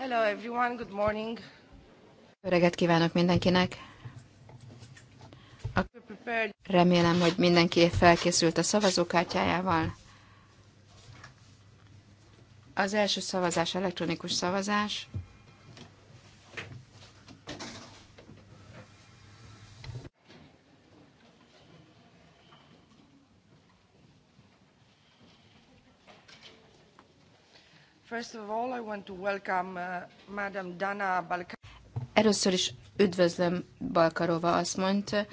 Hello everyone, good morning. Öreget kívánok mindenkinek. Remélem, hogy mindenki felkészült a szavazókártyájával. Az első szavazás elektronikus szavazás. Uh, Először is üdvözlöm Balkarova asszonyt,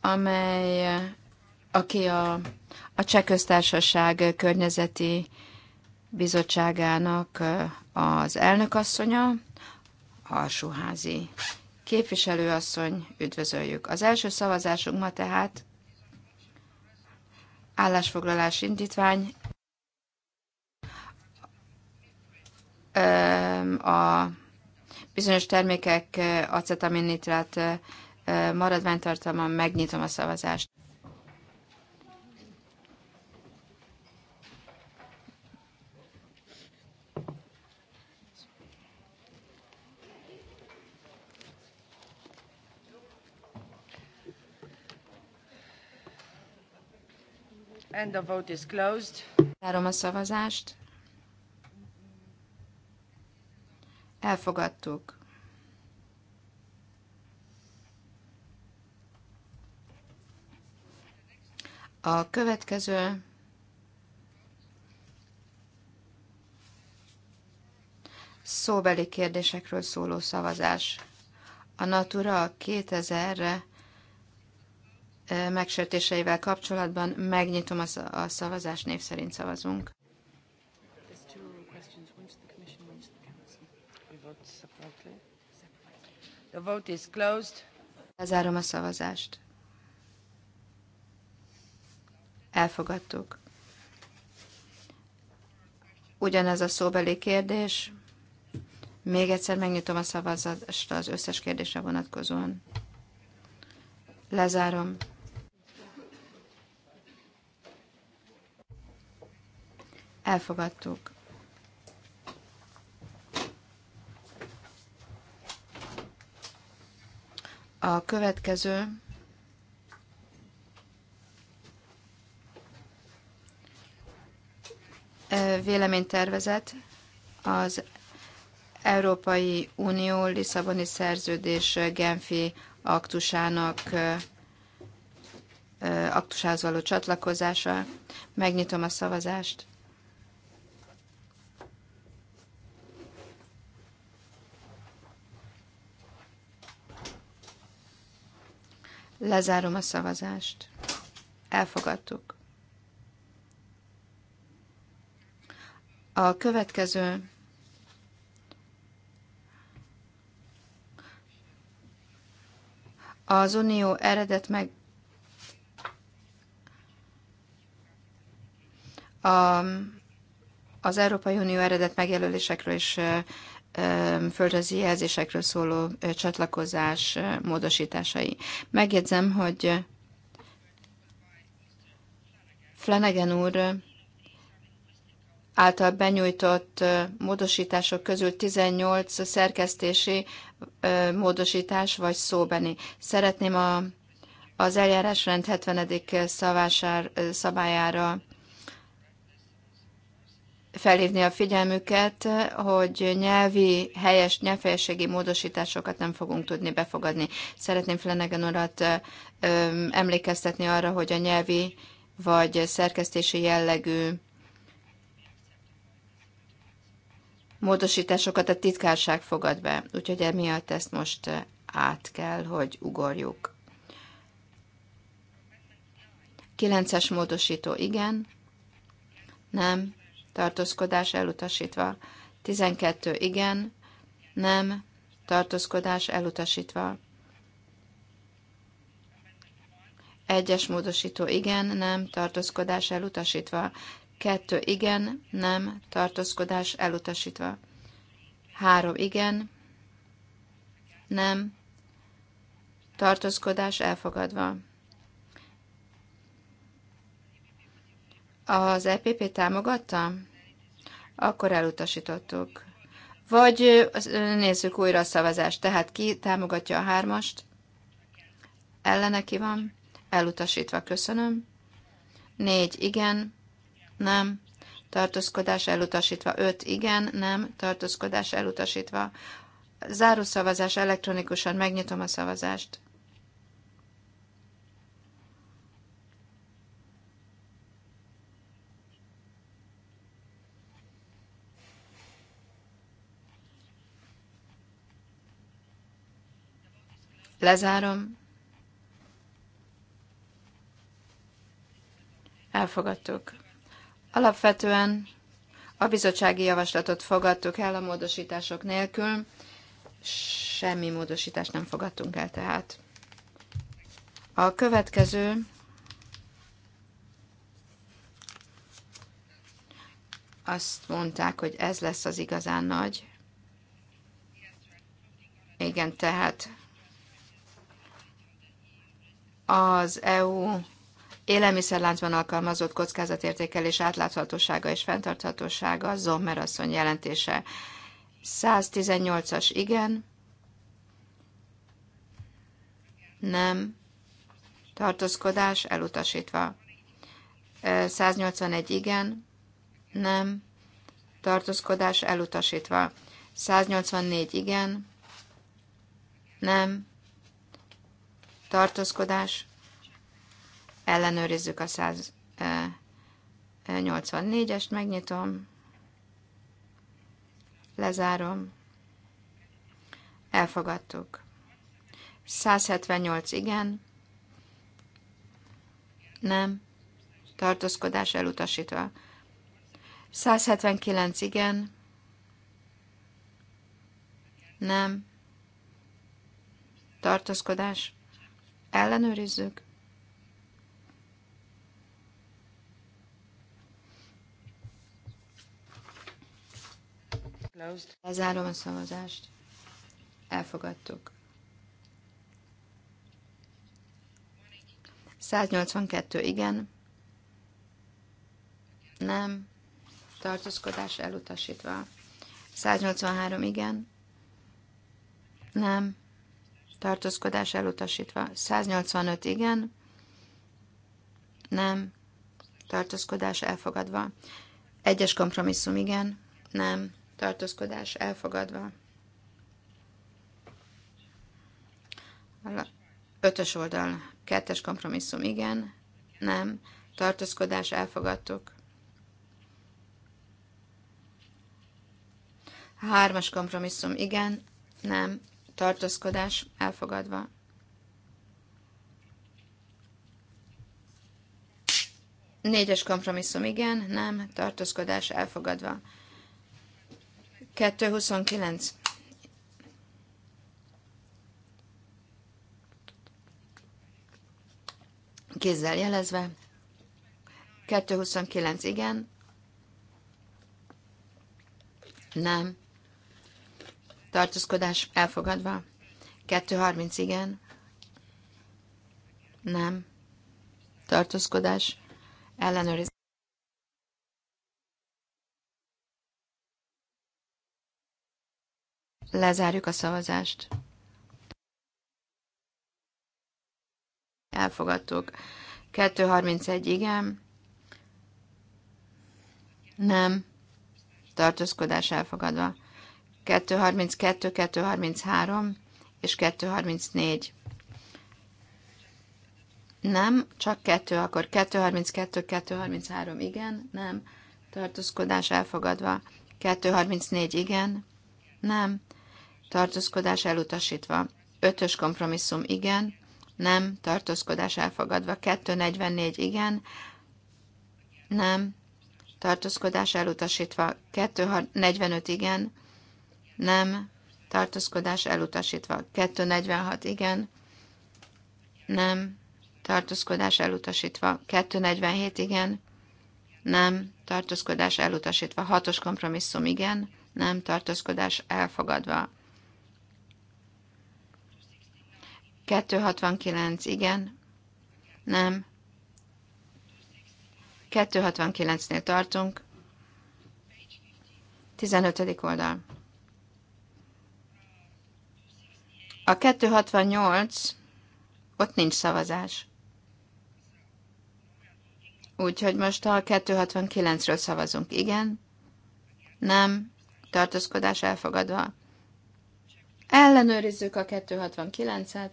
amely, aki a, a Cseh Köztársaság környezeti bizottságának uh, az elnökasszonya, alsóházi képviselőasszony, üdvözöljük. Az első szavazásunk ma tehát állásfoglalás indítvány a bizonyos termékek acetaminnitrát maradványtartalma, megnyitom a szavazást. End the vote is closed. Zárom a szavazást. Elfogadtuk. A következő szóbeli kérdésekről szóló szavazás. A Natura 2000-re eh, megsértéseivel kapcsolatban megnyitom a szavazást, név szerint szavazunk. The vote is closed. Lezárom a szavazást. Elfogadtuk. Ugyanez a szóbeli kérdés. Még egyszer megnyitom a szavazást az összes kérdésre vonatkozóan. Lezárom. Elfogadtuk. A következő e, véleménytervezet az Európai Unió Lisszaboni Szerződés Genfi aktusának e, e, aktusához való csatlakozása. Megnyitom a szavazást. Lezárom a szavazást. Elfogadtuk. A következő az unió eredet meg a, az Európai Unió eredet megjelölésekről és földrajzi jelzésekről szóló csatlakozás módosításai. Megjegyzem, hogy Flanagan úr által benyújtott módosítások közül 18 szerkesztési módosítás vagy szóbeni. Szeretném a, az eljárásrend 70. Szavásár, szabályára felhívni a figyelmüket, hogy nyelvi, helyes, nyelvfejességi módosításokat nem fogunk tudni befogadni. Szeretném Flanagan urat emlékeztetni arra, hogy a nyelvi vagy szerkesztési jellegű módosításokat a titkárság fogad be, úgyhogy emiatt ezt most át kell, hogy ugorjuk. Kilences módosító igen, nem, tartózkodás elutasítva. 12 igen, nem, tartózkodás elutasítva. Egyes módosító igen, nem, tartózkodás elutasítva. Kettő igen, nem, tartózkodás elutasítva. Három igen, nem, tartózkodás elfogadva. Az EPP támogatta? Akkor elutasítottuk. Vagy nézzük újra a szavazást. Tehát ki támogatja a hármast? Ellene ki van? Elutasítva, köszönöm. Négy, igen, nem, tartózkodás elutasítva. Öt, igen, nem, tartózkodás elutasítva. Záró szavazás elektronikusan megnyitom a szavazást. Lezárom. Elfogadtuk. Alapvetően a bizottsági javaslatot fogadtuk el a módosítások nélkül. Semmi módosítást nem fogadtunk el tehát. A következő azt mondták, hogy ez lesz az igazán nagy. Igen, tehát az EU élelmiszerláncban alkalmazott kockázatértékelés átláthatósága és fenntarthatósága, Zommer asszony jelentése. 118-as igen, nem, tartózkodás elutasítva. 181 igen, nem, tartózkodás elutasítva. 184 igen, nem, tartózkodás, ellenőrizzük a 184-est, megnyitom, lezárom, elfogadtuk. 178 igen, nem, tartózkodás elutasítva. 179 igen, nem, tartózkodás, ellenőrizzük. Lezárom a szavazást. Elfogadtuk. 182 igen. Nem. Tartózkodás elutasítva. 183 igen. Nem tartózkodás elutasítva. 185 igen, nem, tartózkodás elfogadva. Egyes kompromisszum igen, nem, tartózkodás elfogadva. Ötös oldal, kettes kompromisszum igen, nem, tartózkodás elfogadtuk. Hármas kompromisszum igen, nem, tartózkodás elfogadva. Négyes kompromisszum igen, nem, tartózkodás elfogadva. 229. Kézzel jelezve. 229 igen, nem, tartózkodás elfogadva. 2.30 igen. Nem. Tartózkodás ellenőriz. Lezárjuk a szavazást. Elfogadtuk. 2.31 igen. Nem. Tartózkodás elfogadva. 232, 233 és 234. Nem, csak 2, akkor 232, 233, igen, nem, tartózkodás elfogadva, 234, igen, nem, tartózkodás elutasítva, 5-ös kompromisszum, igen, nem, tartózkodás elfogadva, 244, igen, nem, tartózkodás elutasítva, 245, igen, nem, tartózkodás elutasítva. 246, igen, nem, tartózkodás elutasítva. 247, igen, nem, tartózkodás elutasítva. Hatos kompromisszum, igen, nem, tartózkodás elfogadva. 269, igen, nem, 269-nél tartunk. 15. oldal. A 268, ott nincs szavazás. Úgyhogy most a 269-ről szavazunk. Igen, nem, tartózkodás elfogadva. Ellenőrizzük a 269-et.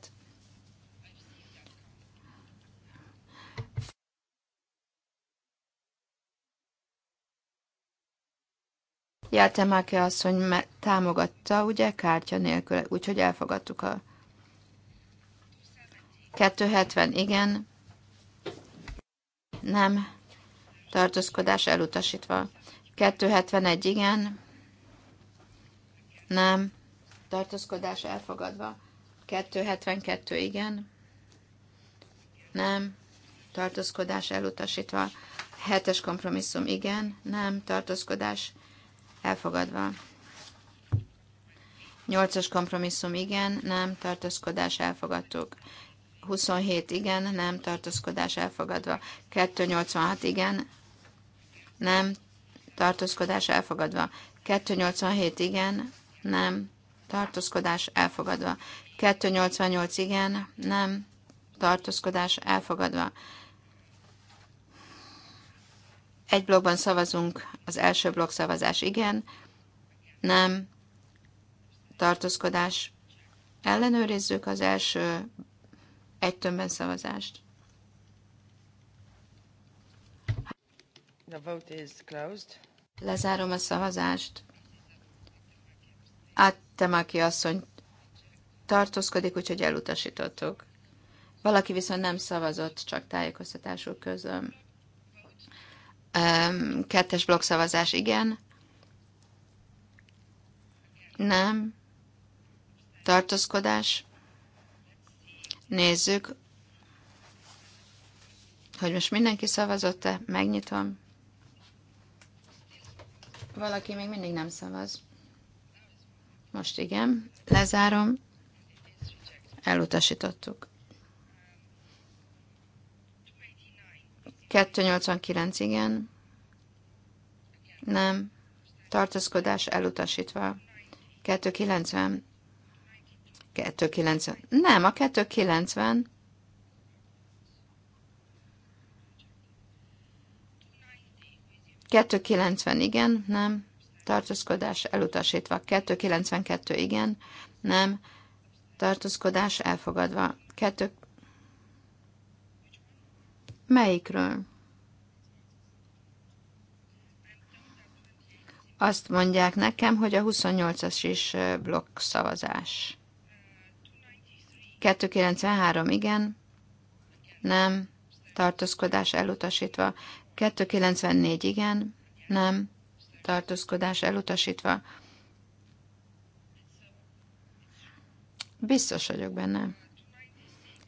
hogy me- támogatta, ugye, kártya nélkül, úgyhogy elfogadtuk a 270, igen, nem, tartózkodás elutasítva. 271, igen, nem, tartózkodás elfogadva. 272, igen, nem, tartózkodás elutasítva. 7-es kompromisszum, igen, nem, tartózkodás Elfogadva. Nyolcas kompromisszum igen, nem, tartózkodás elfogadtuk. 27 igen, nem, tartózkodás elfogadva. 286 igen, nem, tartózkodás elfogadva. 287 igen, nem, tartózkodás elfogadva. 288 igen, nem, tartózkodás elfogadva. Egy blogban szavazunk az első blokk szavazás igen, nem, tartózkodás. Ellenőrizzük az első egy tömben szavazást. The vote is closed. Lezárom a szavazást. Áttemaki asszony tartózkodik, úgyhogy elutasítottuk. Valaki viszont nem szavazott, csak tájékoztatásul közöm. Kettes blokkszavazás igen. Nem. Tartózkodás. Nézzük, hogy most mindenki szavazott-e. Megnyitom. Valaki még mindig nem szavaz. Most igen. Lezárom. Elutasítottuk. 289, igen. Nem. Tartózkodás elutasítva. 290. 290. Nem, a 290. Kettő kilencven, igen, nem. Tartózkodás elutasítva. 292, igen, nem. Tartózkodás elfogadva. 2 Melyikről? Azt mondják nekem, hogy a 28-as is blokk szavazás. 293 igen, nem, tartózkodás elutasítva. 294 igen, nem, tartózkodás elutasítva. Biztos vagyok benne.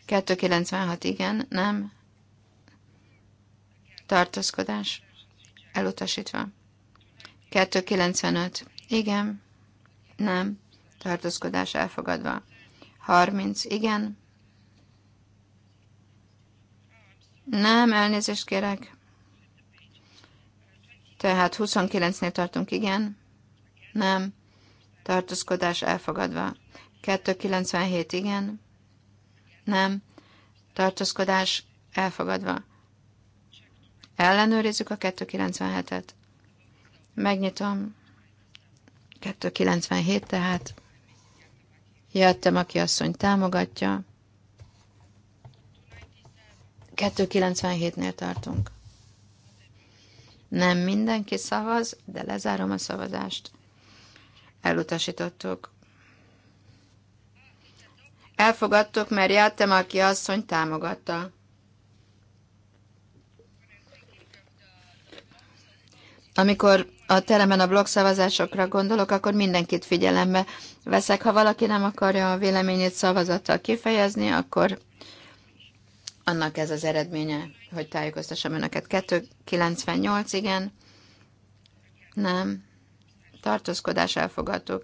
296 igen, nem, tartózkodás, elutasítva. 295, igen, nem, tartózkodás elfogadva. 30, igen, nem, elnézést kérek. Tehát 29-nél tartunk, igen, nem, tartózkodás elfogadva. 297, igen, nem, tartózkodás elfogadva. Ellenőrizzük a 297-et. Megnyitom. 297 tehát. Jöttem, aki asszony támogatja. 297-nél tartunk. Nem mindenki szavaz, de lezárom a szavazást. Elutasítottuk. Elfogadtuk, mert jöttem, aki asszony támogatta. amikor a teremben a blogszavazásokra gondolok, akkor mindenkit figyelembe veszek. Ha valaki nem akarja a véleményét szavazattal kifejezni, akkor annak ez az eredménye, hogy tájékoztassam önöket. 298, igen. Nem. Tartózkodás elfogadtuk.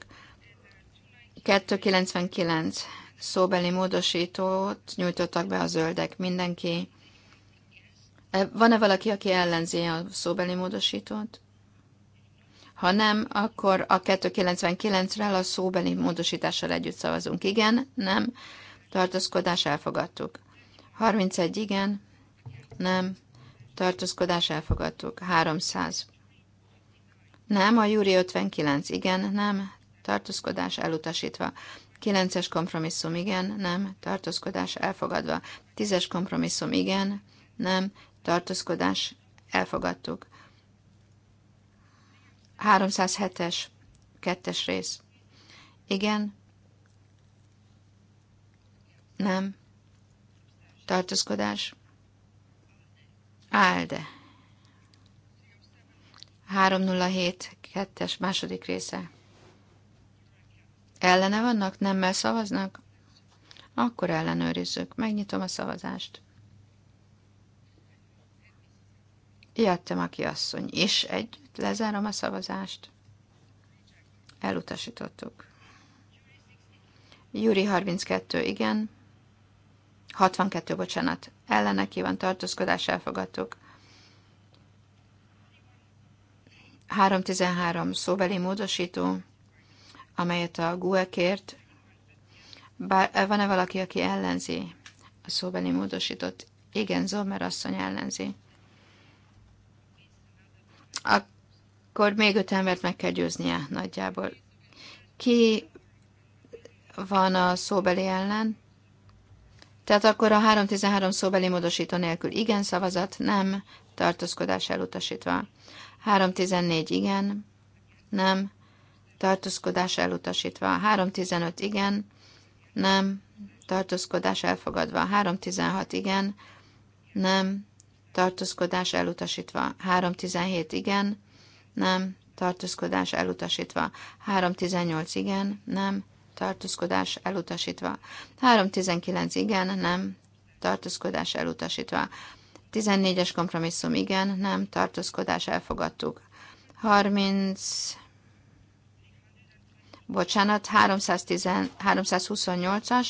299 szóbeli módosítót nyújtottak be a zöldek. Mindenki E, van-e valaki, aki ellenzi a szóbeli módosítót? Ha nem, akkor a 299-rel a szóbeli módosítással együtt szavazunk. Igen, nem, tartózkodás elfogadtuk. 31 igen, nem, tartózkodás elfogadtuk. 300. Nem, a júri 59, igen, nem, tartózkodás elutasítva. 9-es kompromisszum, igen, nem, tartózkodás elfogadva. 10-es kompromisszum, igen, nem, tartózkodás elfogadtuk. 307-es, kettes rész. Igen. Nem. Tartózkodás. de. 307, kettes, második része. Ellene vannak? Nemmel szavaznak? Akkor ellenőrizzük. Megnyitom a szavazást. Ijedtem, aki asszony és együtt. Lezárom a szavazást. Elutasítottuk. Júri 32, igen. 62, bocsánat. Ellene ki van tartózkodás, elfogadtuk. 313 szóbeli módosító, amelyet a GUE kért. Bár eh, van-e valaki, aki ellenzi a szóbeli módosított? Igen, Zomer asszony ellenzi akkor még öt embert meg kell győznie nagyjából. Ki van a szóbeli ellen? Tehát akkor a 313 szóbeli módosító nélkül igen szavazat, nem, tartózkodás elutasítva. 314 igen, nem, tartózkodás elutasítva. 315 igen, nem, tartózkodás elfogadva. 316 igen, nem, tartózkodás elutasítva. 317 igen, nem, tartózkodás elutasítva. 318 igen, nem, tartózkodás elutasítva. 319 igen, nem, tartózkodás elutasítva. 14-es kompromisszum igen, nem, tartózkodás elfogadtuk. 30 bocsánat, 310, 328-as,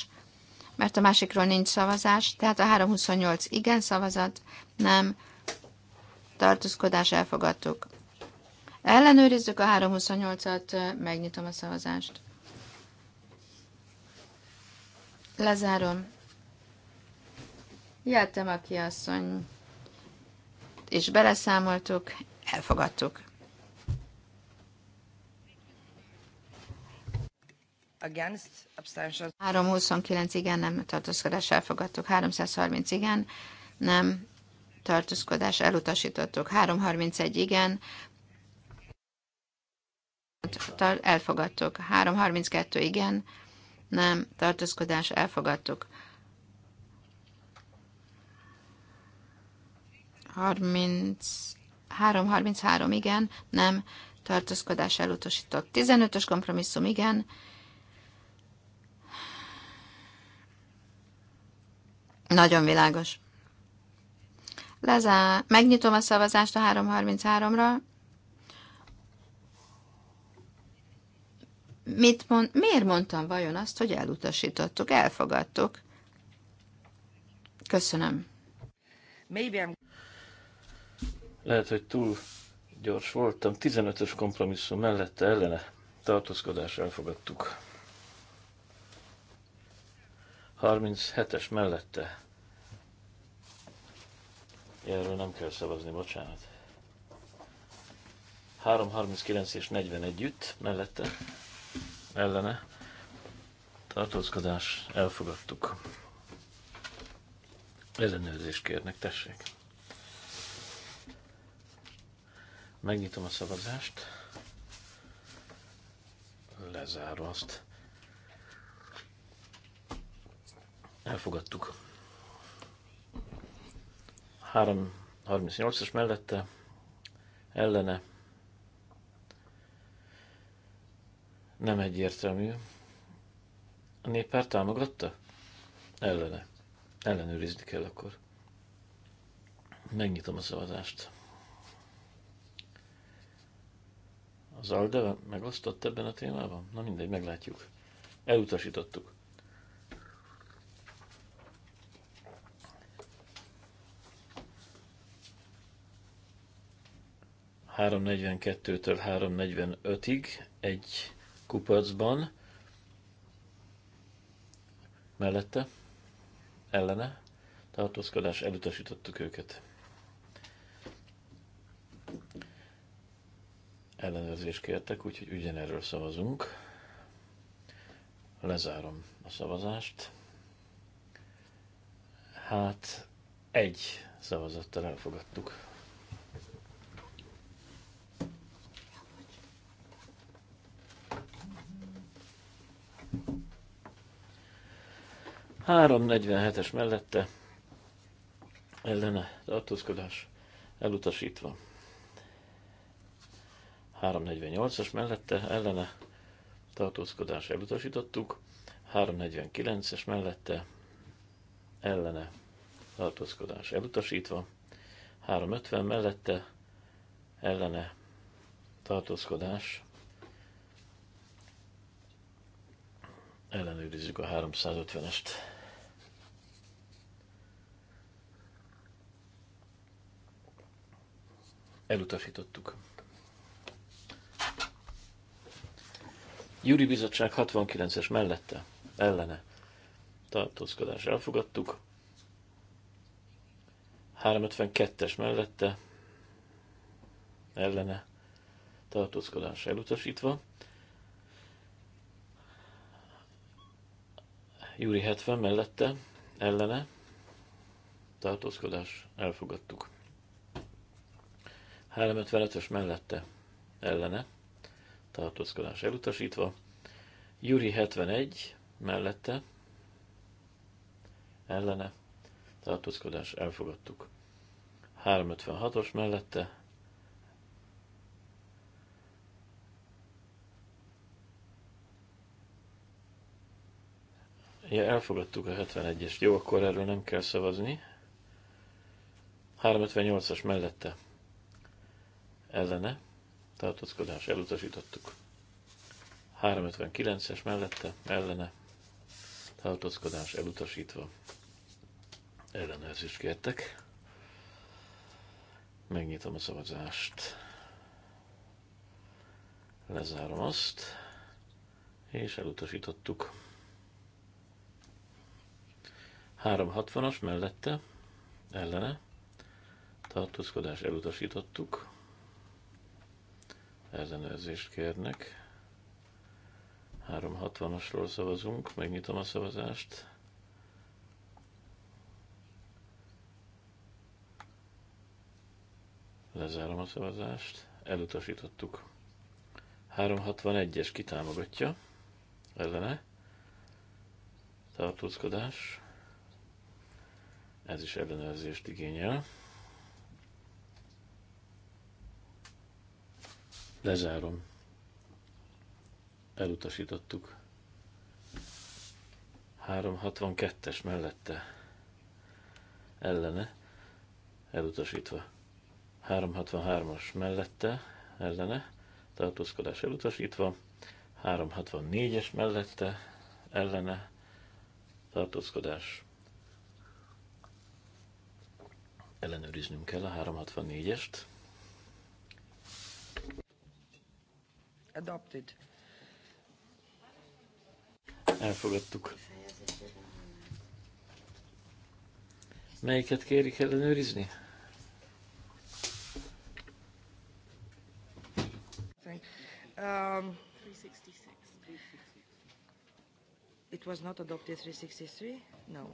mert a másikról nincs szavazás, tehát a 328 igen szavazat, nem, tartózkodás elfogadtuk. Ellenőrizzük a 328-at, megnyitom a szavazást. Lezárom. Jeltem a kiasszony, és beleszámoltuk, elfogadtuk. Against, abstentions. 329 igen, nem tartózkodás elfogadtuk. 330 igen, nem tartózkodás elutasítottuk. 331 igen, elfogadtuk. 332 igen, nem tartózkodás elfogadtuk. 30, 333 igen, nem tartózkodás elutasított. 15-ös kompromisszum igen, Nagyon világos. Lezá... Megnyitom a szavazást a 333-ra. Mit mond... Miért mondtam vajon azt, hogy elutasítottuk, elfogadtuk? Köszönöm. Lehet, hogy túl gyors voltam. 15-ös kompromisszum mellette ellene tartózkodás elfogadtuk. 37-es mellette. Erről nem kell szavazni, bocsánat. 339 és 40 együtt, mellette, ellene. Tartózkodás, elfogadtuk. Ellenőrzést kérnek, tessék. Megnyitom a szavazást. Lezárom azt. Elfogadtuk. 338-as mellette, ellene. Nem egyértelmű. A néppár támogatta? Ellene. Ellenőrizni kell akkor. Megnyitom a szavazást. Az Alde megosztott ebben a témában? Na mindegy, meglátjuk. Elutasítottuk. 3.42-től 3.45-ig egy kupacban, mellette, ellene, tartózkodás, elutasítottuk őket. Ellenőrzést kértek, úgyhogy ugyanerről szavazunk. Lezárom a szavazást. Hát egy szavazattal elfogadtuk. 347-es mellette ellene tartózkodás elutasítva. 348-as mellette ellene tartózkodás elutasítottuk. 349-es mellette ellene tartózkodás elutasítva. 350 mellette ellene tartózkodás ellenőrizzük a 350-est. Elutasítottuk. Júri Bizottság 69-es mellette, ellene. Tartózkodás elfogadtuk. 352-es mellette, ellene. Tartózkodás elutasítva. Júri 70 mellette, ellene. Tartózkodás elfogadtuk. 355-ös mellette ellene tartózkodás elutasítva. Juri 71 mellette ellene tartózkodás elfogadtuk. 356-os mellette Ja, elfogadtuk a 71-est. Jó, akkor erről nem kell szavazni. 358-as mellette ellene tartózkodás elutasítottuk. 359-es mellette ellene tartózkodás elutasítva ellenőrzést kértek. Megnyitom a szavazást. Lezárom azt, és elutasítottuk. 360-as mellette, ellene, tartózkodás elutasítottuk ellenőrzést kérnek. 360-asról szavazunk, megnyitom a szavazást. Lezárom a szavazást, elutasítottuk. 361-es kitámogatja, ellene, tartózkodás, ez is ellenőrzést igényel. Lezárom. Elutasítottuk. 362-es mellette. Ellene. Elutasítva. 363-as mellette. Ellene. Tartózkodás elutasítva. 364-es mellette. Ellene. Tartózkodás ellenőriznünk kell a 364-est. Adopted. Elfogadtuk. Melyiket kérik ellenőrizni? Um, it was not adopted 363? No.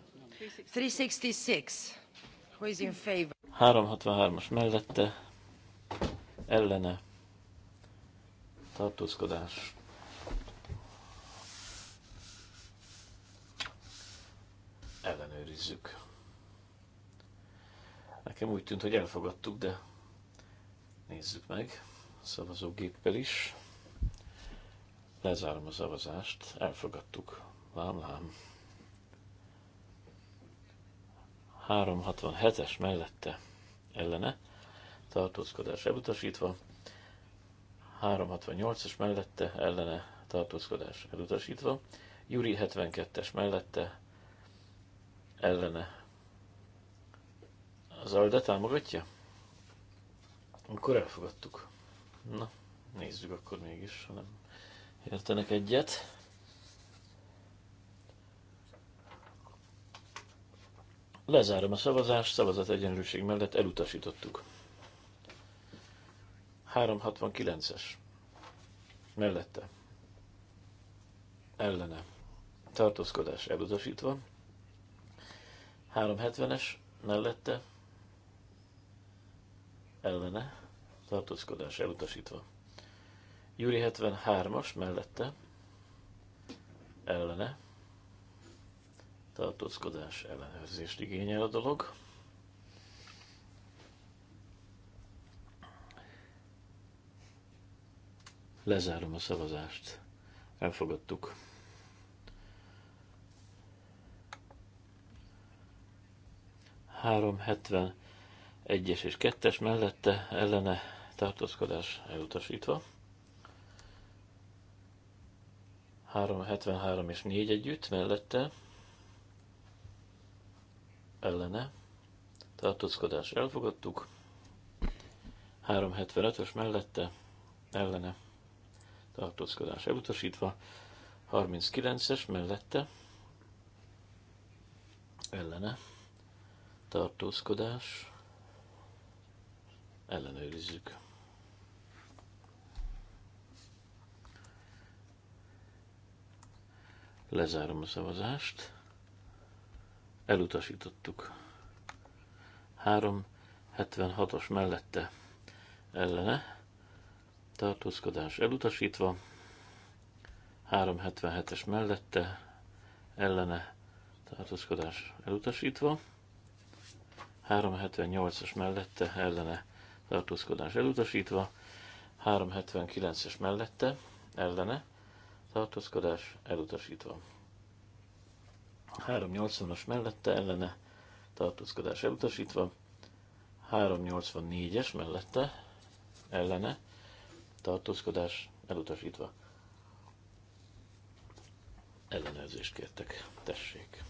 366. Who is in favor? 363-as mellette, ellene tartózkodás. Ellenőrizzük. Nekem úgy tűnt, hogy elfogadtuk, de nézzük meg a szavazógéppel is. Lezárom a szavazást, elfogadtuk. Lám, lám. 367-es mellette ellene tartózkodás elutasítva, 368-as mellette ellene tartózkodás elutasítva, Juri 72-es mellette ellene az Alde támogatja? Akkor elfogadtuk. Na, nézzük akkor mégis, ha nem értenek egyet. Lezárom a szavazást, szavazat egyenlőség mellett elutasítottuk. 369-es. Mellette. Ellene. Tartózkodás elutasítva. 370-es. Mellette. Ellene. Tartózkodás elutasítva. Júri 73-as. Mellette. Ellene. Tartózkodás ellenőrzést igényel a dolog. Lezárom a szavazást. Elfogadtuk. Három hetven egyes és kettes mellette ellene tartózkodás elutasítva. 373 és 4 együtt mellette ellene tartózkodás elfogadtuk. 375-ös mellette ellene tartózkodás elutasítva, 39-es mellette, ellene, tartózkodás, ellenőrizzük. Lezárom a szavazást. Elutasítottuk. 376-os mellette ellene tartózkodás elutasítva, 377-es mellette, ellene tartózkodás elutasítva, 378-as mellette, ellene tartózkodás elutasítva, 379-es mellette, ellene tartózkodás elutasítva. 380-as mellette, ellene tartózkodás elutasítva, 384-es mellette, ellene tartózkodás elutasítva. Ellenőrzést kértek, tessék.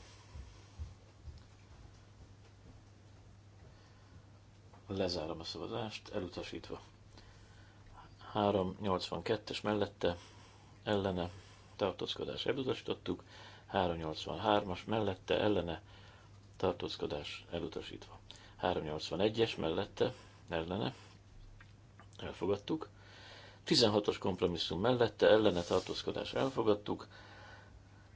Lezárom a szavazást, elutasítva. 382-es mellette, ellene, tartózkodás elutasítottuk, 383-as mellette, ellene, tartózkodás elutasítva. 381-es mellette, ellene, elfogadtuk, 16-os kompromisszum mellette ellene tartózkodás elfogadtuk,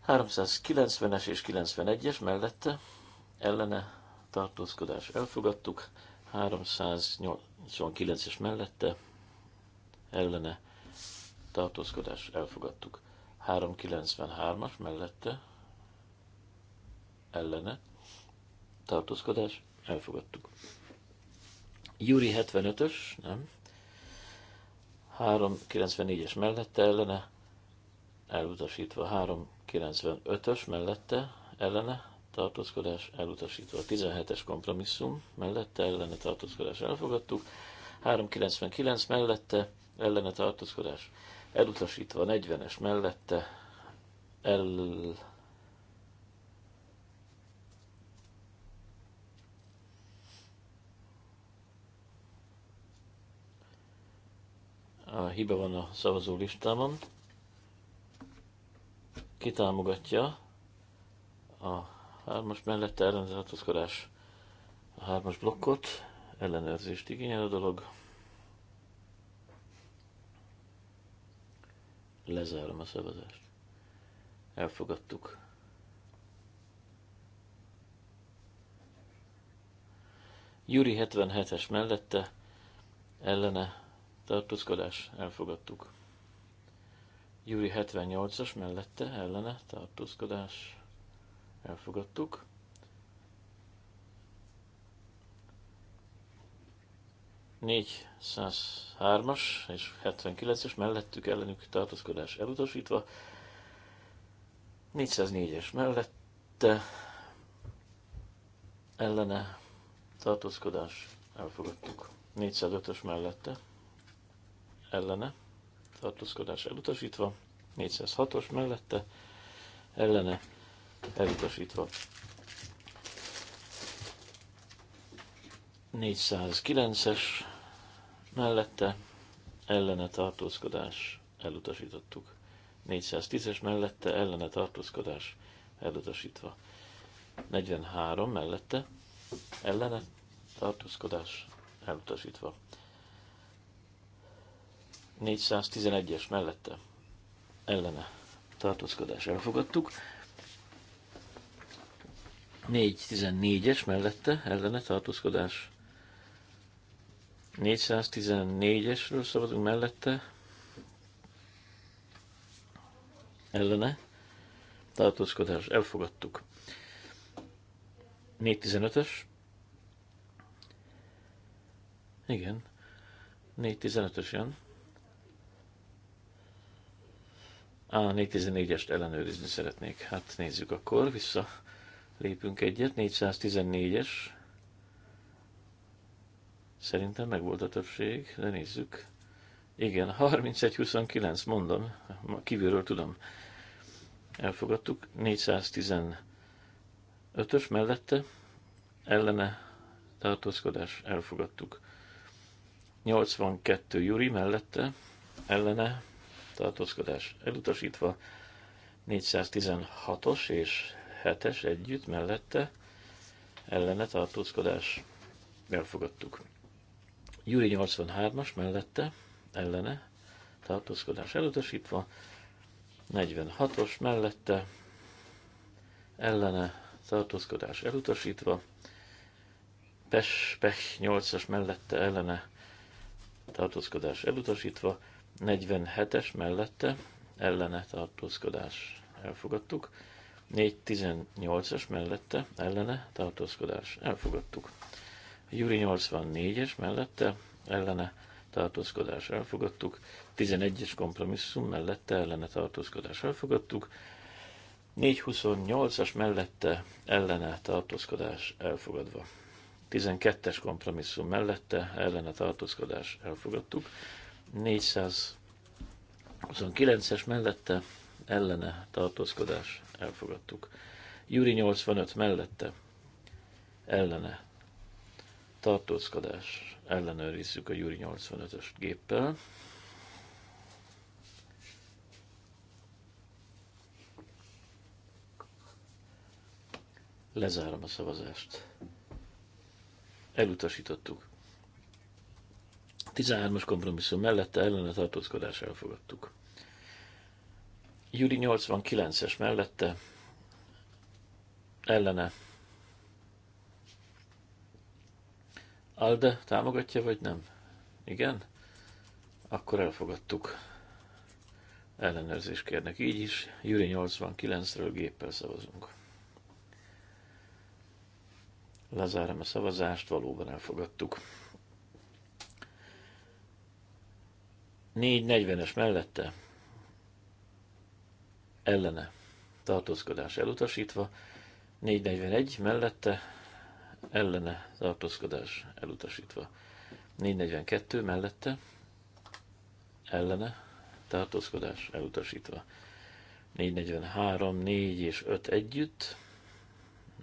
390-es és 91-es mellette ellene tartózkodás elfogadtuk, 389-es mellette ellene tartózkodás elfogadtuk. 393-as mellette ellene tartózkodás elfogadtuk. Júri 75-ös, nem? 394-es mellette ellene, elutasítva 395-ös mellette ellene, tartózkodás elutasítva. a 17-es kompromisszum mellette ellene tartózkodás elfogadtuk, 399 mellette ellene tartózkodás elutasítva, 40-es mellette el a hiba van a szavazó listában. Kitámogatja a hármas mellette ellenzetartozkodás a hármas blokkot, ellenőrzést igényel a dolog. Lezárom a szavazást. Elfogadtuk. Júri 77-es mellette ellene tartózkodás, elfogadtuk. Júri 78-as mellette, ellene, tartózkodás, elfogadtuk. Négy 103-as és 79-es mellettük ellenük tartózkodás elutasítva. 404-es mellette ellene tartózkodás elfogadtuk. 405-ös mellette ellene, tartózkodás elutasítva, 406-os mellette, ellene, elutasítva. 409-es mellette, ellene tartózkodás elutasítottuk. 410-es mellette, ellene tartózkodás elutasítva. 43 mellette, ellene tartózkodás elutasítva. 411-es mellette ellene tartózkodás elfogadtuk. 414-es mellette ellene tartózkodás. 414-esről szabadunk mellette ellene tartózkodás elfogadtuk. 415-ös. Igen. 415-ös jön. A 414-est ellenőrizni szeretnék. Hát nézzük akkor, vissza lépünk egyet. 414-es. Szerintem meg volt a többség, de nézzük. Igen, 3129, mondom, kívülről tudom. Elfogadtuk. 415-ös mellette ellene tartózkodás elfogadtuk. 82 Juri mellette ellene tartózkodás elutasítva, 416-os és 7-es együtt mellette ellene tartózkodás elfogadtuk. Júri 83-as mellette ellene tartózkodás elutasítva, 46-os mellette ellene tartózkodás elutasítva, Pes, Pech 8-as mellette ellene tartózkodás elutasítva, 47-es mellette ellene tartózkodás elfogadtuk. 418-as mellette ellene tartózkodás elfogadtuk. Júri 84-es mellette ellene tartózkodás elfogadtuk. 11-es kompromisszum mellette ellene tartózkodás elfogadtuk. 428-as mellette ellene tartózkodás elfogadva. 12-es kompromisszum mellette ellene tartózkodás elfogadtuk. 429-es mellette ellene tartózkodás elfogadtuk. Júri 85 mellette ellene tartózkodás ellenőrizzük a Júri 85-ös géppel. Lezárom a szavazást. Elutasítottuk. 13-as kompromisszum mellette ellene tartózkodás elfogadtuk. Júli 89-es mellette ellene Alde támogatja, vagy nem? Igen? Akkor elfogadtuk. Ellenőrzést kérnek így is. Júli 89-ről géppel szavazunk. Lezárom a szavazást, valóban elfogadtuk. 440-es mellette ellene tartózkodás elutasítva, 441 mellette ellene tartózkodás elutasítva, 442 mellette ellene tartózkodás elutasítva, 443, 4 és 5 együtt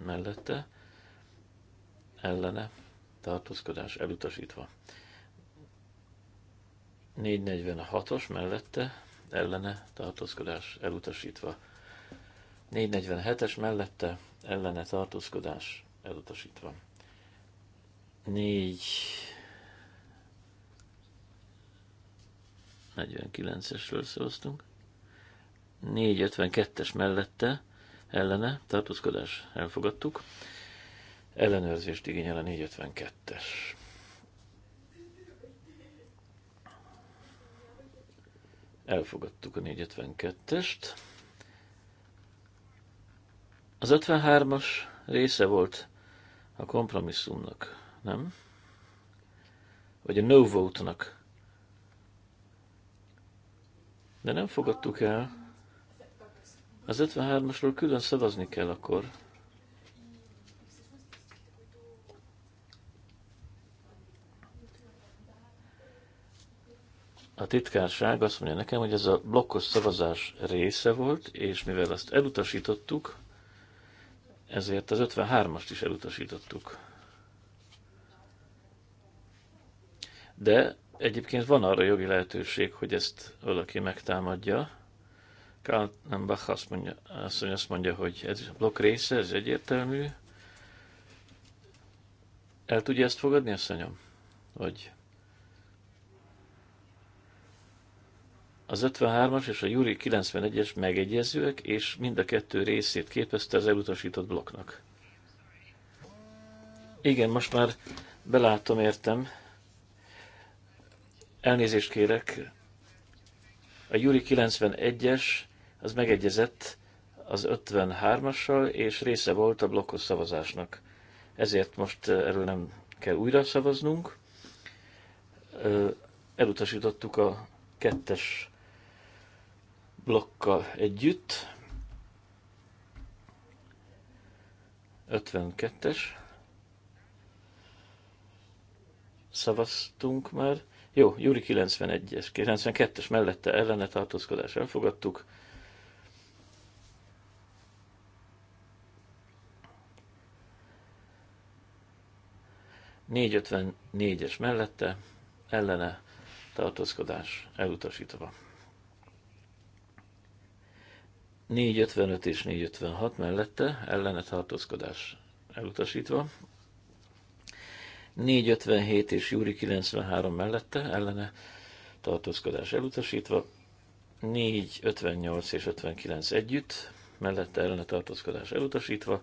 mellette ellene tartózkodás elutasítva. 446-os mellette ellene tartózkodás elutasítva. 447-es mellette ellene tartózkodás elutasítva. 4 49-esről szavaztunk. 452-es mellette ellene tartózkodás elfogadtuk. Ellenőrzést igényel a 452-es. Elfogadtuk a 452-est. Az 53-as része volt a kompromisszumnak, nem? Vagy a no vote-nak. De nem fogadtuk el. Az 53-asról külön szavazni kell akkor. a titkárság azt mondja nekem, hogy ez a blokkos szavazás része volt, és mivel azt elutasítottuk, ezért az 53-ast is elutasítottuk. De egyébként van arra jogi lehetőség, hogy ezt valaki megtámadja. Nembach azt mondja, azt mondja, azt mondja, hogy ez a blokk része, ez egyértelmű. El tudja ezt fogadni, asszonyom? Vagy... Az 53-as és a Júri 91-es megegyezőek, és mind a kettő részét képezte az elutasított blokknak. Igen, most már belátom, értem. Elnézést kérek. A Júri 91-es az megegyezett az 53-assal, és része volt a blokkos szavazásnak. Ezért most erről nem kell újra szavaznunk. Elutasítottuk a kettes blokkal együtt. 52-es. Szavaztunk már. Jó, Júri 91-es, 92-es mellette ellene tartózkodás elfogadtuk. négyes mellette ellene tartózkodás elutasítva. 455 és 456 mellette ellene tartózkodás elutasítva. 457 és Júri 93 mellette ellene tartózkodás elutasítva. 458 és 59 együtt mellette ellene tartózkodás elutasítva.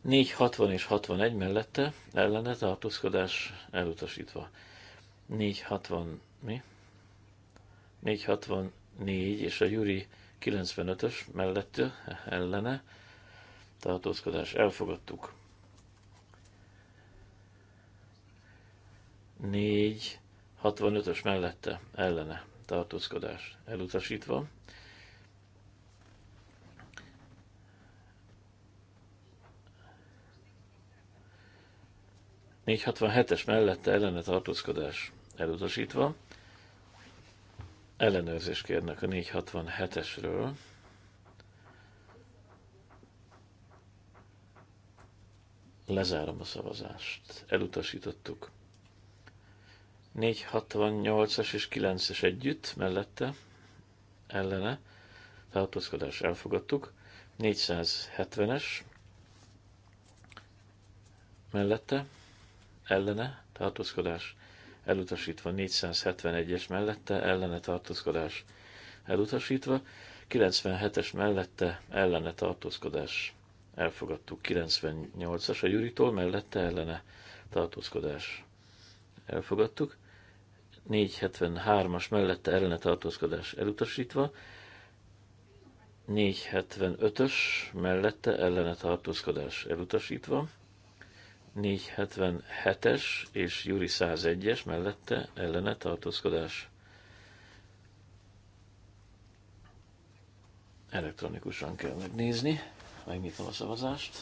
460 és 61 mellette ellene tartózkodás elutasítva. 460 mi? 460 4 és a Juri 95-ös mellett ellene tartózkodás elfogadtuk. 4 65-ös mellette ellene tartózkodás elutasítva. Négy es mellette ellene tartózkodás elutasítva ellenőrzést kérnek a 467-esről. Lezárom a szavazást. Elutasítottuk. 468-as és 9-es együtt, mellette, ellene, tartózkodás elfogadtuk. 470-es, mellette, ellene, tartózkodás elutasítva 471-es mellette ellene tartózkodás elutasítva, 97-es mellette ellene tartózkodás elfogadtuk, 98-as a Gyuritól mellette ellene tartózkodás elfogadtuk, 473-as mellette ellene tartózkodás elutasítva, 475-ös mellette ellene tartózkodás elutasítva, 477-es és Juri 101-es mellette ellene tartózkodás. Elektronikusan kell megnézni. Megnyitom a szavazást.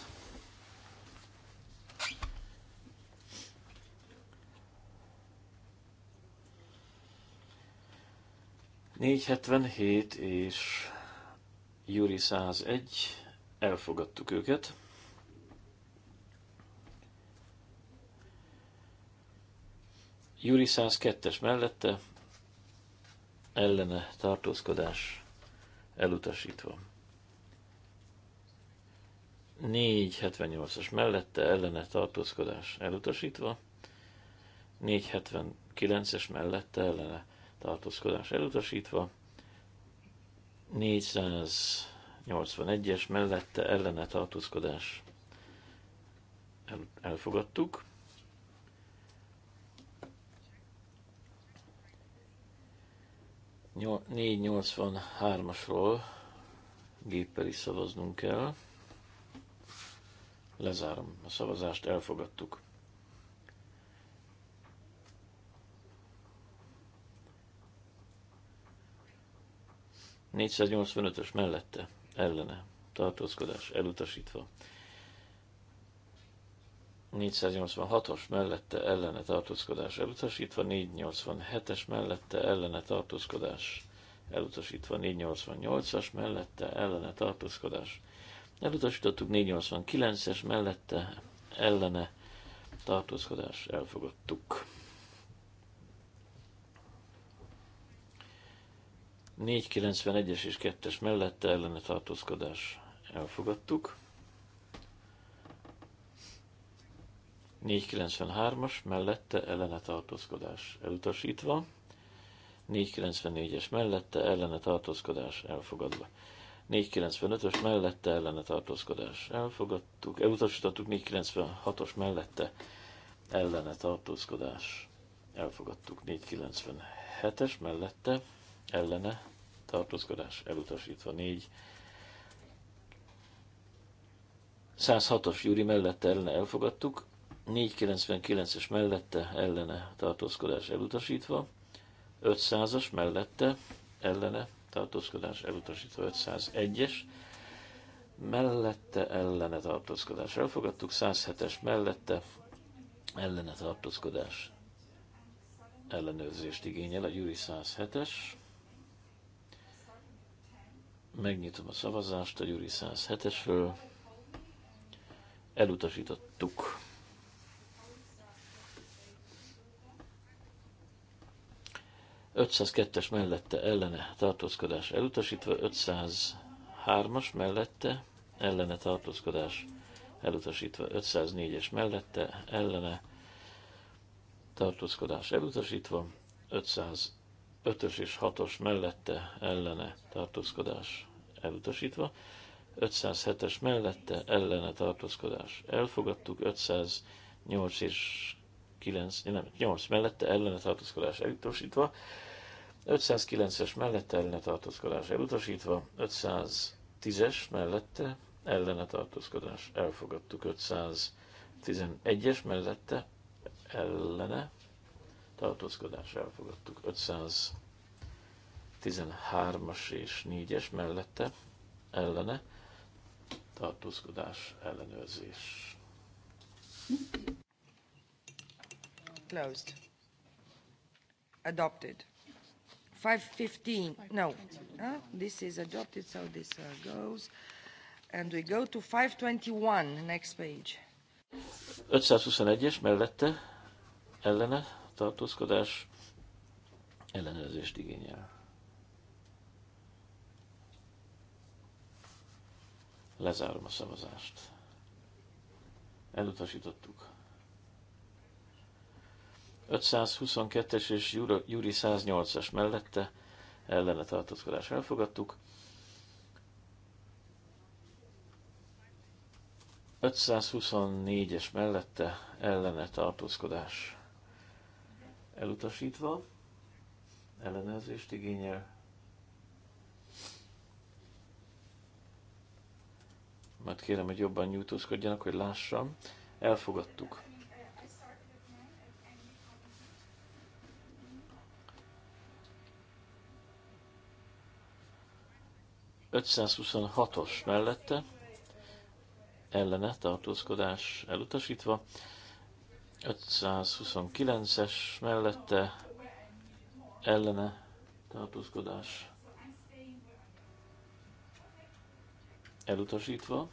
Négy és Juri 101, elfogadtuk őket. Júri 102-es mellette ellene tartózkodás elutasítva. 478-as mellette ellene tartózkodás elutasítva. 479-es mellette ellene tartózkodás elutasítva. 481-es mellette ellene tartózkodás el, elfogadtuk. 483-asról géppel is szavaznunk kell. Lezárom a szavazást, elfogadtuk. ös mellette, ellene, tartózkodás elutasítva. 486-os mellette ellene tartózkodás elutasítva, 487-es mellette ellene tartózkodás elutasítva, 488-as mellette ellene tartózkodás elutasítottuk, 489-es mellette ellene tartózkodás elfogadtuk. 491-es és 2-es mellette ellene tartózkodás elfogadtuk. 493-as mellette ellene tartózkodás elutasítva, 494-es mellette ellene tartózkodás elfogadva. 495-ös mellette ellene tartózkodás elfogadtuk, elutasítottuk 496-os mellette ellene tartózkodás elfogadtuk, 497-es mellette ellene tartózkodás elutasítva, 4 106-os Júri mellette ellene elfogadtuk, 499-es mellette ellene tartózkodás elutasítva, 500-as mellette ellene tartózkodás elutasítva, 501-es mellette ellene tartózkodás elfogadtuk, 107-es mellette ellene tartózkodás ellenőrzést igényel a Gyuri 107-es. Megnyitom a szavazást a Gyuri 107-esről. Elutasítottuk. 502-es mellette ellene tartózkodás elutasítva, 503-as mellette ellene tartózkodás elutasítva, 504-es mellette ellene tartózkodás elutasítva, 505-ös és 6-os mellette ellene tartózkodás elutasítva, 507-es mellette ellene tartózkodás elfogadtuk, 508 és 9, nem, 8 mellette ellene tartózkodás elutasítva, 509-es mellette ellene tartózkodás elutasítva, 510-es mellette ellene tartózkodás elfogadtuk, 511-es mellette ellene tartózkodás elfogadtuk, 513-as és 4-es mellette ellene tartózkodás ellenőrzés closed adopted 515 no uh, this is adopted so this uh, goes and we go to 521 next page 521-es mellette ellene tartózkodás ellenőrzést igényel. Lezárom a szavazást. Elutasítottuk. 522-es és Júri 108-as mellette ellene tartózkodás elfogadtuk. 524-es mellette ellene tartózkodás elutasítva, ellenőrzést igényel. Majd kérem, hogy jobban nyújtózkodjanak, hogy lássam. Elfogadtuk. 526-os mellette ellene tartózkodás elutasítva, 529-es mellette ellene tartózkodás elutasítva,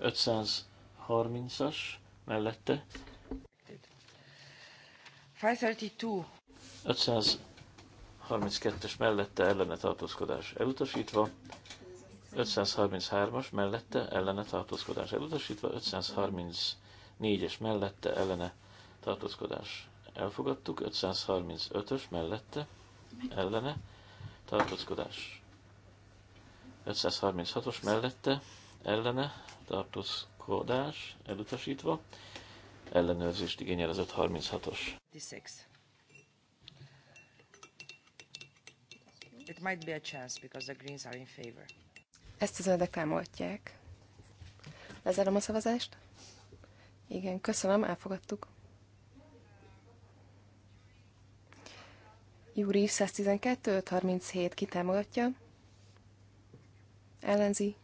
530-as mellette 532 532-es mellette ellene tartózkodás elutasítva, 533-as mellette ellene tartózkodás elutasítva, 534-es mellette ellene tartózkodás elfogadtuk, 535-ös mellette ellene tartózkodás. 536-os mellette ellene tartózkodás elutasítva, ellenőrzést igényel az 536-os. it might be a chance because the Greens are in favor. Ezt az öldek támogatják. Lezárom a szavazást. Igen, köszönöm, elfogadtuk. Júri 112, 37 kitámogatja. Ellenzi.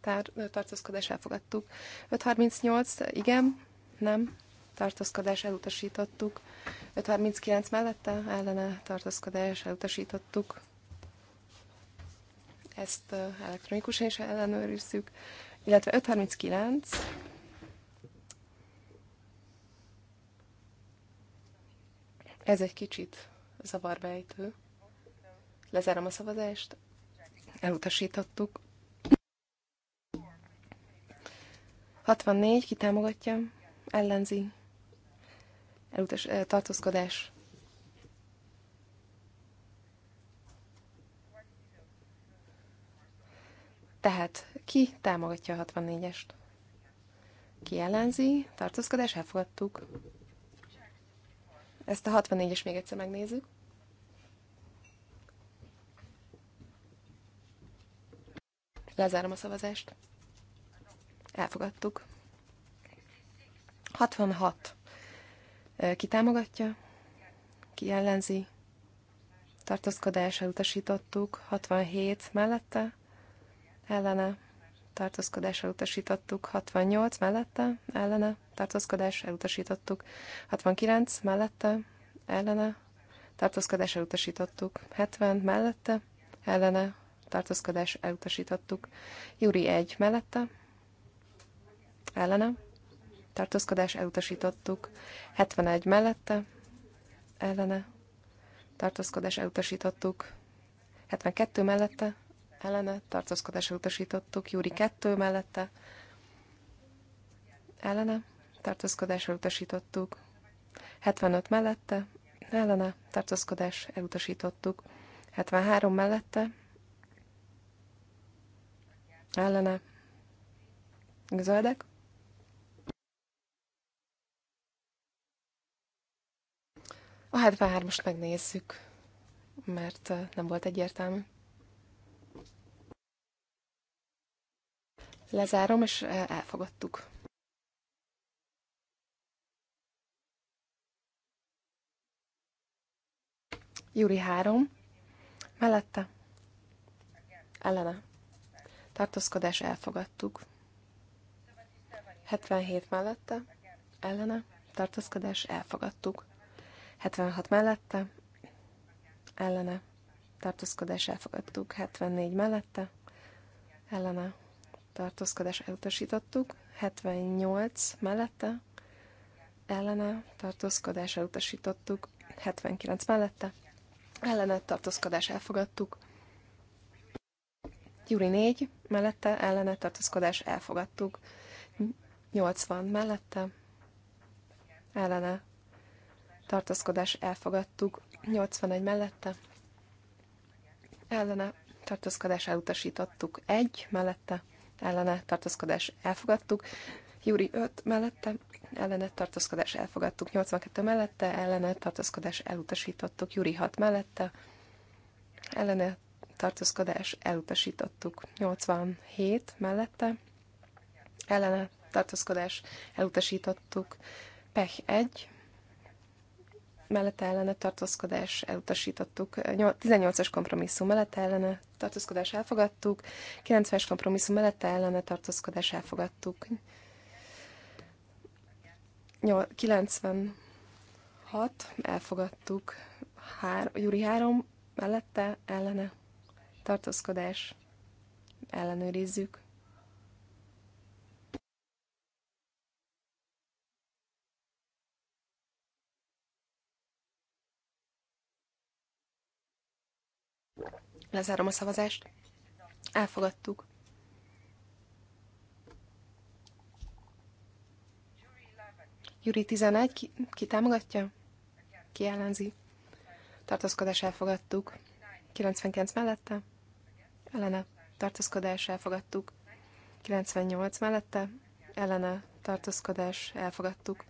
Tár, tartózkodás elfogadtuk. 538, igen, nem. Tartózkodás elutasítottuk. 539 mellette ellene tartózkodás elutasítottuk ezt elektronikusan is ellenőrizzük, illetve 539, ez egy kicsit zavarbejtő. Lezárom a szavazást, elutasítottuk. 64, ki támogatja, ellenzi, elutas, tartózkodás Tehát ki támogatja a 64-est? Ki ellenzi? Tartózkodás, elfogadtuk. Ezt a 64-es még egyszer megnézzük. Lezárom a szavazást. Elfogadtuk. 66. Ki támogatja? Ki ellenzi? Tartózkodás elutasítottuk. 67 mellette? ellene tartózkodás elutasítottuk, 68 mellette, ellene tartózkodás elutasítottuk, 69 mellette, ellene tartózkodás elutasítottuk, 70 mellette, ellene tartózkodás elutasítottuk, Júri 1 mellette, ellene tartózkodás elutasítottuk, 71 mellette, ellene tartózkodás elutasítottuk, 72 mellette, ellene tartózkodásra utasítottuk, Júri kettő mellette ellene tartózkodásra utasítottuk, 75 mellette ellene tartózkodás elutasítottuk, 73 mellette ellene zöldek, A 73 ost megnézzük, mert eh, nem volt egyértelmű. Lezárom, és eh, elfogadtuk. Júri három, Mellette. Ellene. Tartózkodás elfogadtuk. 77 mellette. Ellene. Tartózkodás elfogadtuk. 76 mellette. Ellene. Tartózkodás elfogadtuk. 74 mellette. Ellene tartózkodás elutasítottuk, 78 mellette, ellene tartózkodás elutasítottuk, 79 mellette, ellene tartózkodás elfogadtuk, Júri 4 mellette, ellene tartózkodás elfogadtuk, 80 mellette, ellene tartózkodás elfogadtuk, 81 mellette, ellene tartózkodás elutasítottuk, 1 mellette, ellene tartózkodás elfogadtuk, Júri 5 mellette ellene tartózkodás elfogadtuk, 82 mellette ellene tartózkodás elutasítottuk, Júri 6 mellette ellene tartózkodás elutasítottuk, 87 mellette ellene tartózkodás elutasítottuk, Pech 1 mellett ellene tartózkodás elutasítottuk, 18-as kompromisszum mellett ellene tartózkodás elfogadtuk, 90-es kompromisszum mellett ellene tartózkodás elfogadtuk, 96 elfogadtuk, Hár, Júri 3 mellette ellene tartózkodás ellenőrizzük. Lezárom a szavazást. Elfogadtuk. Júri 11, ki, ki támogatja? Ki ellenzi? Tartózkodás elfogadtuk. 99 mellette? Ellene. Tartózkodás elfogadtuk. 98 mellette? Ellene. Tartózkodás elfogadtuk.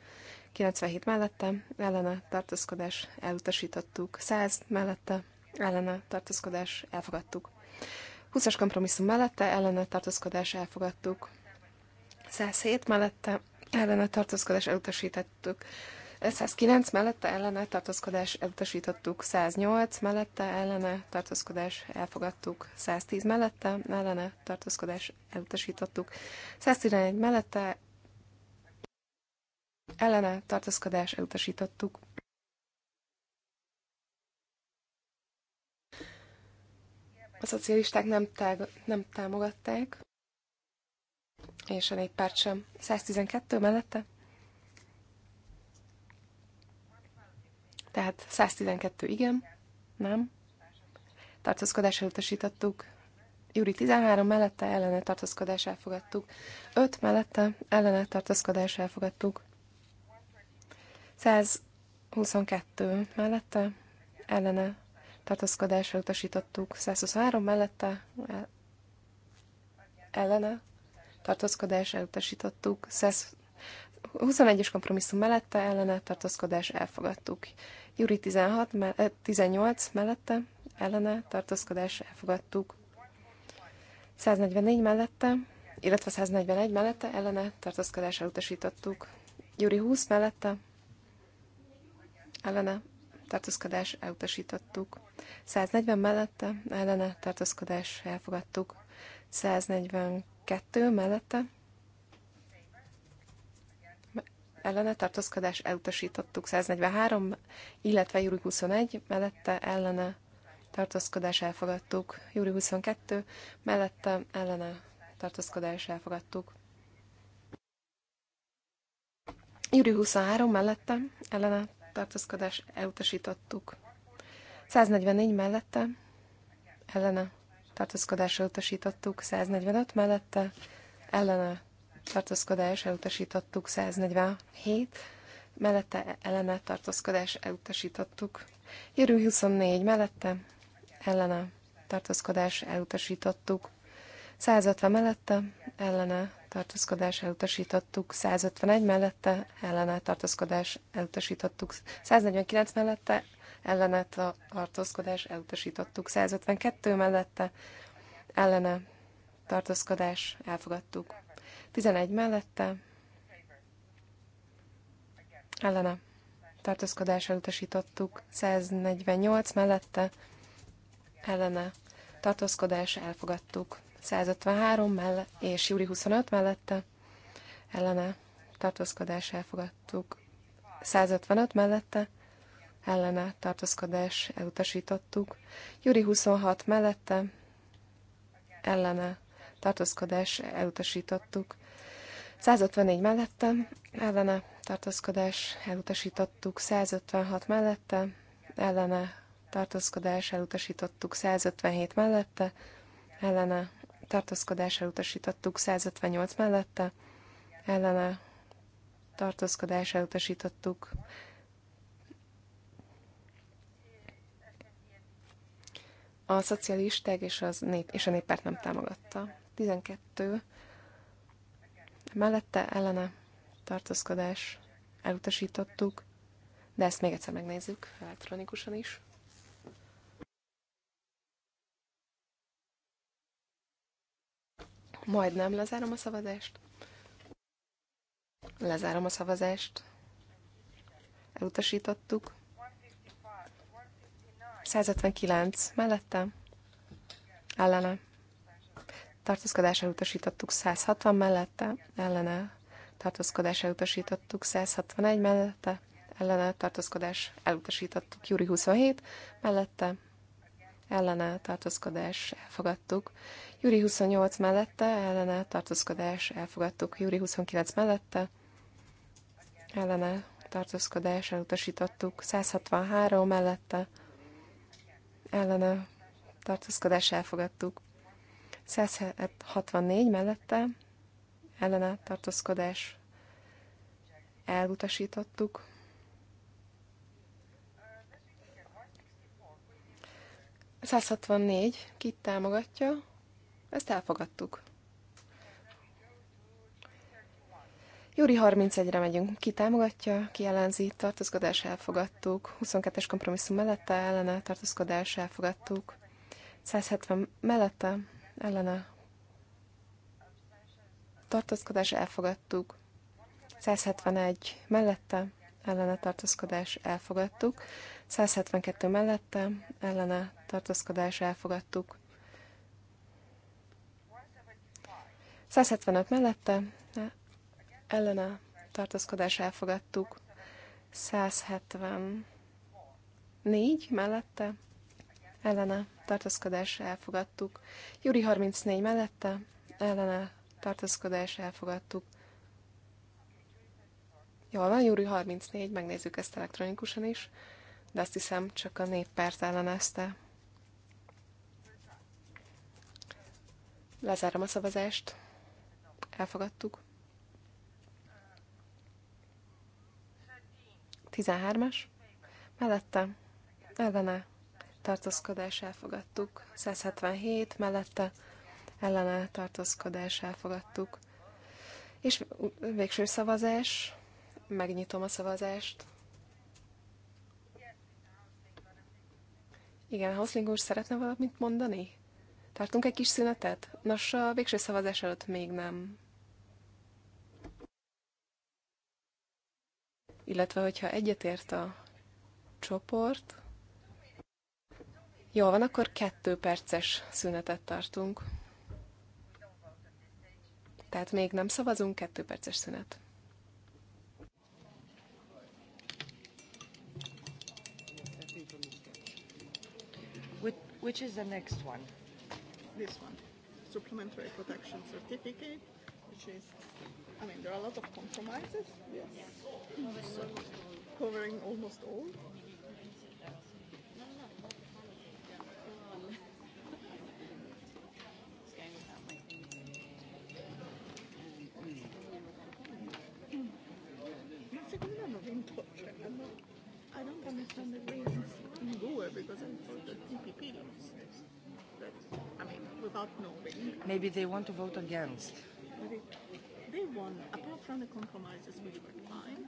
97 mellette? Ellene. Tartózkodás elutasítottuk. 100 mellette? ellene tartózkodás elfogadtuk. 20-as kompromisszum mellette ellene tartózkodás elfogadtuk. 107 mellette ellene tartózkodás elutasítottuk. 109 mellette ellene tartózkodás elutasítottuk, 108 mellette ellene tartózkodás elfogadtuk, 110 mellette ellene tartózkodás elutasítottuk, 111 mellette ellene tartózkodás elutasítottuk. a szocialisták nem, tág- nem támogatták, és a néppárt sem. 112 mellette? Tehát 112 igen, nem. Tartózkodás elutasítottuk. Júri 13 mellette ellene tartózkodás elfogadtuk. 5 mellette ellene tartózkodás elfogadtuk. 122 mellette ellene tartaszkodásra utasítottuk. 123 mellette e, ellene tartózkodás elutasítottuk. 21-es kompromisszum mellette ellene tartózkodás elfogadtuk. Júri 16, 18 e, mellette ellene tartózkodás elfogadtuk. 144 mellette, illetve 141 mellette ellene tartózkodás elutasítottuk. Júri 20 mellette ellene tartózkodás elutasítottuk. 140 mellette, ellene tartózkodás elfogadtuk. 142 mellette, ellene tartózkodás elutasítottuk. 143, illetve júli 21 mellette, ellene tartózkodás elfogadtuk. Júli 22 mellette, ellene tartózkodás elfogadtuk. Júri 23 mellette, ellene tartózkodás elutasítottuk. 144 mellette, ellene, tartózkodás elutasítottuk, 145 mellette, ellene, tartózkodás elutasítottuk, 147 mellette, ellene, tartózkodás elutasítottuk. Jörű 24 mellette, ellene, tartózkodás elutasítottuk. 150 mellette, ellene, tartózkodás elutasítottuk, 151 mellette, ellene tartózkodás elutasítottuk, 149 mellette, ellene tartózkodás elutasítottuk, 152 mellette ellene tartózkodás elfogadtuk, 11 mellette ellene tartózkodás elutasítottuk, 148 mellette ellene tartózkodás elfogadtuk, 153 mellette, és júli 25 mellette ellene tartózkodás elfogadtuk, 155 mellette ellene tartózkodás elutasítottuk. Júri 26 mellette ellene tartózkodás elutasítottuk. 154 mellette ellene tartózkodás elutasítottuk. 156 mellette ellene tartózkodás elutasítottuk. 157 mellette ellene tartózkodás elutasítottuk. 158 mellette ellene tartózkodás elutasítottuk. A szocialisták és, az nép, és a néppárt nem támogatta. 12. Mellette ellene tartózkodás elutasítottuk, de ezt még egyszer megnézzük elektronikusan is. Majd nem lezárom a szavazást. Lezárom a szavazást. Elutasítottuk. 159 mellette, ellene. Tartózkodás elutasítottuk 160 mellette, ellene. Tartózkodás elutasítottuk 161 mellette, ellene. Tartózkodás elutasítottuk Júri 27 mellette, ellene. Tartózkodás elfogadtuk. Júri 28 mellette, ellene. Tartózkodás elfogadtuk. Júri 29 mellette, ellene. Tartózkodás elutasítottuk 163 mellette, ellene tartózkodás elfogadtuk. 164 mellette ellene tartózkodás elutasítottuk. A 164 kit támogatja, ezt elfogadtuk. Júri 31-re megyünk. Ki támogatja, ki ellenzi, tartózkodás elfogadtuk. 22-es kompromisszum mellette, ellene, tartózkodás elfogadtuk. 170 mellette, ellene, tartózkodás elfogadtuk. 171 mellette, ellene tartózkodás elfogadtuk. 172 mellette, ellene tartózkodás elfogadtuk. 175 mellette, ellene tartózkodás elfogadtuk. 174 mellette ellene tartózkodás elfogadtuk. Júri 34 mellette ellene tartózkodás elfogadtuk. Jól van, Júri 34, megnézzük ezt elektronikusan is, de azt hiszem csak a néppárt ellenezte. Lezárom a szavazást. Elfogadtuk. 13-as, mellette, ellene, tartózkodás elfogadtuk. 177 mellette, ellene, tartózkodás elfogadtuk. És végső szavazás, megnyitom a szavazást. Igen, Hoszling úr szeretne valamit mondani? Tartunk egy kis szünetet? Nos, a végső szavazás előtt még nem. illetve hogyha egyetért a csoport, jó van, akkor kettő perces szünetet tartunk. Tehát még nem szavazunk, kettő perces szünet. Which is the next one? This one. Supplementary Protection Certificate, which is I mean, there are a lot of compromises, yes. Yeah. So, covering almost all. I don't understand the reasons in Goa because I thought that TPP I mean without knowing. Maybe they want to vote against. Maybe they won. Apart from the compromises, which were fine,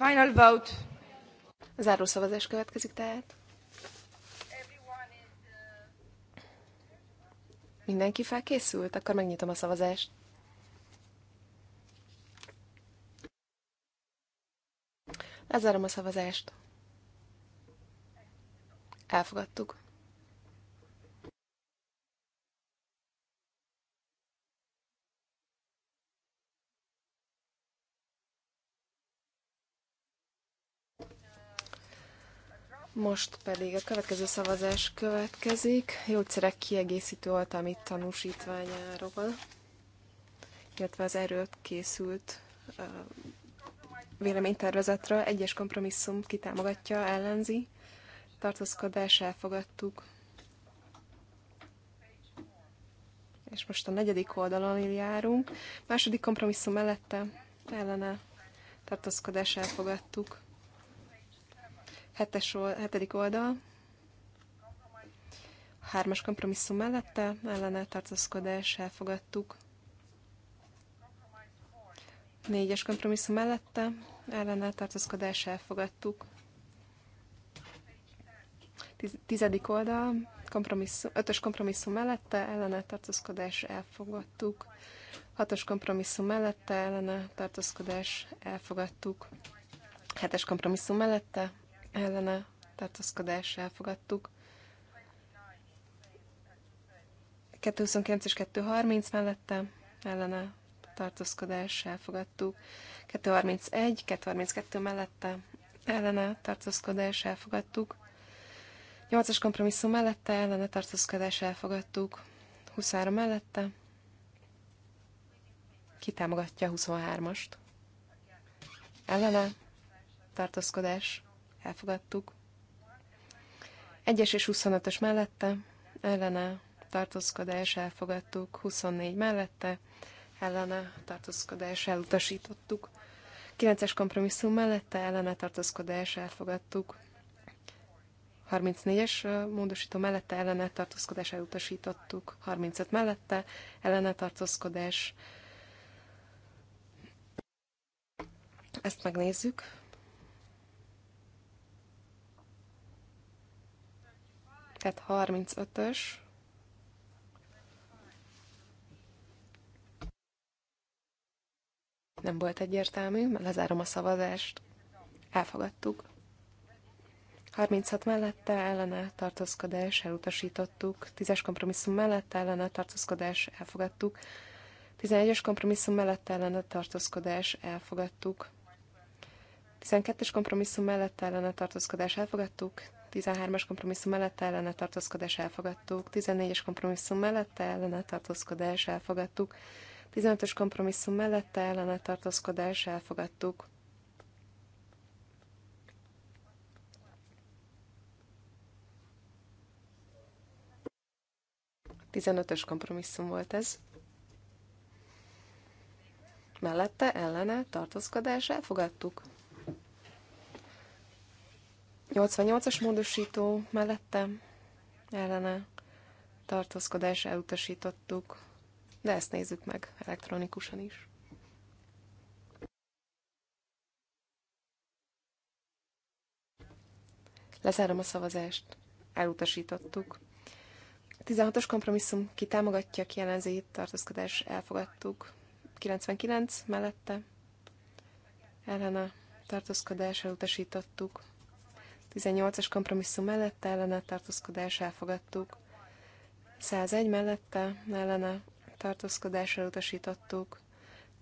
Final vote. Záró szavazás következik tehát. Mindenki felkészült? Akkor megnyitom a szavazást. Lezárom a szavazást. Elfogadtuk. Most pedig a következő szavazás következik. Gyógyszerek kiegészítő oltalmi tanúsítványáról, illetve az erőt készült véleménytervezetről. Egyes kompromisszum kitámogatja, ellenzi. Tartózkodás elfogadtuk. És most a negyedik oldalon járunk. Második kompromisszum mellette ellene tartózkodás elfogadtuk. Hetes, hetedik oldal. Hármas kompromisszum mellette ellene tartozkodás, elfogadtuk. Négyes kompromisszum mellette ellene tartozkodás, elfogadtuk. Tizedik oldal, kompromisszum, ötös kompromisszum mellette ellene tartozkodás, elfogadtuk. Hatos kompromisszum mellette ellene tartozkodás, elfogadtuk. Hetes kompromisszum mellette ellene tartózkodás elfogadtuk. 229 és 230 mellette ellene tartózkodás elfogadtuk. 231, 232 mellette ellene tartózkodás elfogadtuk. 8-as kompromisszum mellette ellene tartózkodás elfogadtuk. 23 mellette kitámogatja a 23-ast. Ellene tartózkodás elfogadtuk. Egyes és 25-ös mellette, ellene tartózkodás elfogadtuk, 24 mellette, ellene tartózkodás elutasítottuk, 9-es kompromisszum mellette ellene tartózkodás elfogadtuk, 34-es módosító mellette ellene tartózkodás elutasítottuk, 35 mellette ellene tartózkodás. Ezt megnézzük. tehát 35-ös. Nem volt egyértelmű, mert lezárom a szavazást. Elfogadtuk. 36 mellette ellene tartózkodás elutasítottuk, 10-es kompromisszum mellette ellene tartózkodás elfogadtuk, 11-es kompromisszum mellette ellene tartózkodás elfogadtuk, 12-es kompromisszum mellette ellene tartózkodás elfogadtuk, 13-as kompromisszum mellette ellene tartózkodás elfogadtuk, 14-es kompromisszum mellette ellene tartózkodás elfogadtuk, 15-ös kompromisszum mellette ellene tartózkodás elfogadtuk. Tizenötös kompromisszum volt ez. Mellette ellene tartózkodás elfogadtuk. 88-as módosító mellette ellene tartózkodás elutasítottuk, de ezt nézzük meg elektronikusan is. Lezárom a szavazást. Elutasítottuk. 16-os kompromisszum kitámogatja, ki jelenzi, tartózkodás elfogadtuk. 99 mellette ellene tartózkodás elutasítottuk. 18-as kompromisszum mellette ellene tartózkodás elfogadtuk. 101 mellette ellene tartózkodás elutasítottuk.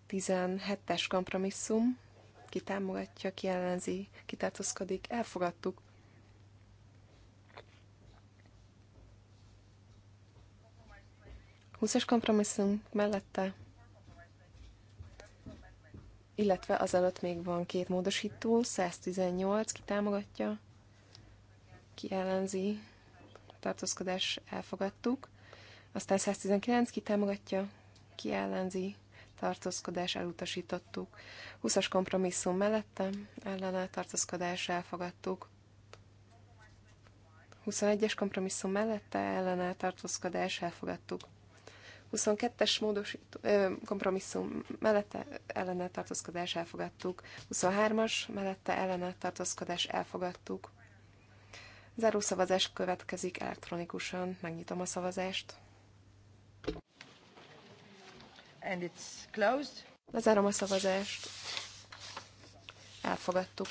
17-es kompromisszum, ki támogatja, ki ellenzi, ki tartózkodik, elfogadtuk. Húszas kompromisszum mellette, illetve azelőtt még van két módosító, 118 ki támogatja, ki ellenzi, tartózkodás elfogadtuk. Aztán 119 ki támogatja, ki ellenzi, tartózkodás elutasítottuk. 20-as kompromisszum mellettem, ellene tartózkodás elfogadtuk. 21-es kompromisszum mellette ellene tartózkodás elfogadtuk. 22-es módosító, ö, kompromisszum mellette ellene tartózkodás elfogadtuk. 23-as mellette ellene tartózkodás elfogadtuk. Záró szavazás következik elektronikusan. Megnyitom a szavazást. And it's closed. Lezárom a szavazást. Elfogadtuk.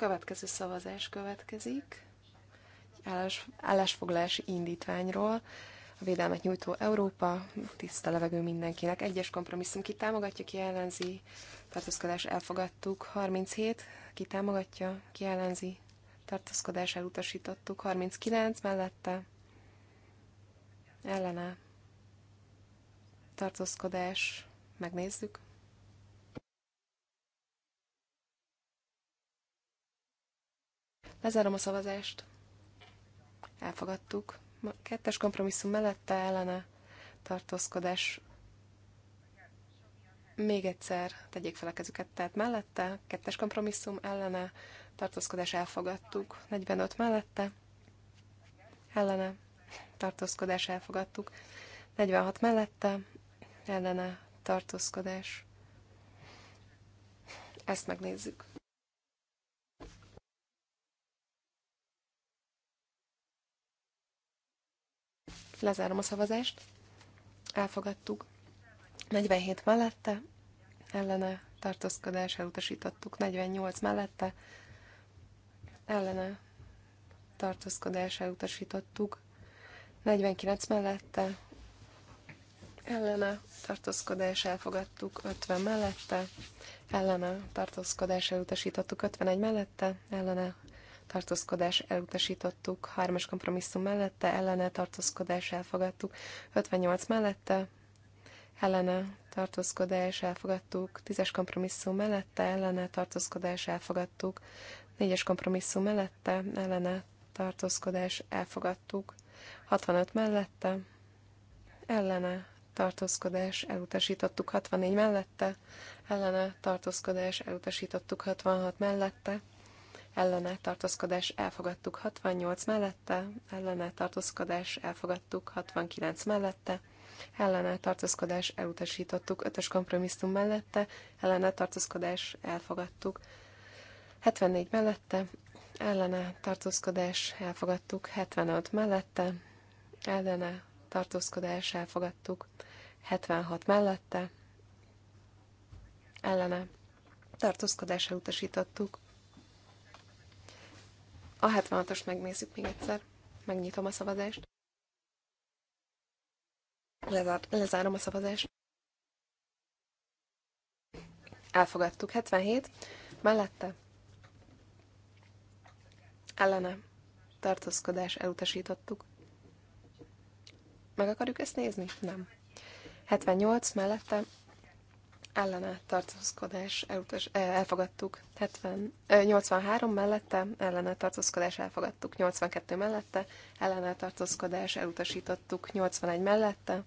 következő szavazás következik. Állás, állásfoglalási indítványról. A védelmet nyújtó Európa, tiszta levegő mindenkinek. Egyes kompromisszum ki támogatja, ki ellenzi. Tartózkodás elfogadtuk. 37 ki támogatja, ki ellenzi. Tartózkodás elutasítottuk. 39 mellette. Ellene. Tartózkodás. Megnézzük. Lezárom a szavazást. Elfogadtuk. Kettes kompromisszum mellette ellene tartózkodás. Még egyszer tegyék fel a kezüket, tehát mellette, kettes kompromisszum ellene tartózkodás elfogadtuk. 45 mellette ellene tartózkodás elfogadtuk. 46 mellette ellene tartózkodás. Ezt megnézzük. Lezárom a szavazást. Elfogadtuk. 47 mellette, ellene tartózkodás elutasítottuk. 48 mellette, ellene tartózkodás elutasítottuk. 49 mellette, ellene tartózkodás elfogadtuk 50 mellette, ellene tartózkodás elutasítottuk 51 mellette, ellene tartózkodás elutasítottuk, hármas kompromisszum mellette, ellene tartózkodás elfogadtuk, 58 mellette, ellene tartózkodás elfogadtuk, 10-es kompromisszum mellette, ellene tartózkodás elfogadtuk, 4-es kompromisszum mellette, ellene tartózkodás elfogadtuk, 65 mellette, ellene tartózkodás elutasítottuk, 64 mellette, ellene tartózkodás elutasítottuk, 66 mellette, ellene tartózkodás elfogadtuk 68 mellette, ellene tartózkodás elfogadtuk 69 mellette, ellene tartózkodás elutasítottuk 5-ös kompromisszum mellette, ellene tartózkodás elfogadtuk 74 mellette, ellene tartózkodás elfogadtuk 75 mellette, ellene tartózkodás elfogadtuk 76 mellette, ellene tartózkodás elutasítottuk a 76-ost megnézzük még egyszer. Megnyitom a szavazást. Lezár, lezárom a szavazást. Elfogadtuk. 77. Mellette. Ellene. Tartózkodás elutasítottuk. Meg akarjuk ezt nézni? Nem. 78 mellette ellene tartózkodás elutas, eh, elfogadtuk 70, 83 mellette, ellene tartózkodás elfogadtuk 82 mellette, ellene tartózkodás elutasítottuk 81 mellette,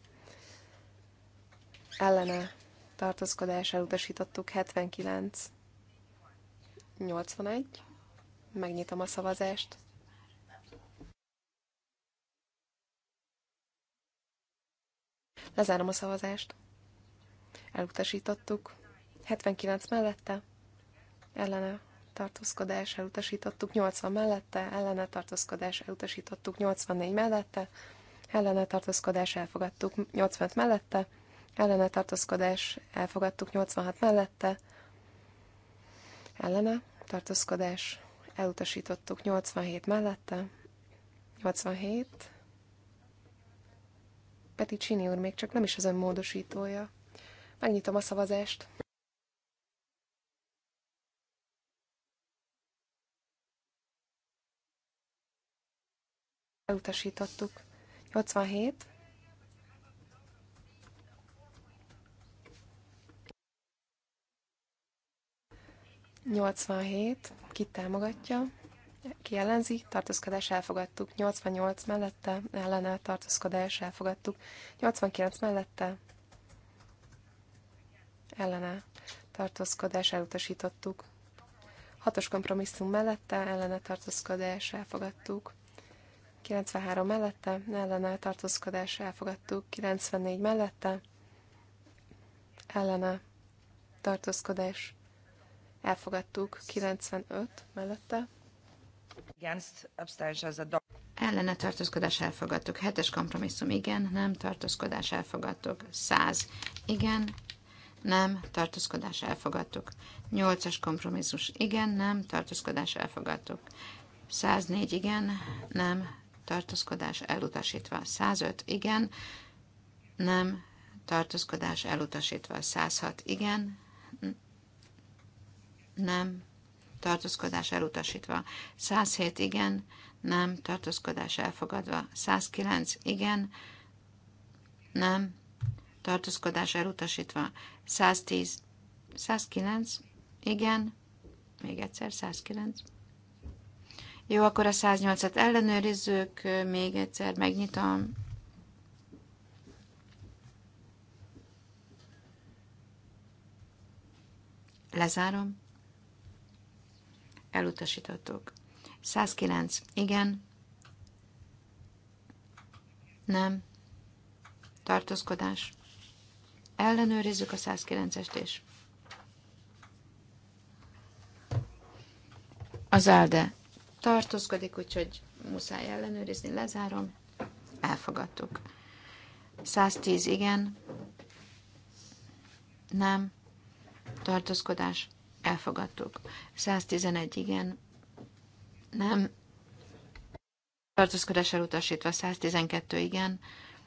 ellene tartózkodás elutasítottuk 79 81 megnyitom a szavazást lezárom a szavazást elutasítottuk. 79 mellette, ellene tartózkodás, elutasítottuk. 80 mellette, ellene tartózkodás, elutasítottuk. 84 mellette, ellene tartózkodás, elfogadtuk. 85 mellette, ellene tartózkodás, elfogadtuk. 86 mellette, ellene tartózkodás, elutasítottuk. 87 mellette, 87, Peti Csini úr még csak nem is az önmódosítója. Megnyitom a szavazást. Elutasítottuk. 87. Nyolcvanhét, ki támogatja, ki ellenzi, tartózkodás elfogadtuk. 88 mellette, ellene, tartózkodás elfogadtuk. 89 mellette, ellene tartózkodás elutasítottuk. Hatos kompromisszum mellette ellene tartózkodás elfogadtuk. 93 mellette ellene tartózkodás elfogadtuk. 94 mellette ellene tartózkodás elfogadtuk. 95 mellette Ellene tartózkodás elfogadtuk. Hetes kompromisszum igen, nem tartózkodás elfogadtuk. Száz igen, nem, tartózkodás elfogadtuk. 8-as kompromisszus, igen, nem, tartózkodás elfogadtuk. 104, igen, nem, tartózkodás elutasítva. 105, igen, nem, tartózkodás elutasítva. 106, igen, nem, tartózkodás elutasítva. 107, igen, nem, tartózkodás elfogadva. 109, igen, nem, tartózkodás elutasítva. 110, 109, igen, még egyszer 109. Jó, akkor a 108-at ellenőrizzük, még egyszer megnyitom. Lezárom. Elutasítottuk. 109. Igen. Nem. Tartózkodás. Ellenőrizzük a 109-est is. Az ALDE tartózkodik, úgyhogy muszáj ellenőrizni, lezárom. Elfogadtuk. 110 igen, nem, tartózkodás, elfogadtuk. 111 igen, nem, tartózkodás elutasítva, 112 igen,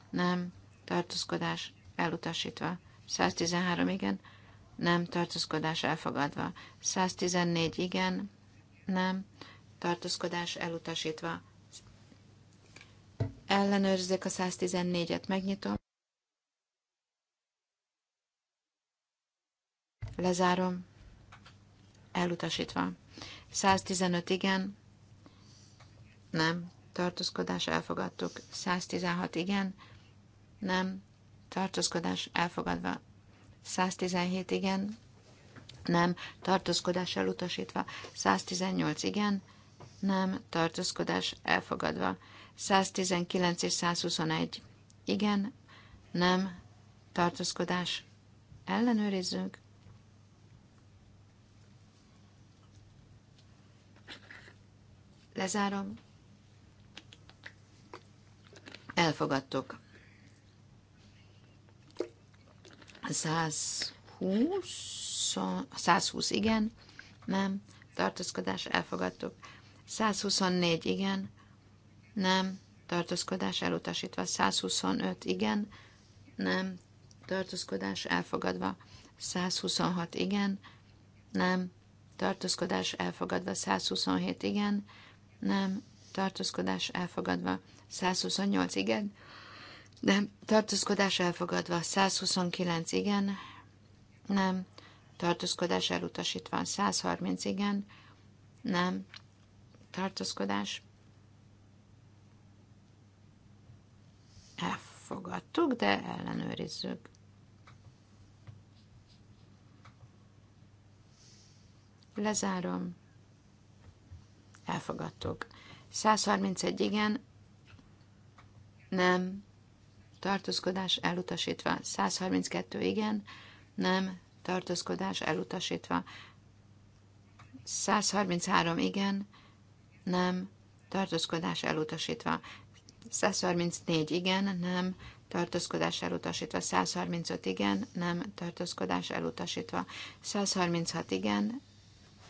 nem, tartózkodás elutasítva. 113 igen, nem, tartózkodás elfogadva. 114 igen, nem, tartózkodás elutasítva. Ellenőrzzük a 114-et, megnyitom. Lezárom. Elutasítva. 115 igen, nem, tartózkodás elfogadtuk. 116 igen, nem, tartózkodás elfogadva. 117 igen, nem, tartózkodás elutasítva. 118 igen, nem, tartózkodás elfogadva. 119 és 121 igen, nem, tartózkodás ellenőrizzünk. Lezárom. Elfogadtuk. 120, 120 igen, nem, tartózkodás elfogadtuk. 124 igen, nem, tartózkodás elutasítva. 125 igen, nem, tartózkodás elfogadva. 126 igen, nem, tartózkodás elfogadva. 127 igen, nem, tartózkodás elfogadva. 128 igen, nem. Tartózkodás elfogadva. 129 igen. Nem. Tartózkodás elutasítva. 130 igen. Nem. Tartózkodás. Elfogadtuk, de ellenőrizzük. Lezárom. Elfogadtuk. 131 igen. Nem tartózkodás elutasítva. 132 igen, nem, tartózkodás elutasítva. 133 igen, nem, tartózkodás elutasítva. 134 igen, nem, tartózkodás elutasítva. 135 igen, nem, tartózkodás elutasítva. 136 igen,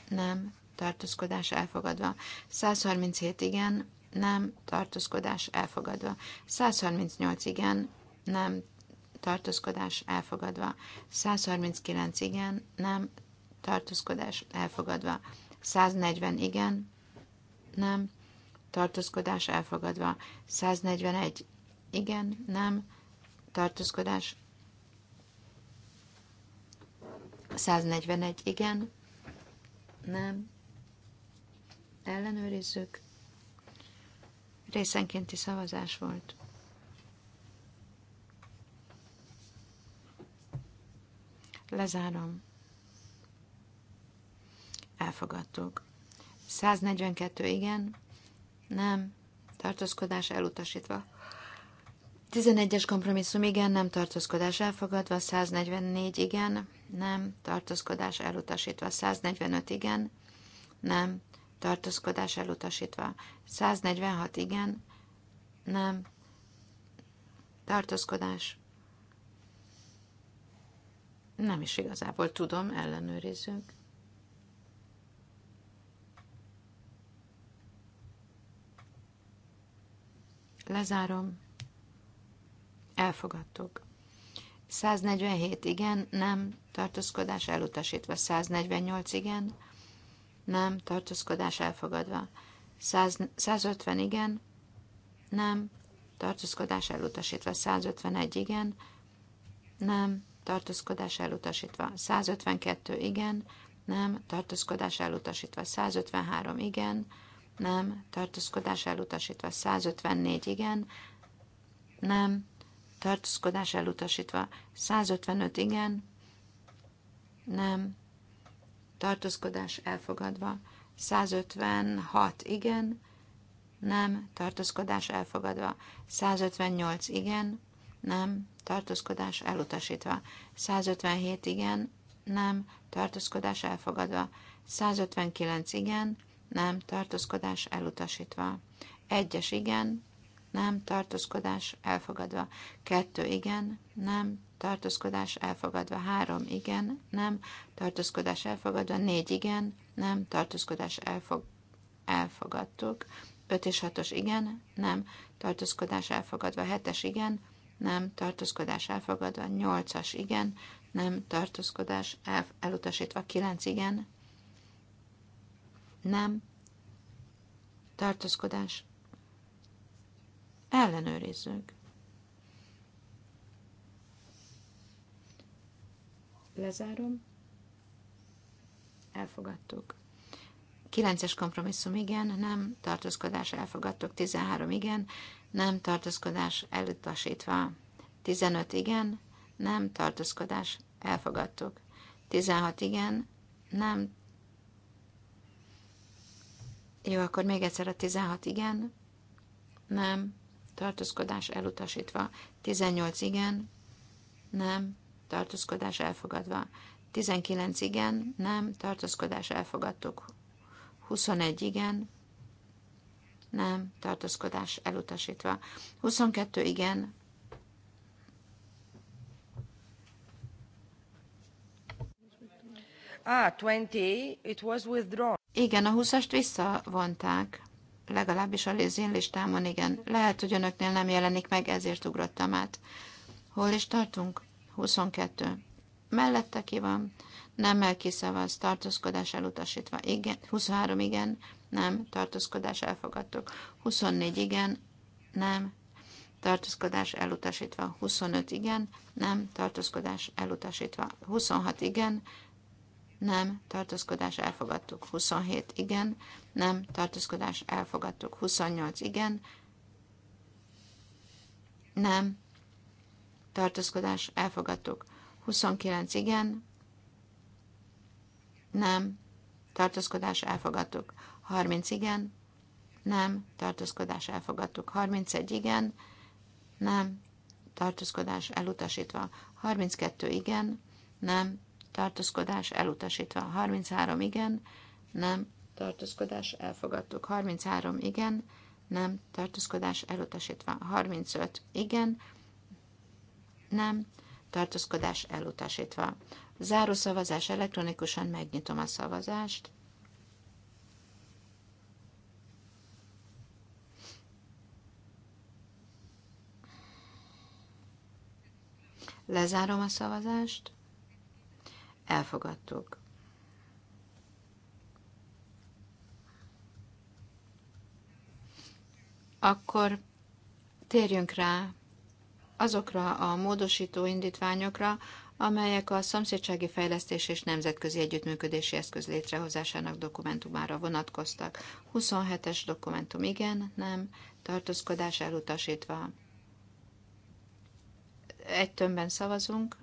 nem, tartózkodás elfogadva. 137 igen, nem, tartózkodás elfogadva. 138 igen, nem, tartózkodás elfogadva. 139 igen, nem, tartózkodás elfogadva. 140 igen, nem, tartózkodás elfogadva. 141 igen, nem, tartózkodás 141 igen, nem, ellenőrizzük. Részenkénti szavazás volt. Lezárom. Elfogadtuk. 142 igen, nem, tartózkodás elutasítva. 11-es kompromisszum igen, nem tartózkodás elfogadva, 144 igen, nem, tartózkodás elutasítva, 145 igen, nem, tartózkodás elutasítva. 146 igen, nem, tartózkodás. Nem is igazából tudom, ellenőrizzünk. Lezárom. Elfogadtuk. 147 igen, nem, tartózkodás elutasítva. 148 igen, nem, tartózkodás elfogadva. 150 igen, nem, tartózkodás elutasítva. 151 igen, nem, tartózkodás elutasítva. 152 igen, nem, tartózkodás elutasítva. 153 igen, nem, tartózkodás elutasítva. 154 igen, nem, tartózkodás elutasítva. 155 igen, nem, tartózkodás elfogadva. 156 igen, nem, tartózkodás elfogadva. 158 igen, nem, tartózkodás elutasítva. 157 igen, nem, tartózkodás elfogadva. 159 igen, nem, tartózkodás elutasítva. 1 igen, nem, tartózkodás elfogadva. 2 igen, nem, tartózkodás elfogadva. három igen, nem, tartózkodás elfogadva. négy igen, nem, tartózkodás elfog, elfogadtuk. öt és hatos igen, nem, tartózkodás elfogadva. hetes igen, nem, tartózkodás elfogadva. nyolcas igen, nem, tartózkodás el, elutasítva. kilenc igen, nem, tartózkodás. Ellenőrizzük. Lezárom. Elfogadtuk. 9-es kompromisszum igen, nem tartózkodás elfogadtuk. 13 igen, nem tartózkodás elutasítva. 15 igen, nem tartózkodás elfogadtuk. 16 igen, nem. Jó, akkor még egyszer a 16 igen, nem, tartózkodás elutasítva. 18 igen, nem, tartózkodás elfogadva. 19 igen, nem, tartózkodás elfogadtuk. 21 igen, nem, tartózkodás elutasítva. 22 igen, Ah, 20, it was withdrawn. Igen, a 20-ast visszavonták. Legalábbis a én listámon, igen. Lehet, hogy önöknél nem jelenik meg, ezért ugrottam át. Hol is tartunk? 22. Mellette ki van, nemmel kiszavaz, tartózkodás elutasítva, igen, 23 igen, nem, tartózkodás elfogadtuk, 24 igen, nem, tartózkodás elutasítva, 25 igen, nem, tartózkodás elutasítva, 26 igen, nem, tartózkodás elfogadtuk, 27 igen, nem, tartózkodás elfogadtuk, 28 igen, nem, tartózkodás, elfogadtuk. 29 igen, nem, tartózkodás, elfogadtuk. 30 igen, nem, tartózkodás, elfogadtuk. 31 igen, nem, tartózkodás, elutasítva. 32 igen, nem, tartózkodás, elutasítva. 33 igen, nem, tartózkodás, elfogadtuk. 33 igen, nem, tartózkodás, elutasítva. 35 igen, nem, tartózkodás elutasítva. Záró szavazás elektronikusan megnyitom a szavazást. Lezárom a szavazást. Elfogadtuk. Akkor térjünk rá azokra a módosító indítványokra, amelyek a szomszédsági fejlesztés és nemzetközi együttműködési eszköz létrehozásának dokumentumára vonatkoztak. 27-es dokumentum igen, nem, tartózkodás elutasítva. Egy tömbben szavazunk,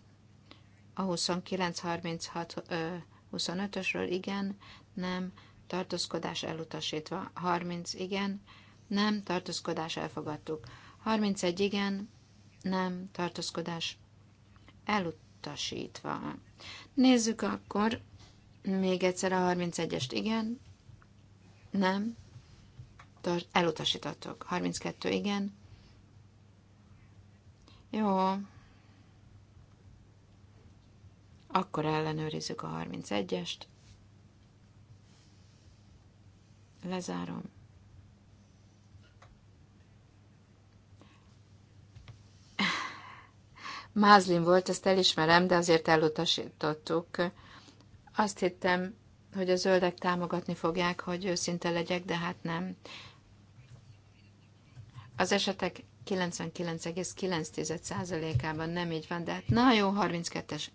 a 29-36-25-ösről igen, nem, tartózkodás elutasítva. 30 igen, nem, tartózkodás elfogadtuk. 31 igen, nem, tartózkodás elutasítva. Nézzük akkor még egyszer a 31-est, igen, nem, elutasítottok. 32, igen. Jó. Akkor ellenőrizzük a 31-est. Lezárom. mázlin volt, ezt elismerem, de azért elutasítottuk. Azt hittem, hogy a zöldek támogatni fogják, hogy őszinte legyek, de hát nem. Az esetek 99,9%-ában nem így van, de hát na jó, 32-es.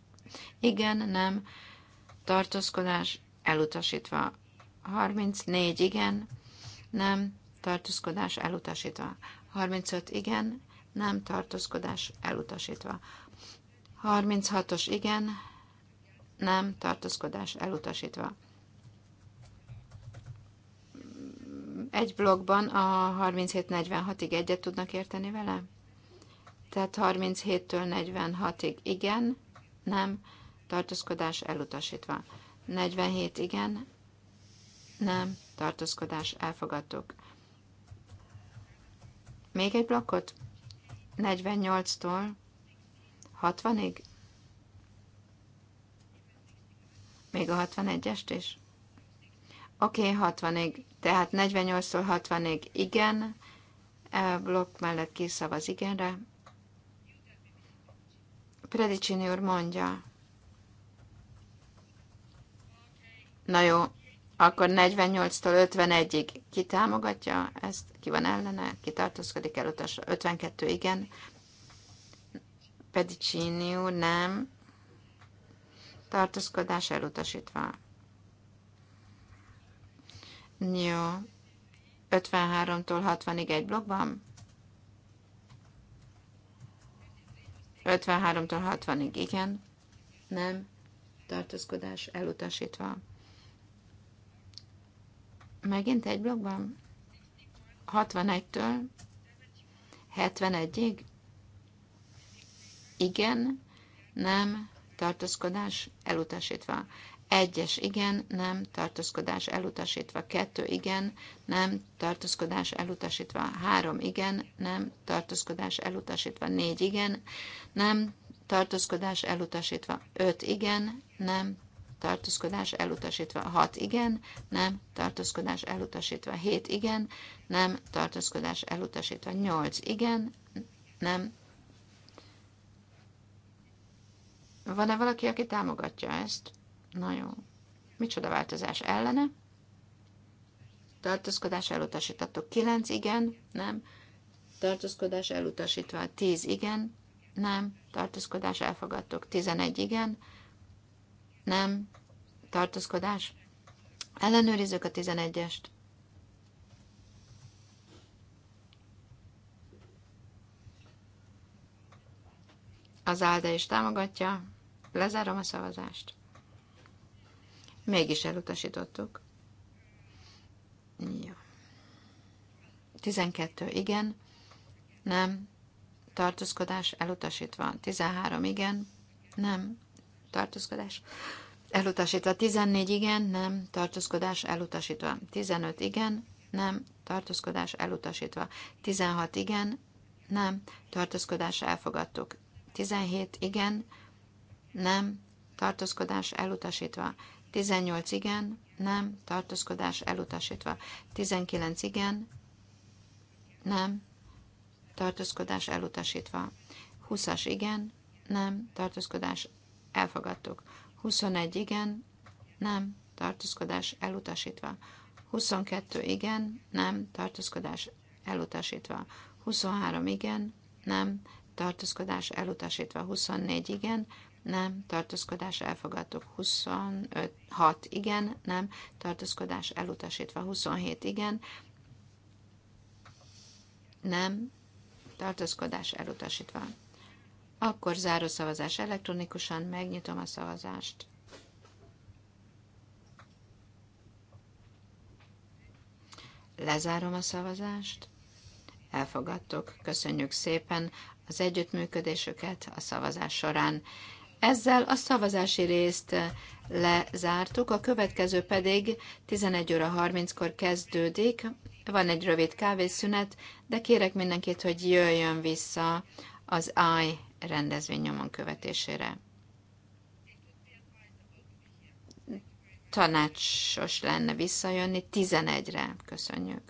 Igen, nem, tartózkodás elutasítva. 34, igen, nem, tartózkodás elutasítva. 35, igen, nem tartózkodás elutasítva. 36-os igen, nem tartózkodás elutasítva. Egy blogban a 37-46-ig egyet tudnak érteni vele? Tehát 37-től 46-ig igen, nem, tartózkodás elutasítva. 47 igen, nem, tartózkodás elfogadtuk. Még egy blokkot? 48-tól 60-ig? Még a 61-est is? Oké, okay, 60-ig. Tehát 48-tól 60-ig igen, e blokk mellett kiszavaz igenre. Predicini úr mondja. Na jó, akkor 48-tól 51-ig ki támogatja ezt, ki van ellene, ki tartózkodik utasra. 52 igen, Pedicini úr nem, tartózkodás elutasítva. Jó, 53-tól 60-ig egy blokkban, 53-tól 60-ig igen, nem, tartózkodás elutasítva. Megint egy blogban 61-től 71-ig? Igen, nem, tartózkodás elutasítva. Egyes, igen, nem, tartózkodás elutasítva. Kettő, igen, nem, tartózkodás elutasítva. Három, igen, nem, tartózkodás elutasítva. Négy, igen, nem, tartózkodás elutasítva. Öt, igen, nem, tartózkodás elutasítva 6 igen, nem, tartózkodás elutasítva 7 igen, nem, tartózkodás elutasítva 8 igen, nem. Van-e valaki, aki támogatja ezt? Na jó. Micsoda változás ellene? Tartózkodás elutasítottuk 9 igen, nem, tartózkodás elutasítva 10 igen, nem, tartózkodás elfogadtok 11 igen, nem. Nem. Tartózkodás. Ellenőrizzük a 11-est. Az álda is támogatja. Lezárom a szavazást. Mégis elutasítottuk. Jó. 12. Igen. Nem. Tartózkodás elutasítva. 13. Igen. Nem tartózkodás elutasítva. 14 igen, nem, tartózkodás elutasítva. 15 igen, nem, tartózkodás elutasítva. 16 igen, nem, tartózkodás elfogadtuk. 17 igen, nem, tartózkodás elutasítva. 18 igen, nem, tartózkodás elutasítva. 19 igen, nem, tartózkodás elutasítva. 20-as igen, nem, tartózkodás Elfogadtuk. 21 igen, nem, tartózkodás elutasítva. 22 igen, nem, tartózkodás elutasítva. 23 igen, nem, tartózkodás elutasítva. 24 igen, nem, tartózkodás elfogadtuk. 25, 6 igen, nem, tartózkodás elutasítva. 27 igen, nem, tartózkodás elutasítva. Akkor záró szavazás elektronikusan, megnyitom a szavazást. Lezárom a szavazást. Elfogadtuk. Köszönjük szépen az együttműködésüket a szavazás során. Ezzel a szavazási részt lezártuk, a következő pedig 11 óra 30-kor kezdődik. Van egy rövid kávészünet, de kérek mindenkit, hogy jöjjön vissza az I rendezvény nyomon követésére. Tanácsos lenne visszajönni 11-re. Köszönjük.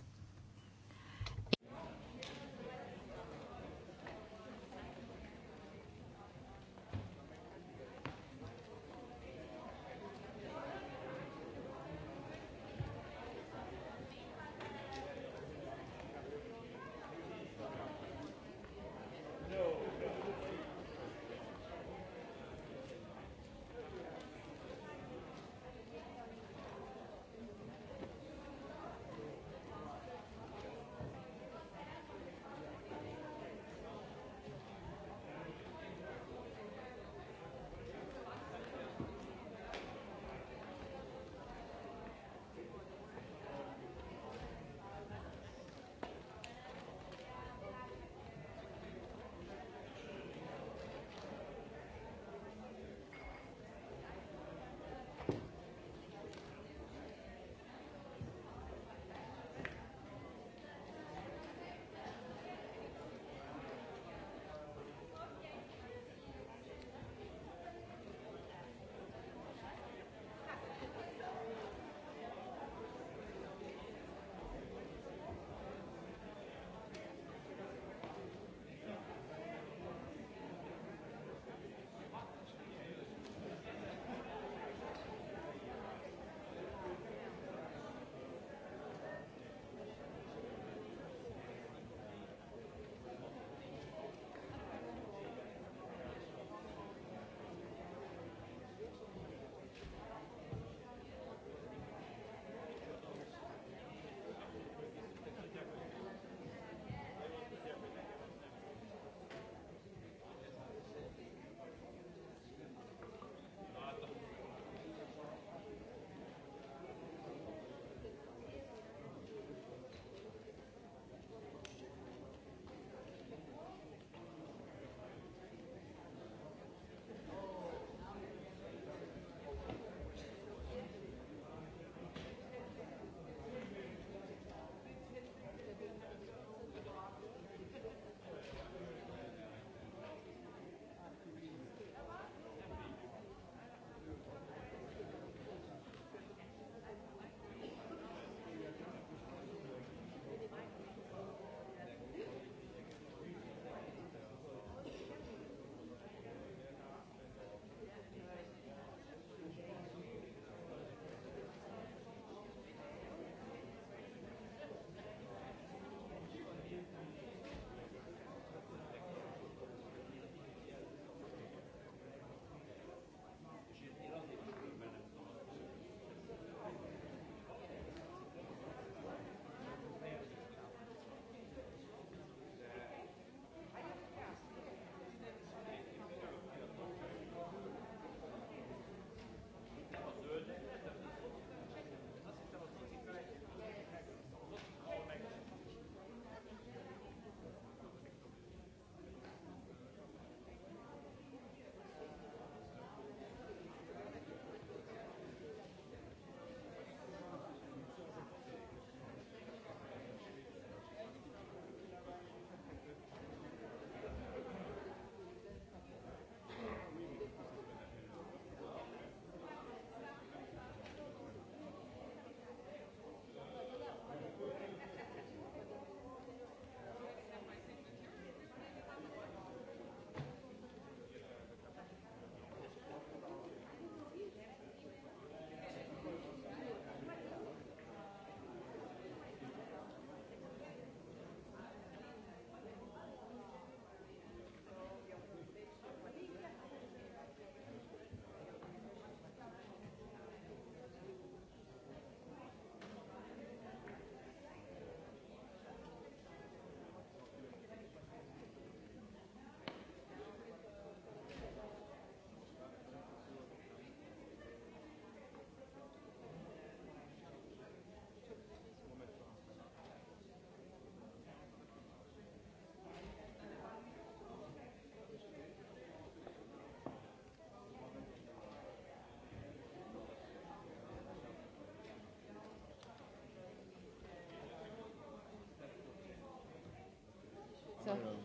ça. Euh,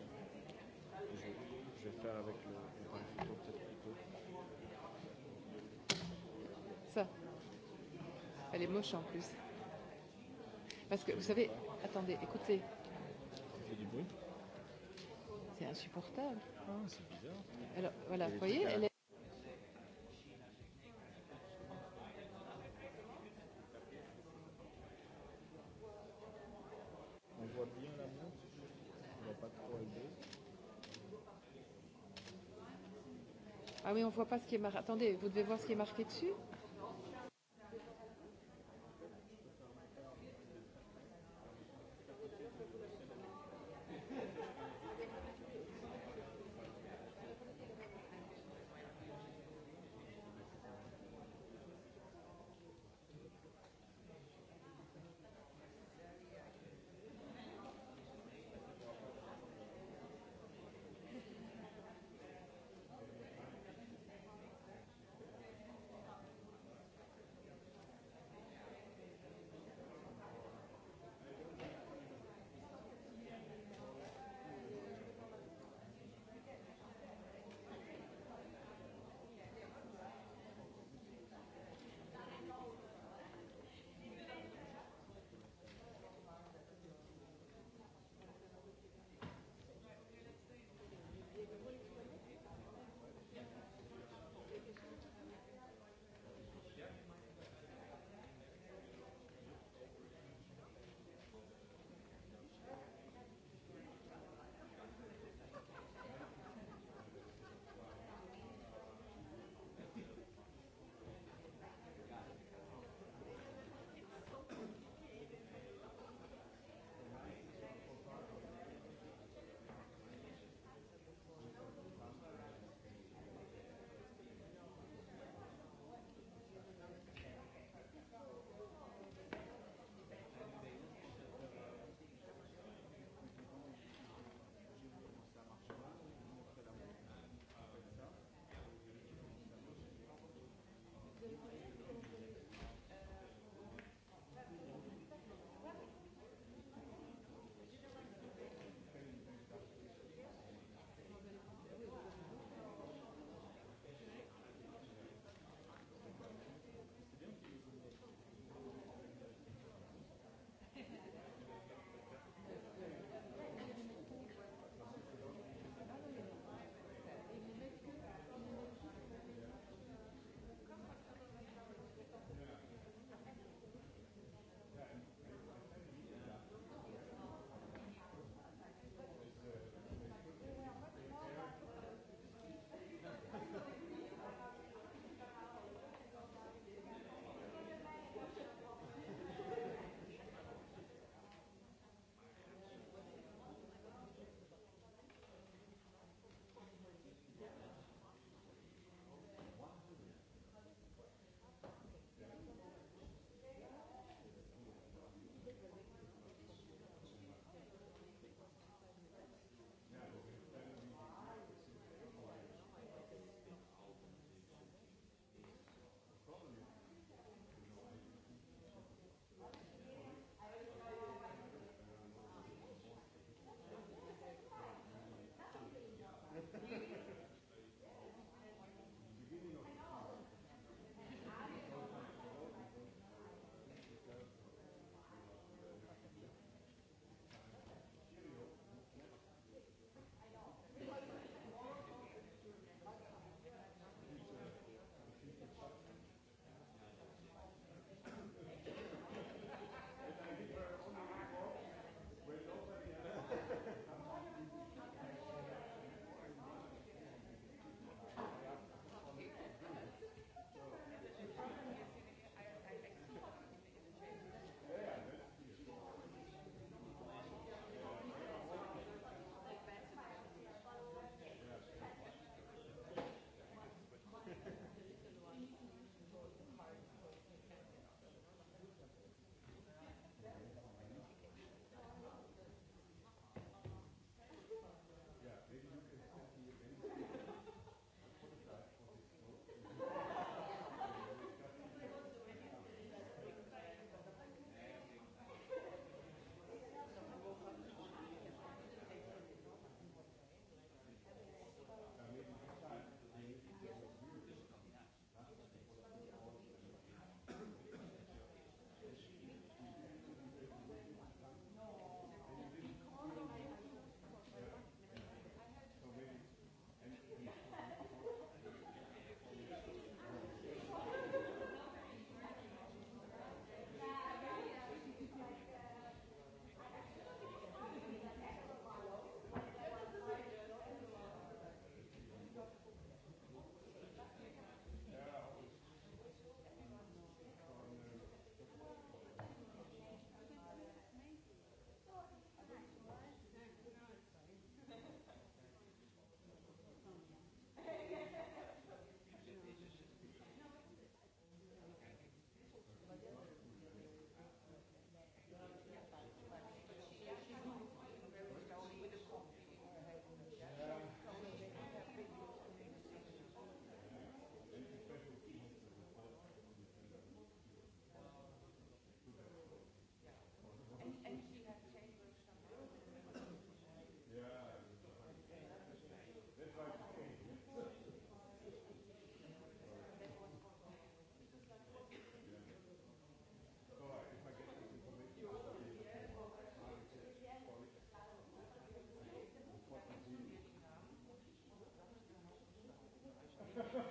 je, vais faire avec le, le peut-être plutôt. Ça. Elle est moche en plus. Parce que vous savez, attendez, écoutez. Ça fait du bruit. C'est insupportable. Ah, c'est bizarre. Alors voilà, vous voyez, elle est... voit pas ce qui est marqué. Attendez, vous devez voir ce qui est marqué dessus.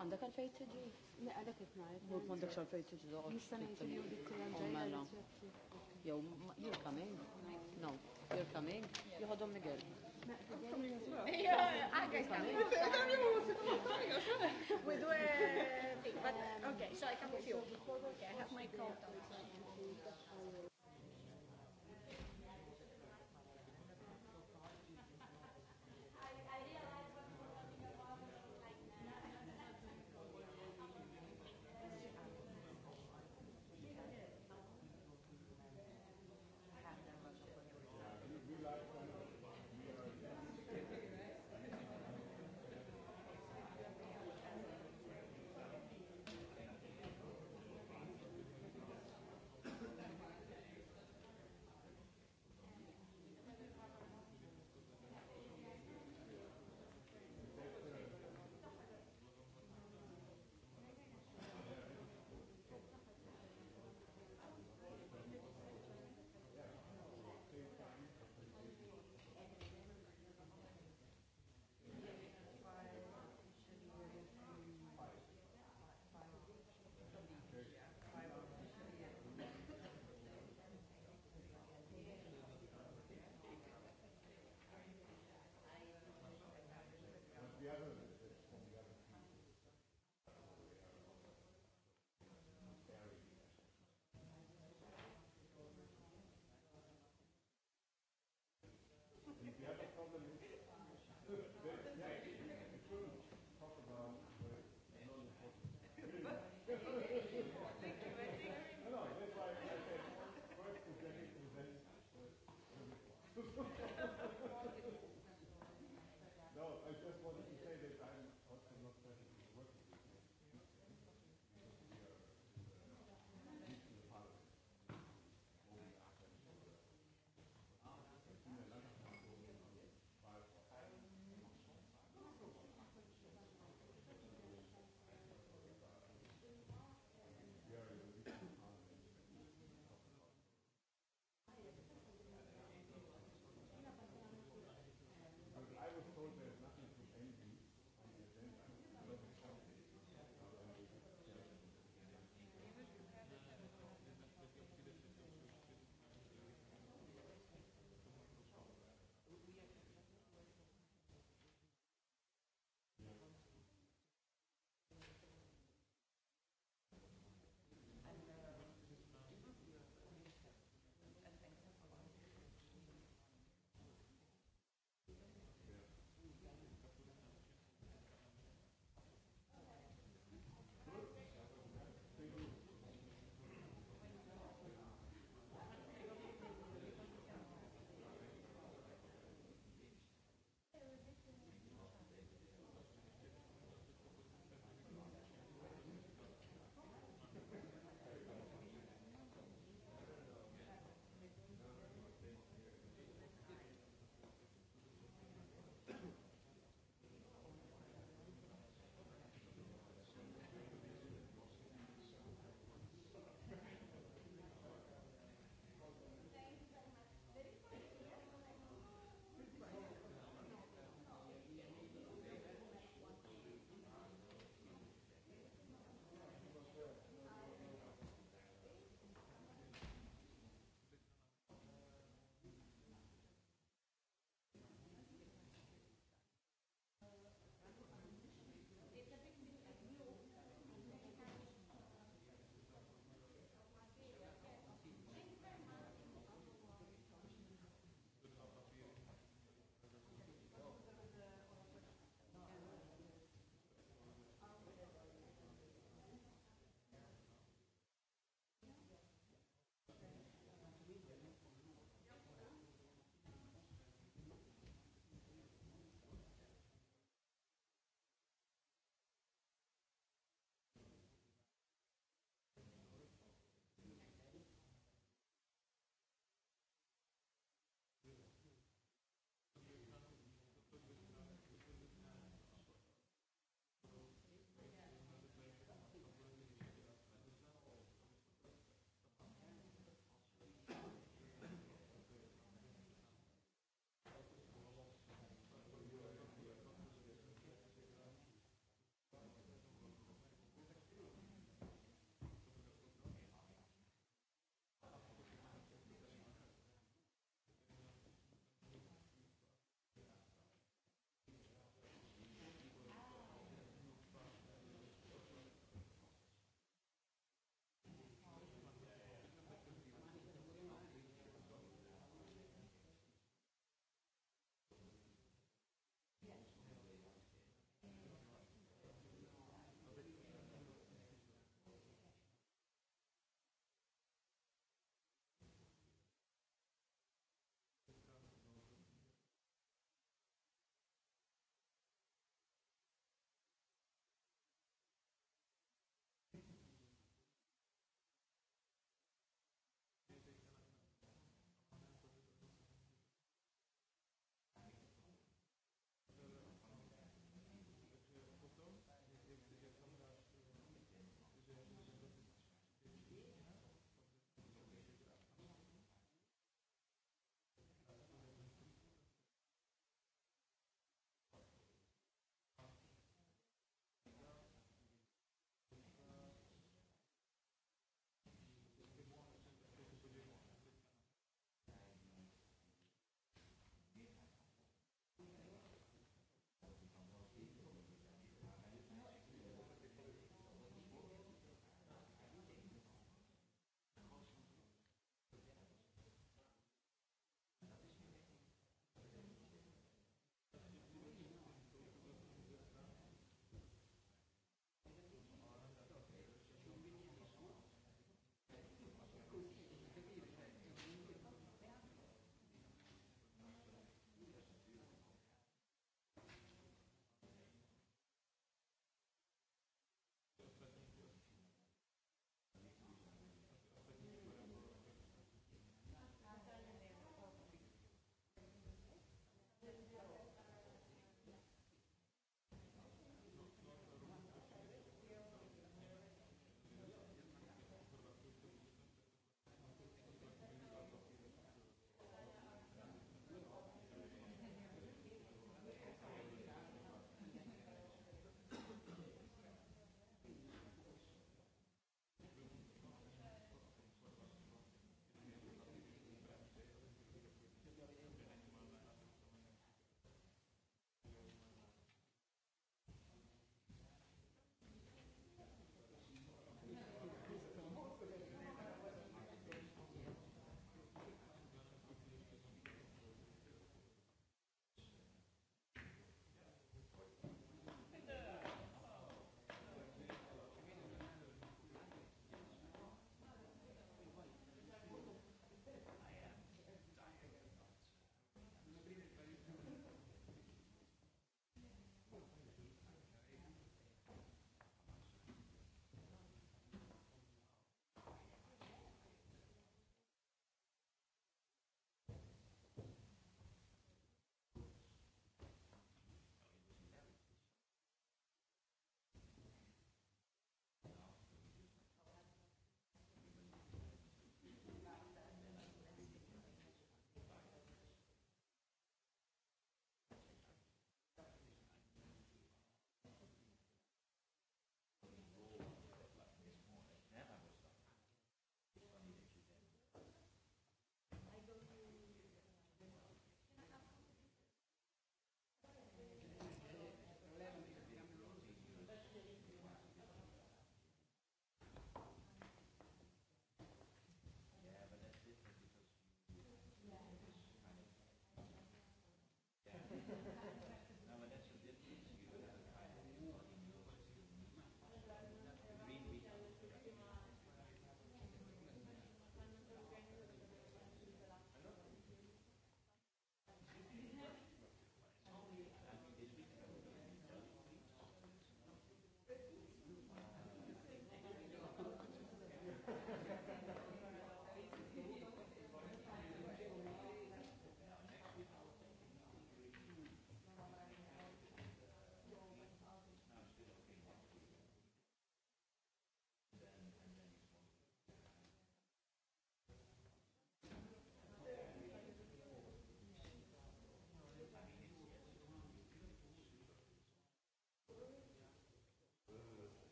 Għandek għalfej tiġi? Għalek it-najt. Mut mandek għalfej tiġi doqgħod. Nistenna jtiġi u dik Mela. Jew, you're coming? No, you're coming? Jħodhom Miguel. Yeah, I guess We do a thing, but okay, so I come with you. Okay, I have my coat on.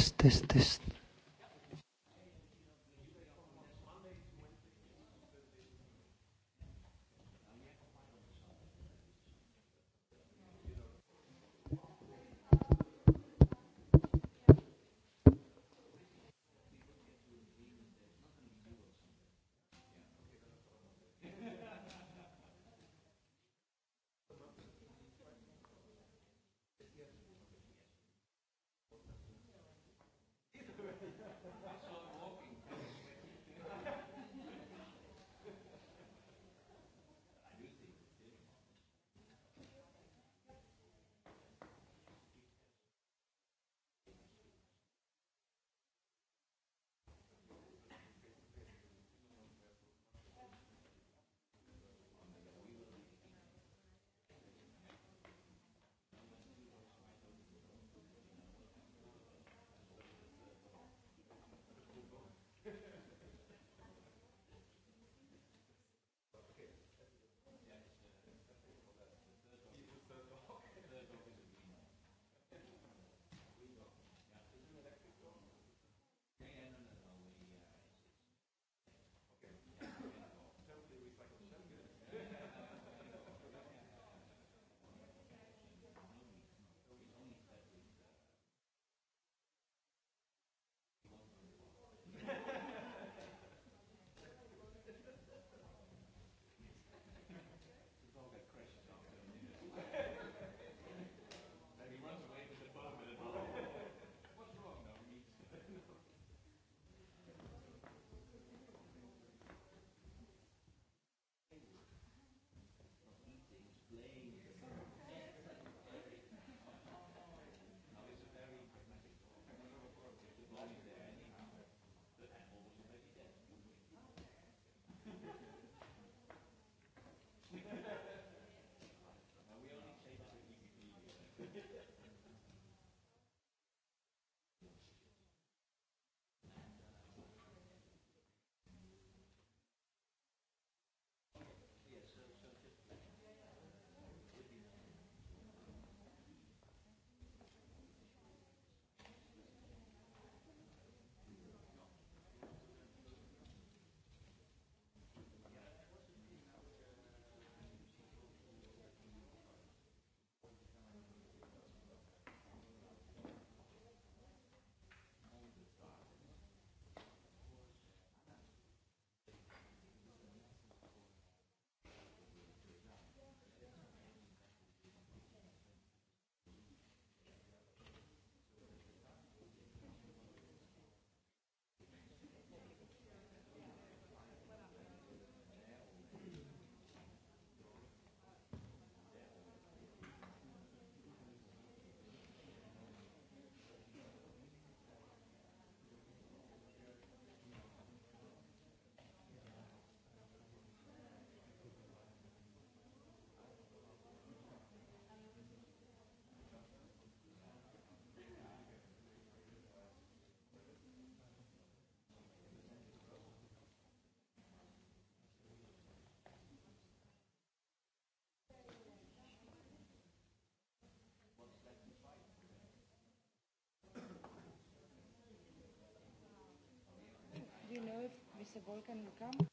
test test test Mr. Volkan, you come?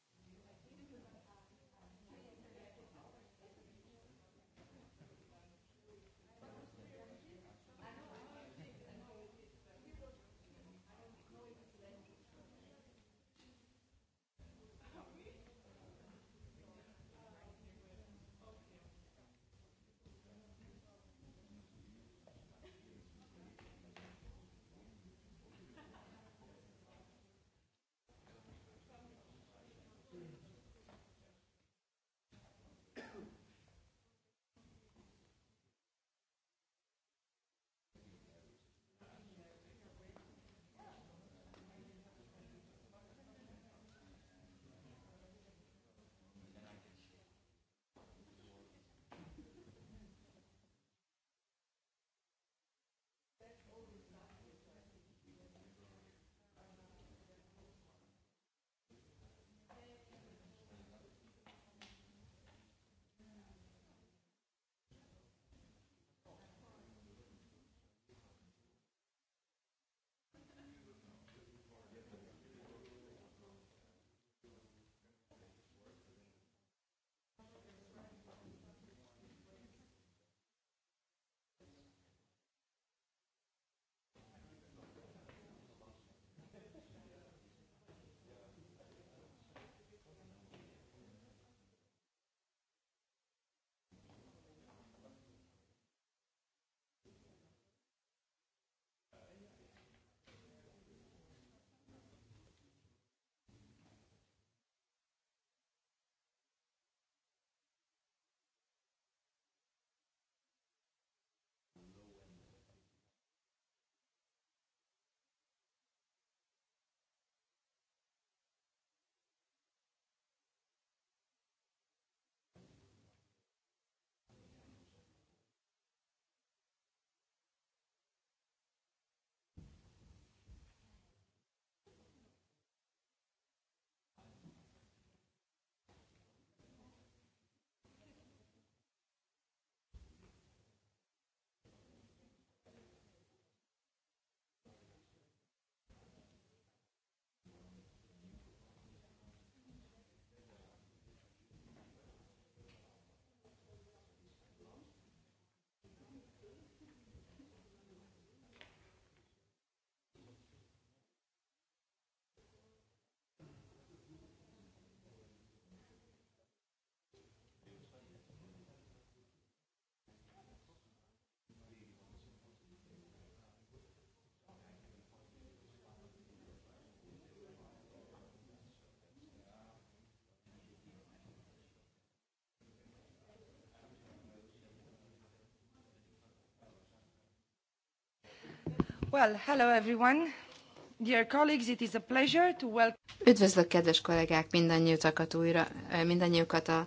Üdvözlök, kedves kollégák, mindannyiukat újra, eh, mindannyiukat a,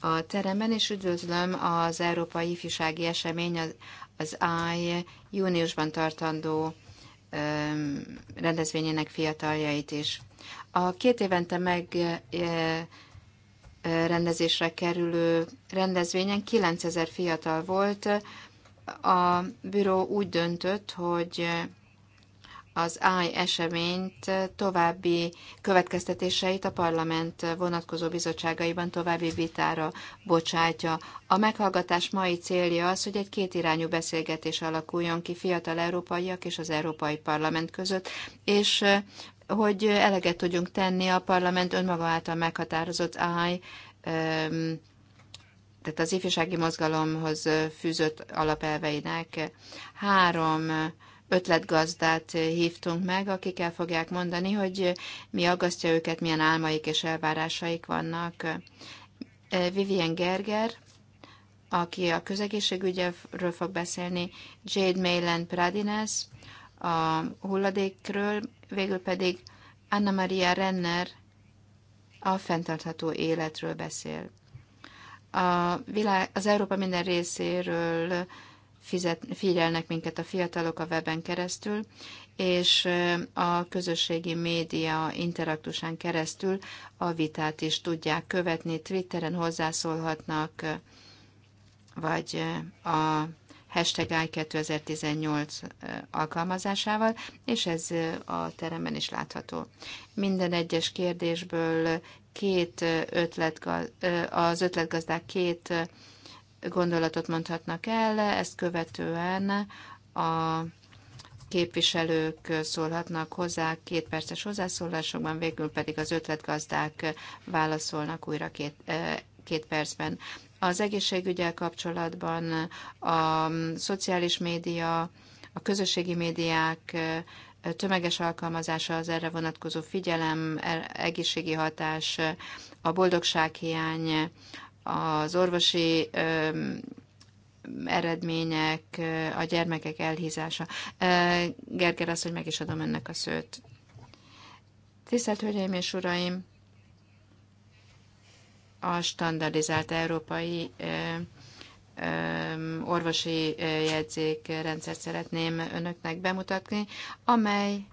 a teremben, és üdvözlöm az Európai Ifjúsági Esemény, az, az AI júniusban tartandó um, rendezvényének fiataljait is. A két évente meg eh, eh, rendezésre kerülő rendezvényen 9000 fiatal volt, a büró úgy döntött, hogy az AI eseményt további következtetéseit a parlament vonatkozó bizottságaiban további vitára bocsátja. A meghallgatás mai célja az, hogy egy kétirányú beszélgetés alakuljon ki fiatal európaiak és az Európai Parlament között, és eh, hogy eleget tudjunk tenni a parlament önmaga által meghatározott AI tehát az ifjúsági mozgalomhoz fűzött alapelveinek három ötletgazdát hívtunk meg, akik el fogják mondani, hogy mi aggasztja őket, milyen álmaik és elvárásaik vannak. Vivien Gerger, aki a közegészségügyről fog beszélni, Jade Mayland Pradines, a hulladékről, végül pedig Anna Maria Renner a fenntartható életről beszél a világ, az Európa minden részéről fizet, figyelnek minket a fiatalok a weben keresztül, és a közösségi média interaktusán keresztül a vitát is tudják követni, Twitteren hozzászólhatnak, vagy a hashtag i2018 alkalmazásával, és ez a teremben is látható. Minden egyes kérdésből két ötlet, az ötletgazdák két gondolatot mondhatnak el, ezt követően a képviselők szólhatnak hozzá két perces hozzászólásokban, végül pedig az ötletgazdák válaszolnak újra két, két percben. Az egészségügyel kapcsolatban a szociális média, a közösségi médiák tömeges alkalmazása, az erre vonatkozó figyelem, e, egészségi hatás, a boldogsághiány, az orvosi eredmények, a gyermekek elhízása. Gerger azt, hogy meg is adom önnek a szőt. Tisztelt Hölgyeim és Uraim! a standardizált európai orvosi jegyzékrendszert szeretném önöknek bemutatni, amely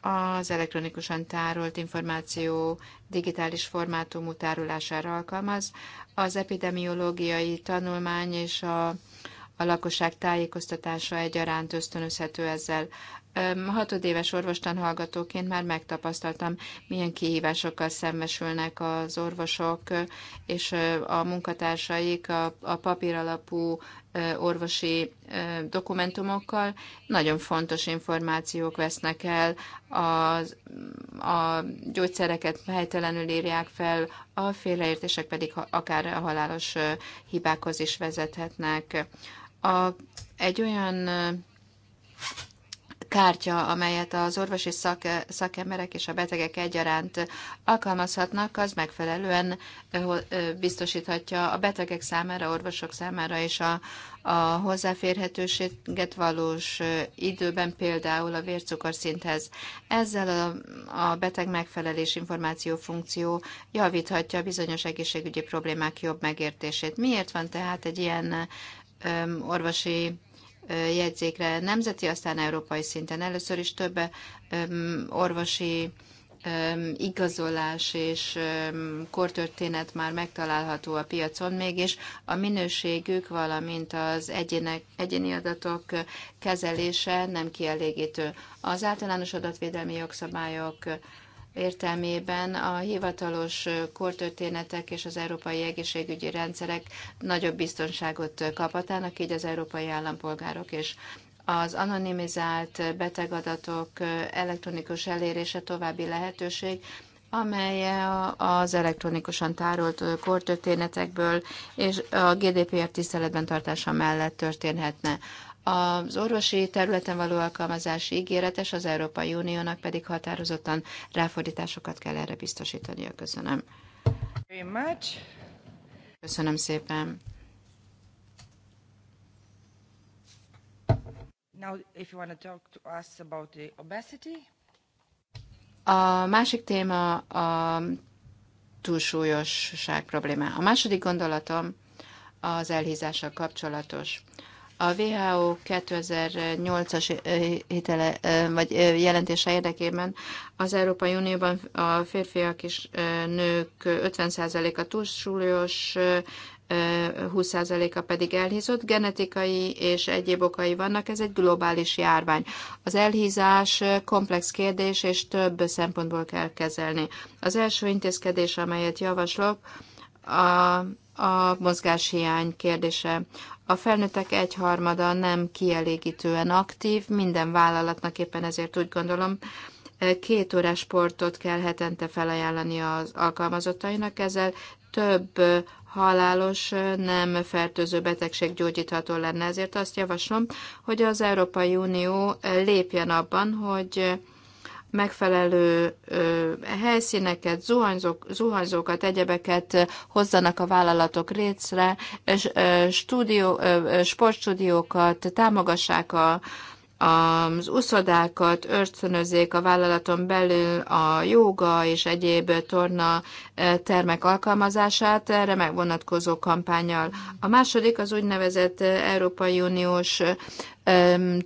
az elektronikusan tárolt információ digitális formátumú tárolására alkalmaz. Az epidemiológiai tanulmány és a a lakosság tájékoztatása egyaránt ösztönözhető ezzel. Hatodéves orvostan hallgatóként már megtapasztaltam, milyen kihívásokkal szembesülnek az orvosok és a munkatársaik a, a papíralapú orvosi dokumentumokkal. Nagyon fontos információk vesznek el, a, a gyógyszereket helytelenül írják fel, a félreértések pedig akár a halálos hibákhoz is vezethetnek a, egy olyan kártya, amelyet az orvosi szak, szakemberek és a betegek egyaránt alkalmazhatnak, az megfelelően biztosíthatja a betegek számára, orvosok számára és a, a hozzáférhetőséget valós időben például a vércukorszinthez. Ezzel a, a beteg megfelelés információ funkció javíthatja bizonyos egészségügyi problémák jobb megértését. Miért van tehát egy ilyen orvosi jegyzékre nemzeti, aztán európai szinten. Először is több orvosi igazolás és kortörténet már megtalálható a piacon, mégis a minőségük, valamint az egyének, egyéni adatok kezelése nem kielégítő. Az általános adatvédelmi jogszabályok értelmében a hivatalos kortörténetek és az európai egészségügyi rendszerek nagyobb biztonságot kaphatának, így az európai állampolgárok is. Az anonimizált betegadatok elektronikus elérése további lehetőség, amely az elektronikusan tárolt kortörténetekből és a GDPR tiszteletben tartása mellett történhetne. Az orvosi területen való alkalmazás ígéretes, az Európai Uniónak pedig határozottan ráfordításokat kell erre biztosítani. Köszönöm. Köszönöm szépen. Now, if you want to talk to us about the obesity. A másik téma a túlsúlyosság probléma. A második gondolatom az elhízással kapcsolatos. A WHO 2008-as hitele, vagy jelentése érdekében az Európai Unióban a férfiak és nők 50%-a túlsúlyos, 20%-a pedig elhízott, genetikai és egyéb okai vannak, ez egy globális járvány. Az elhízás komplex kérdés, és több szempontból kell kezelni. Az első intézkedés, amelyet javaslok, a, a mozgáshiány kérdése. A felnőttek egyharmada nem kielégítően aktív, minden vállalatnak éppen ezért úgy gondolom, eh, két órás sportot kell hetente felajánlani az alkalmazottainak, ezzel több eh, halálos, eh, nem fertőző betegség gyógyítható lenne. Ezért azt javaslom, hogy az Európai Unió lépjen abban, hogy megfelelő helyszíneket, zuhanyzók, zuhanyzókat, egyebeket hozzanak a vállalatok részre, stúdió, sportstúdiókat, támogassák a, az uszodákat ösztönözzék a vállalaton belül a jóga és egyéb torna eh, termek alkalmazását, erre eh, megvonatkozó kampányal. A második az úgynevezett eh, Európai Uniós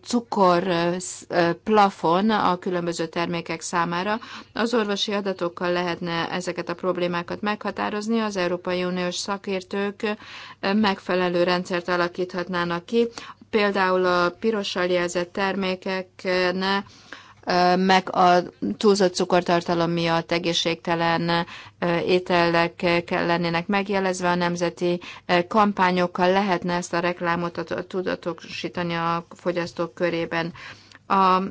cukor plafon a különböző termékek számára. Az orvosi adatokkal lehetne ezeket a problémákat meghatározni, az Európai Uniós szakértők megfelelő rendszert alakíthatnának ki, például a pirossal jelzett termékek ne meg a túlzott cukortartalom miatt egészségtelen ételek lennének megjelezve a nemzeti kampányokkal, lehetne ezt a reklámot tudatosítani a fogyasztók körében a mm,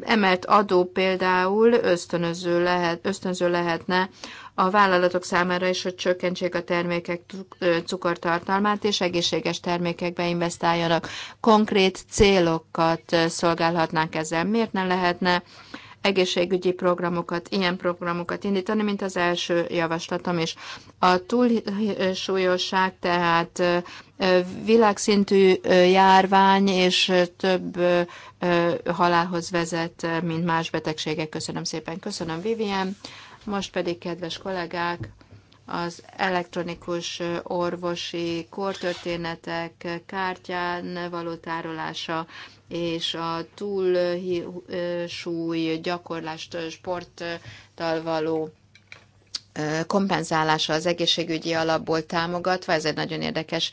emelt adó például ösztönöző, lehet, ösztönző lehetne a vállalatok számára is, hogy csökkentsék a termékek cukortartalmát, és egészséges termékekbe investáljanak. Konkrét célokat szolgálhatnánk ezzel. Miért ne lehetne egészségügyi programokat, ilyen programokat indítani, mint az első javaslatom is. A túlsúlyosság tehát világszintű járvány, és több halálhoz vezet, mint más betegségek. Köszönöm szépen, köszönöm Vivien. Most pedig, kedves kollégák, az elektronikus orvosi kortörténetek kártyán való tárolása és a túlsúly gyakorlást sporttal való kompenzálása az egészségügyi alapból támogatva. Ez egy nagyon érdekes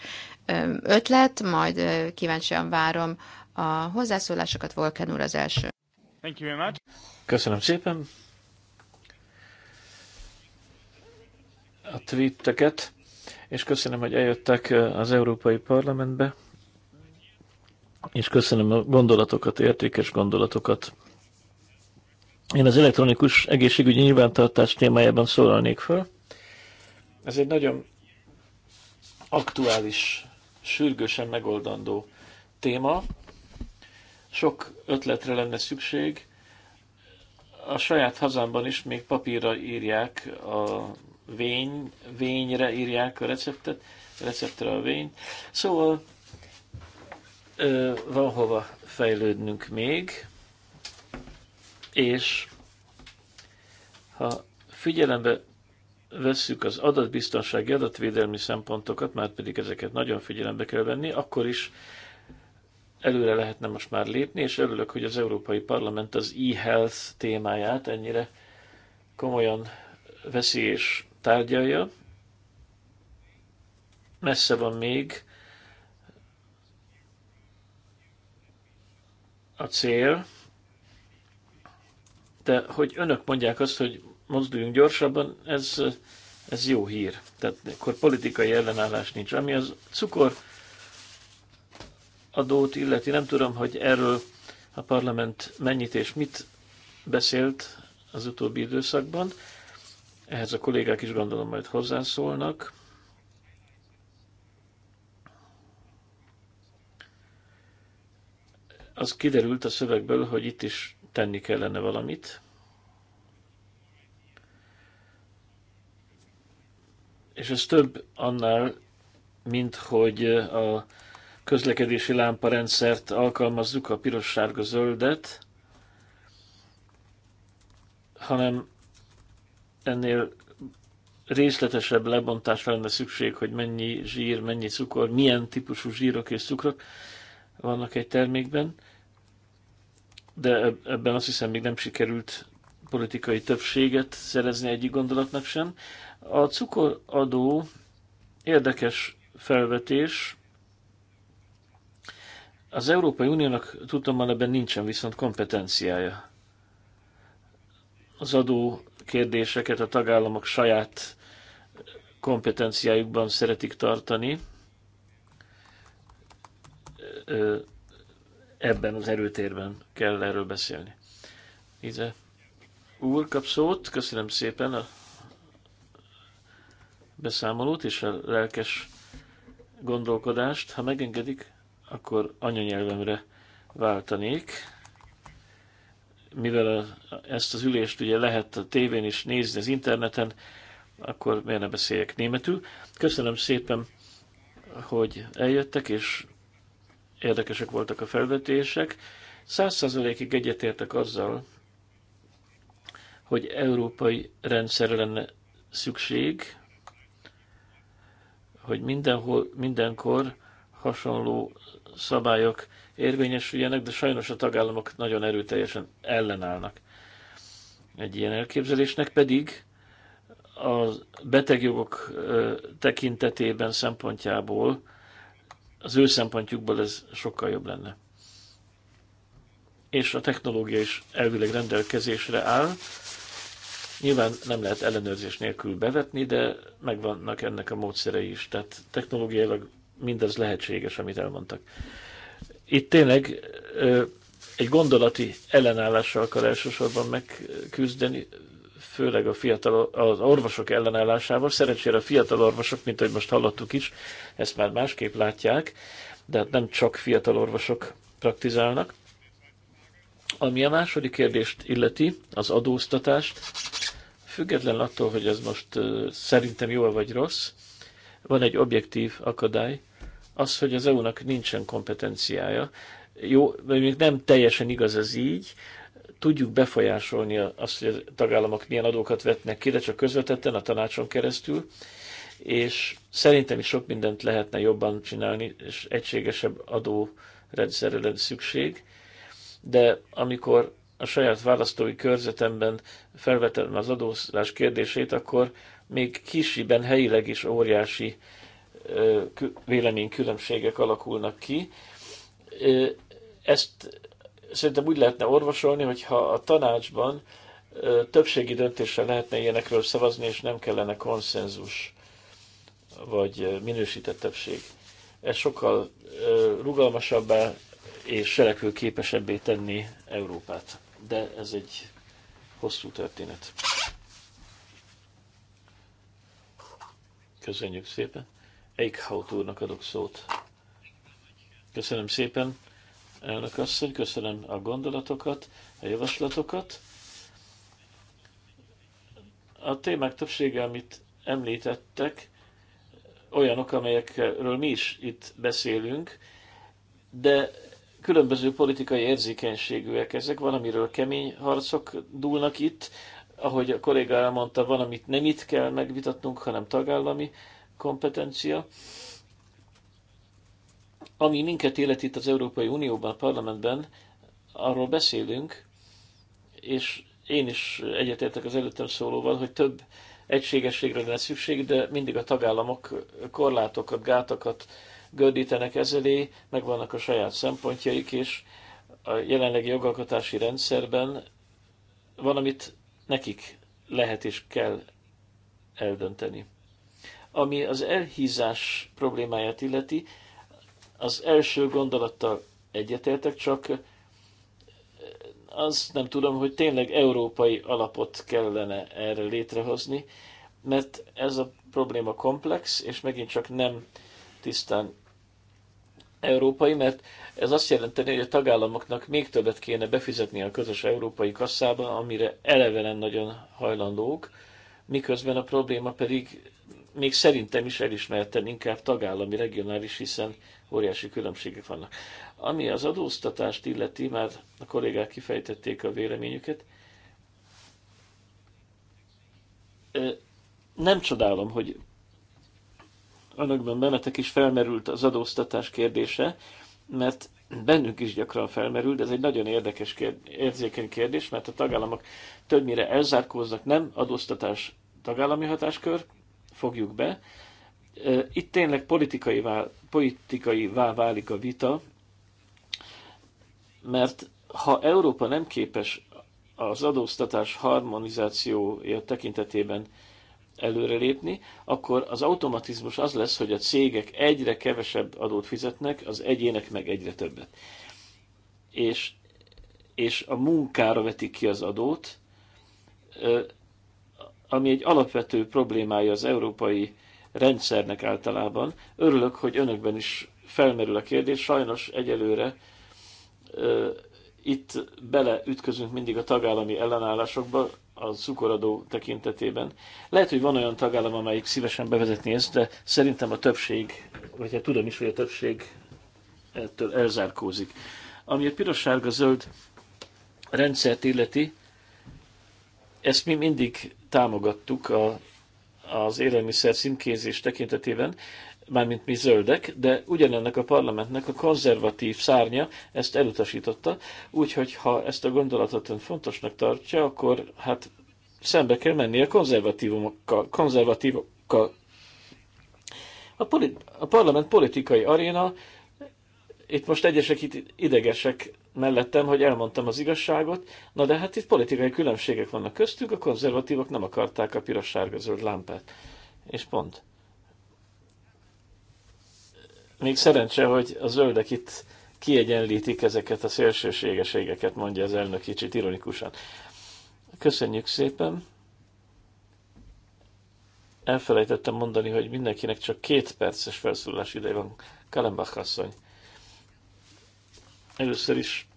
ötlet, majd kíváncsian várom a hozzászólásokat. Volken úr az első. Thank you very much. Köszönöm szépen. A tweeteket, és köszönöm, hogy eljöttek az Európai Parlamentbe, és köszönöm a gondolatokat, értékes gondolatokat. Én az elektronikus egészségügyi nyilvántartás témájában szólalnék föl. Ez egy nagyon aktuális sürgősen megoldandó téma. Sok ötletre lenne szükség. A saját hazámban is még papírra írják a vény, vényre írják a receptet, receptre a vény, Szóval van hova fejlődnünk még, és ha figyelembe vesszük az adatbiztonsági, adatvédelmi szempontokat, már pedig ezeket nagyon figyelembe kell venni, akkor is előre lehetne most már lépni, és örülök, hogy az Európai Parlament az e-health témáját ennyire komolyan veszi és tárgyalja. Messze van még a cél, de hogy önök mondják azt, hogy mozduljunk gyorsabban, ez, ez jó hír. Tehát akkor politikai ellenállás nincs. Ami az cukor adót illeti, nem tudom, hogy erről a parlament mennyit és mit beszélt az utóbbi időszakban. Ehhez a kollégák is gondolom majd hozzászólnak. Az kiderült a szövegből, hogy itt is tenni kellene valamit. és ez több annál, mint hogy a közlekedési lámparendszert alkalmazzuk, a piros-sárga-zöldet, hanem ennél részletesebb lebontásra lenne szükség, hogy mennyi zsír, mennyi cukor, milyen típusú zsírok és cukrok vannak egy termékben, de ebben azt hiszem még nem sikerült politikai többséget szerezni egyik gondolatnak sem. A cukoradó érdekes felvetés. Az Európai Uniónak tudom, hogy ebben nincsen viszont kompetenciája. Az adó kérdéseket a tagállamok saját kompetenciájukban szeretik tartani. Ebben az erőtérben kell erről beszélni. Ize úr kap szót, köszönöm szépen a beszámolót és a lelkes gondolkodást. Ha megengedik, akkor anyanyelvemre váltanék, mivel a, ezt az ülést ugye lehet a tévén is nézni az interneten, akkor miért ne beszéljek németül. Köszönöm szépen, hogy eljöttek, és érdekesek voltak a felvetések. Száz százalékig egyetértek azzal, hogy európai rendszerre lenne szükség, hogy mindenhol, mindenkor hasonló szabályok érvényesüljenek, de sajnos a tagállamok nagyon erőteljesen ellenállnak egy ilyen elképzelésnek, pedig a betegjogok tekintetében szempontjából, az ő szempontjukból ez sokkal jobb lenne. És a technológia is elvileg rendelkezésre áll, Nyilván nem lehet ellenőrzés nélkül bevetni, de megvannak ennek a módszerei is, tehát technológiailag mindez lehetséges, amit elmondtak. Itt tényleg egy gondolati ellenállással kell elsősorban megküzdeni, főleg a fiatal, az orvosok ellenállásával. Szerencsére a fiatal orvosok, mint ahogy most hallottuk is, ezt már másképp látják, de hát nem csak fiatal orvosok praktizálnak. Ami a második kérdést illeti, az adóztatást, Független attól, hogy ez most szerintem jó vagy rossz, van egy objektív akadály, az, hogy az EU-nak nincsen kompetenciája. Jó, még nem teljesen igaz ez így, tudjuk befolyásolni azt, hogy a tagállamok milyen adókat vetnek ki, de csak közvetetten a tanácson keresztül, és szerintem is sok mindent lehetne jobban csinálni, és egységesebb adórendszerre lenne szükség, de amikor a saját választói körzetemben felvetem az adózás kérdését, akkor még kisiben helyileg is óriási véleménykülönbségek alakulnak ki. Ezt szerintem úgy lehetne orvosolni, hogyha a tanácsban többségi döntéssel lehetne ilyenekről szavazni, és nem kellene konszenzus vagy minősített többség. Ez sokkal rugalmasabbá és selekvőképesebbé tenni Európát de ez egy hosszú történet. Köszönjük szépen. Eichhaut úrnak adok szót. Köszönöm szépen, elnök asszony, köszönöm a gondolatokat, a javaslatokat. A témák többsége, amit említettek, olyanok, amelyekről mi is itt beszélünk, de különböző politikai érzékenységűek ezek, van, amiről kemény harcok dúlnak itt, ahogy a kolléga elmondta, van, amit nem itt kell megvitatnunk, hanem tagállami kompetencia. Ami minket élet itt az Európai Unióban, a parlamentben, arról beszélünk, és én is egyetértek az előttem szólóval, hogy több egységességre lenne szükség, de mindig a tagállamok korlátokat, gátakat gördítenek ezelé, megvannak a saját szempontjaik, és a jelenlegi jogalkotási rendszerben van, amit nekik lehet és kell eldönteni. Ami az elhízás problémáját illeti, az első gondolattal egyetértek, csak azt nem tudom, hogy tényleg európai alapot kellene erre létrehozni, mert ez a probléma komplex, és megint csak nem tisztán európai, mert ez azt jelenteni, hogy a tagállamoknak még többet kéne befizetni a közös európai kasszába, amire eleve nem nagyon hajlandók, miközben a probléma pedig még szerintem is elismerten inkább tagállami, regionális, hiszen óriási különbségek vannak. Ami az adóztatást illeti, már a kollégák kifejtették a véleményüket, nem csodálom, hogy önökben bennetek is felmerült az adóztatás kérdése, mert bennünk is gyakran felmerült, de ez egy nagyon érdekes, kérdés, érzékeny kérdés, mert a tagállamok többnyire elzárkóznak, nem adóztatás tagállami hatáskör, fogjuk be. Itt tényleg politikai vál, politikai vál válik a vita, mert ha Európa nem képes az adóztatás harmonizációja tekintetében előrelépni, akkor az automatizmus az lesz, hogy a cégek egyre kevesebb adót fizetnek, az egyének meg egyre többet. És, és a munkára vetik ki az adót, ami egy alapvető problémája az európai rendszernek általában. Örülök, hogy önökben is felmerül a kérdés. Sajnos egyelőre itt beleütközünk mindig a tagállami ellenállásokba, a cukoradó tekintetében. Lehet, hogy van olyan tagállam, amelyik szívesen bevezetné ezt, de szerintem a többség, vagy hát tudom is, hogy a többség ettől elzárkózik. Ami a piros-sárga-zöld rendszert illeti, ezt mi mindig támogattuk a, az élelmiszer szimkézés tekintetében, mármint mi zöldek, de ugyanennek a parlamentnek a konzervatív szárnya ezt elutasította, úgyhogy ha ezt a gondolatot ön fontosnak tartja, akkor hát szembe kell menni a konzervatívumokkal, konzervatívokkal. A, poli- a parlament politikai aréna, itt most egyesek itt idegesek mellettem, hogy elmondtam az igazságot, na de hát itt politikai különbségek vannak köztünk, a konzervatívok nem akarták a piros-sárga-zöld lámpát. És pont. Még szerencse, hogy a zöldek itt kiegyenlítik ezeket a szélsőségeségeket, mondja az elnök kicsit ironikusan. Köszönjük szépen! Elfelejtettem mondani, hogy mindenkinek csak két perces felszólás ideje van. Kalembach asszony. Először is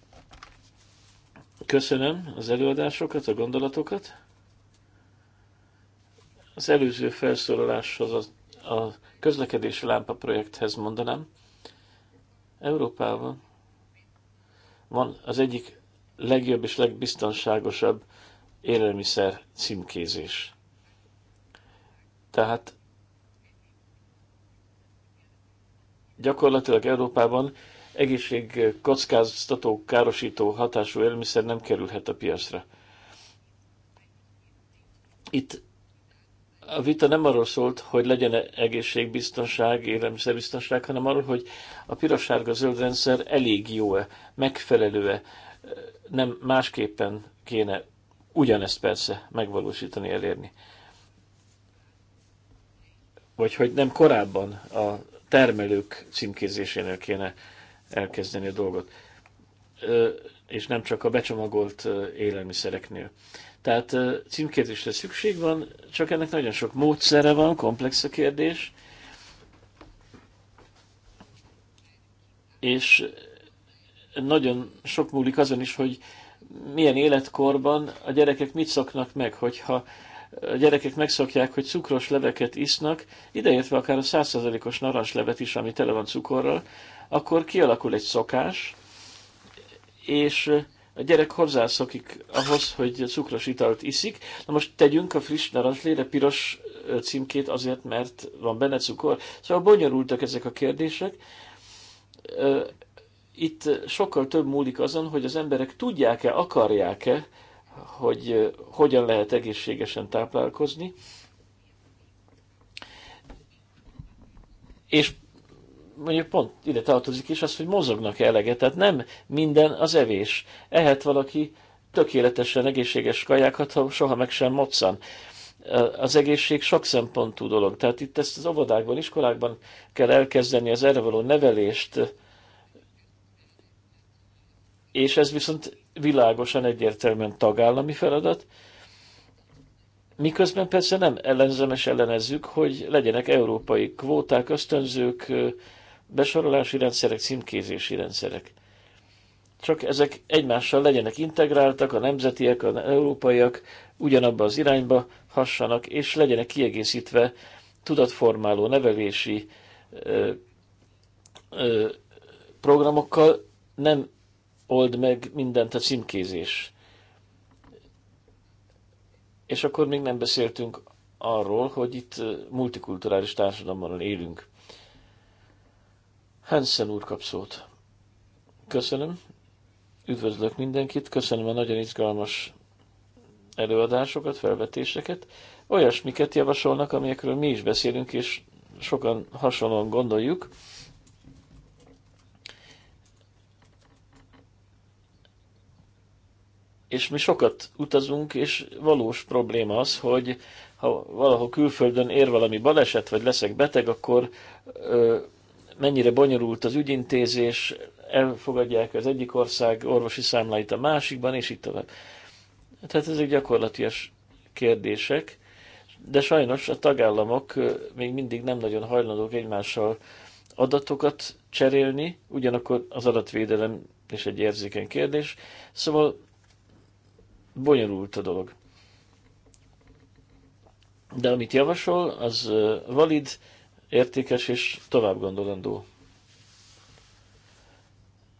köszönöm az előadásokat, a gondolatokat. Az előző felszólaláshoz a közlekedési lámpa projekthez mondanám. Európában van az egyik legjobb és legbiztonságosabb élelmiszer címkézés. Tehát gyakorlatilag Európában egészség kockáztató, károsító hatású élelmiszer nem kerülhet a piacra. Itt a vita nem arról szólt, hogy legyen -e egészségbiztonság, élelmiszerbiztonság, hanem arról, hogy a piros-sárga-zöld rendszer elég jó-e, megfelelő-e, nem másképpen kéne ugyanezt persze megvalósítani, elérni. Vagy hogy nem korábban a termelők címkézésénél kéne elkezdeni a dolgot, és nem csak a becsomagolt élelmiszereknél. Tehát címkézésre szükség van, csak ennek nagyon sok módszere van, komplex a kérdés, és nagyon sok múlik azon is, hogy milyen életkorban a gyerekek mit szoknak meg, hogyha a gyerekek megszokják, hogy cukros leveket isznak, ideértve akár a százszerzelékos narancslevet is, ami tele van cukorral, akkor kialakul egy szokás, és a gyerek hozzászokik ahhoz, hogy cukros italt iszik. Na most tegyünk a friss narancslére piros címkét azért, mert van benne cukor. Szóval bonyolultak ezek a kérdések. Itt sokkal több múlik azon, hogy az emberek tudják-e, akarják-e, hogy hogyan lehet egészségesen táplálkozni, és mondjuk pont ide tartozik is az, hogy mozognak -e eleget, tehát nem minden az evés. Ehet valaki tökéletesen egészséges kajákat, ha soha meg sem moccan. Az egészség sok szempontú dolog, tehát itt ezt az óvodákban, iskolákban kell elkezdeni az erre való nevelést, és ez viszont világosan egyértelműen tagállami feladat, Miközben persze nem ellenzemes ellenezzük, hogy legyenek európai kvóták, ösztönzők, besorolási rendszerek, címkézési rendszerek. Csak ezek egymással legyenek integráltak, a nemzetiek, a európaiak ugyanabba az irányba hassanak, és legyenek kiegészítve tudatformáló nevelési ö, ö, programokkal, nem old meg mindent a címkézés. És akkor még nem beszéltünk arról, hogy itt multikulturális társadalomban élünk. Hansen úr kap szót. Köszönöm. Üdvözlök mindenkit. Köszönöm a nagyon izgalmas előadásokat, felvetéseket. Olyasmiket javasolnak, amelyekről mi is beszélünk, és sokan hasonlóan gondoljuk. és mi sokat utazunk, és valós probléma az, hogy ha valahol külföldön ér valami baleset, vagy leszek beteg, akkor ö, mennyire bonyolult az ügyintézés, elfogadják az egyik ország orvosi számláit a másikban, és így tovább. Tehát ezek gyakorlatias kérdések, de sajnos a tagállamok még mindig nem nagyon hajlandók egymással adatokat cserélni, ugyanakkor az adatvédelem is egy érzékeny kérdés, szóval bonyolult a dolog. De amit javasol, az valid, értékes és tovább gondolandó.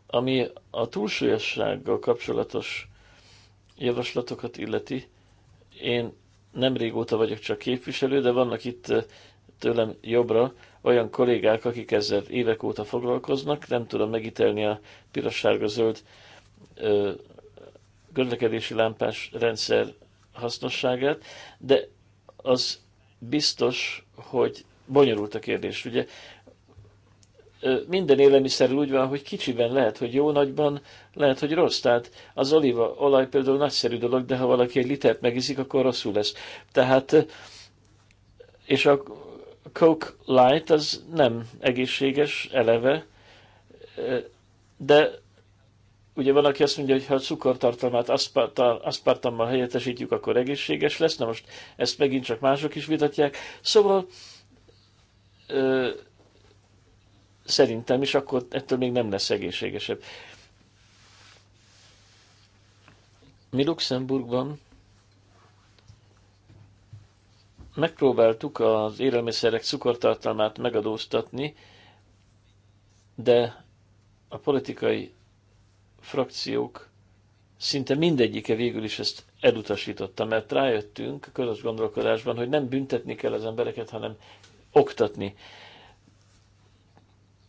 Ami a túlsúlyossággal kapcsolatos javaslatokat illeti, én nem régóta vagyok csak képviselő, de vannak itt eh, tőlem jobbra olyan kollégák, akik ezzel évek óta foglalkoznak, nem tudom megítelni a piros-sárga-zöld eh, közlekedési lámpás rendszer hasznosságát, de az biztos, hogy bonyolult a kérdés, ugye minden élelmiszerrel úgy van, hogy kicsiben lehet, hogy jó, nagyban lehet, hogy rossz. Tehát az oliva olaj például nagyszerű dolog, de ha valaki egy litert megiszik, akkor rosszul lesz. Tehát, és a Coke Light az nem egészséges eleve, de ugye van, aki azt mondja, hogy ha a cukortartalmát aszpartammal helyettesítjük, akkor egészséges lesz, na most ezt megint csak mások is vitatják. Szóval ö, szerintem is, akkor ettől még nem lesz egészségesebb. Mi Luxemburgban megpróbáltuk az élelmiszerek cukortartalmát megadóztatni, de a politikai frakciók szinte mindegyike végül is ezt elutasította, mert rájöttünk a közös gondolkodásban, hogy nem büntetni kell az embereket, hanem oktatni.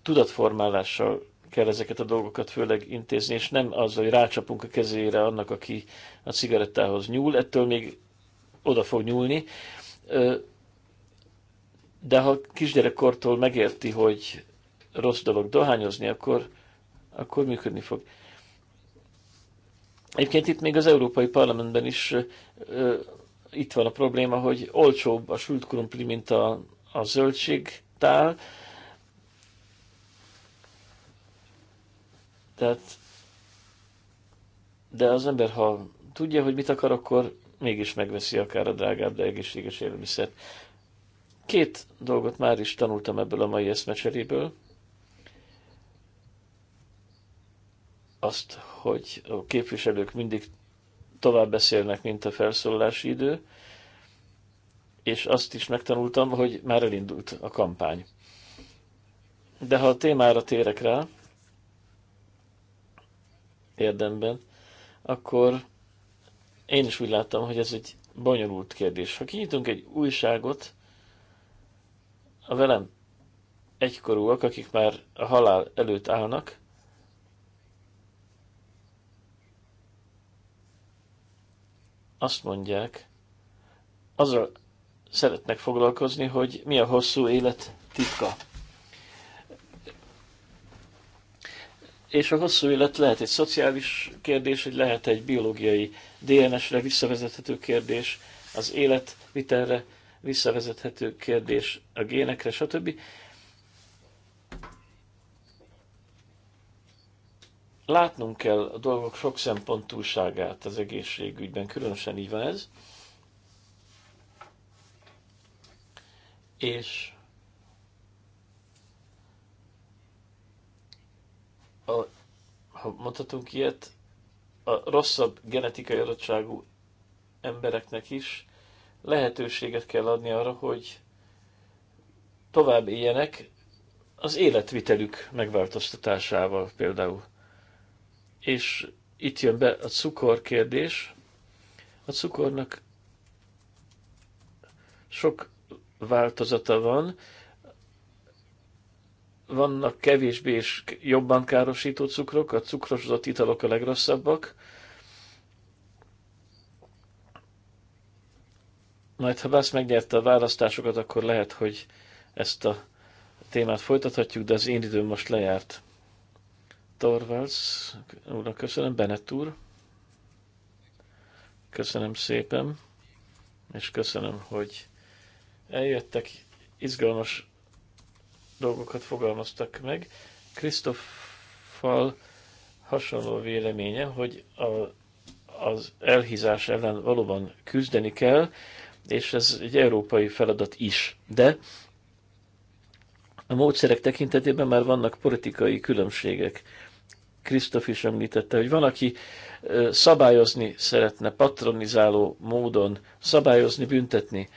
Tudatformálással kell ezeket a dolgokat főleg intézni, és nem az hogy rácsapunk a kezére annak, aki a cigarettához nyúl, ettől még oda fog nyúlni. De ha kisgyerekkortól megérti, hogy rossz dolog dohányozni, akkor, akkor működni fog. Egyébként itt még az Európai Parlamentben is ö, itt van a probléma, hogy olcsóbb a sült krumpli, mint a a zöldségtál, tehát de az ember, ha tudja, hogy mit akar, akkor mégis megveszi akár a drágább, de egészséges élelmiszert. Két dolgot már is tanultam ebből a mai eszmecseréből. Azt, hogy a képviselők mindig tovább beszélnek, mint a felszólalási idő, és azt is megtanultam, hogy már elindult a kampány. De ha a témára térek rá, érdemben, akkor én is úgy láttam, hogy ez egy bonyolult kérdés. Ha kinyitunk egy újságot, a velem egykorúak, akik már a halál előtt állnak, azt mondják, a, szeretnek foglalkozni, hogy mi a hosszú élet titka. És a hosszú élet lehet egy szociális kérdés, egy lehet egy biológiai DNS-re visszavezethető kérdés, az életvitelre visszavezethető kérdés, a génekre, stb. Látnunk kell a dolgok sok szempontúságát az egészségügyben, különösen így van ez. és a, ha mondhatunk ilyet, a rosszabb genetikai adottságú embereknek is lehetőséget kell adni arra, hogy tovább éljenek az életvitelük megváltoztatásával például. És itt jön be a cukor kérdés. A cukornak sok változata van. Vannak kevésbé és jobban károsító cukrok, a cukrosodott italok a legrosszabbak. Majd ha Bász megnyerte a választásokat, akkor lehet, hogy ezt a témát folytathatjuk, de az én időm most lejárt. Torvalds úrnak köszönöm, Bennett úr. Köszönöm szépen, és köszönöm, hogy eljöttek, izgalmas dolgokat fogalmaztak meg. Krisztoffal hasonló véleménye, hogy a, az elhízás ellen valóban küzdeni kell, és ez egy európai feladat is. De a módszerek tekintetében már vannak politikai különbségek. Krisztof is említette, hogy van, aki szabályozni szeretne, patronizáló módon szabályozni, büntetni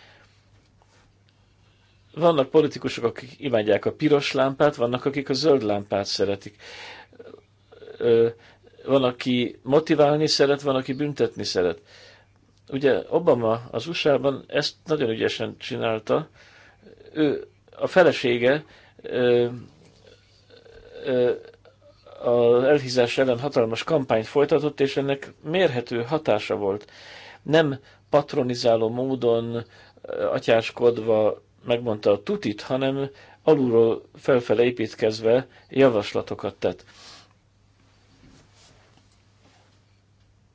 vannak politikusok, akik imádják a piros lámpát, vannak, akik a zöld lámpát szeretik. Van, aki motiválni szeret, van, aki büntetni szeret. Ugye Obama az USA-ban ezt nagyon ügyesen csinálta. Ő, a felesége az elhízás ellen hatalmas kampányt folytatott, és ennek mérhető hatása volt. Nem patronizáló módon, atyáskodva megmondta a tutit, hanem alulról felfele építkezve javaslatokat tett.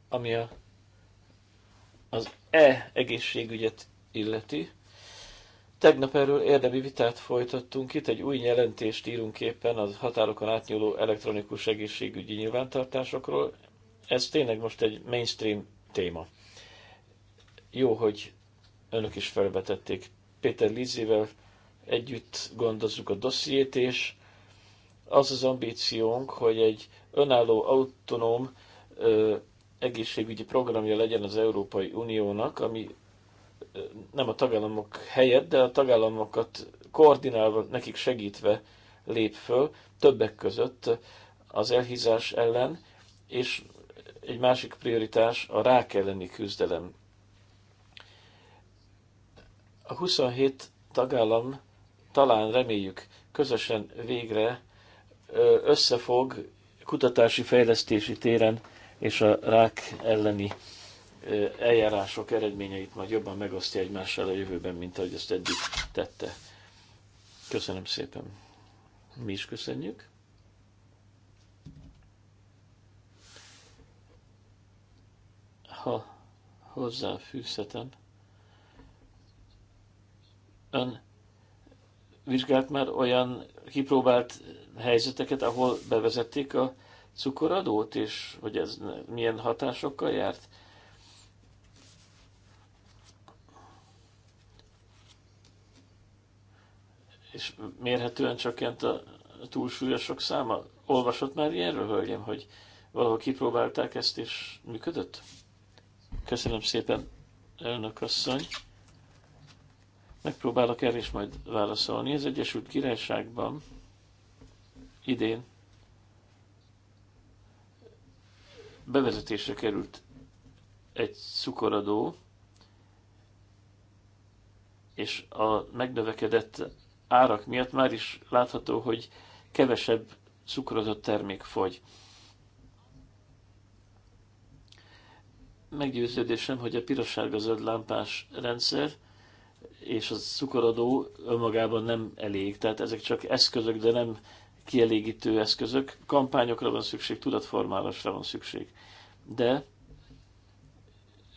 Ami a, az E egészségügyet illeti. Tegnap erről érdemi vitát folytattunk itt, egy új jelentést írunk éppen az határokon átnyúló elektronikus egészségügyi nyilvántartásokról. Ez tényleg most egy mainstream téma. Jó, hogy önök is felvetették Péter Lizével együtt gondozzuk a dossziét, és az az ambíciónk, hogy egy önálló, autonóm ö, egészségügyi programja legyen az Európai Uniónak, ami ö, nem a tagállamok helyett, de a tagállamokat koordinálva, nekik segítve lép föl, többek között az elhízás ellen, és egy másik prioritás a rák elleni küzdelem a 27 tagállam talán reméljük közösen végre összefog kutatási fejlesztési téren és a rák elleni eljárások eredményeit majd jobban megosztja egymással a jövőben, mint ahogy ezt eddig tette. Köszönöm szépen. Mi is köszönjük. Ha hozzáfűzhetem ön vizsgált már olyan kipróbált helyzeteket, ahol bevezették a cukoradót, és hogy ez milyen hatásokkal járt? És mérhetően csökkent a túlsúlyosok száma? Olvasott már ilyenről, hölgyem, hogy valahol kipróbálták ezt, és működött? Köszönöm szépen, elnök asszony. Megpróbálok erre is majd válaszolni. Az Egyesült Királyságban idén bevezetésre került egy cukoradó, és a megnövekedett árak miatt már is látható, hogy kevesebb cukrozott termék fogy. Meggyőződésem, hogy a piros-sárga-zöld lámpás rendszer és a cukoradó önmagában nem elég, tehát ezek csak eszközök, de nem kielégítő eszközök. Kampányokra van szükség, tudatformálásra van szükség. De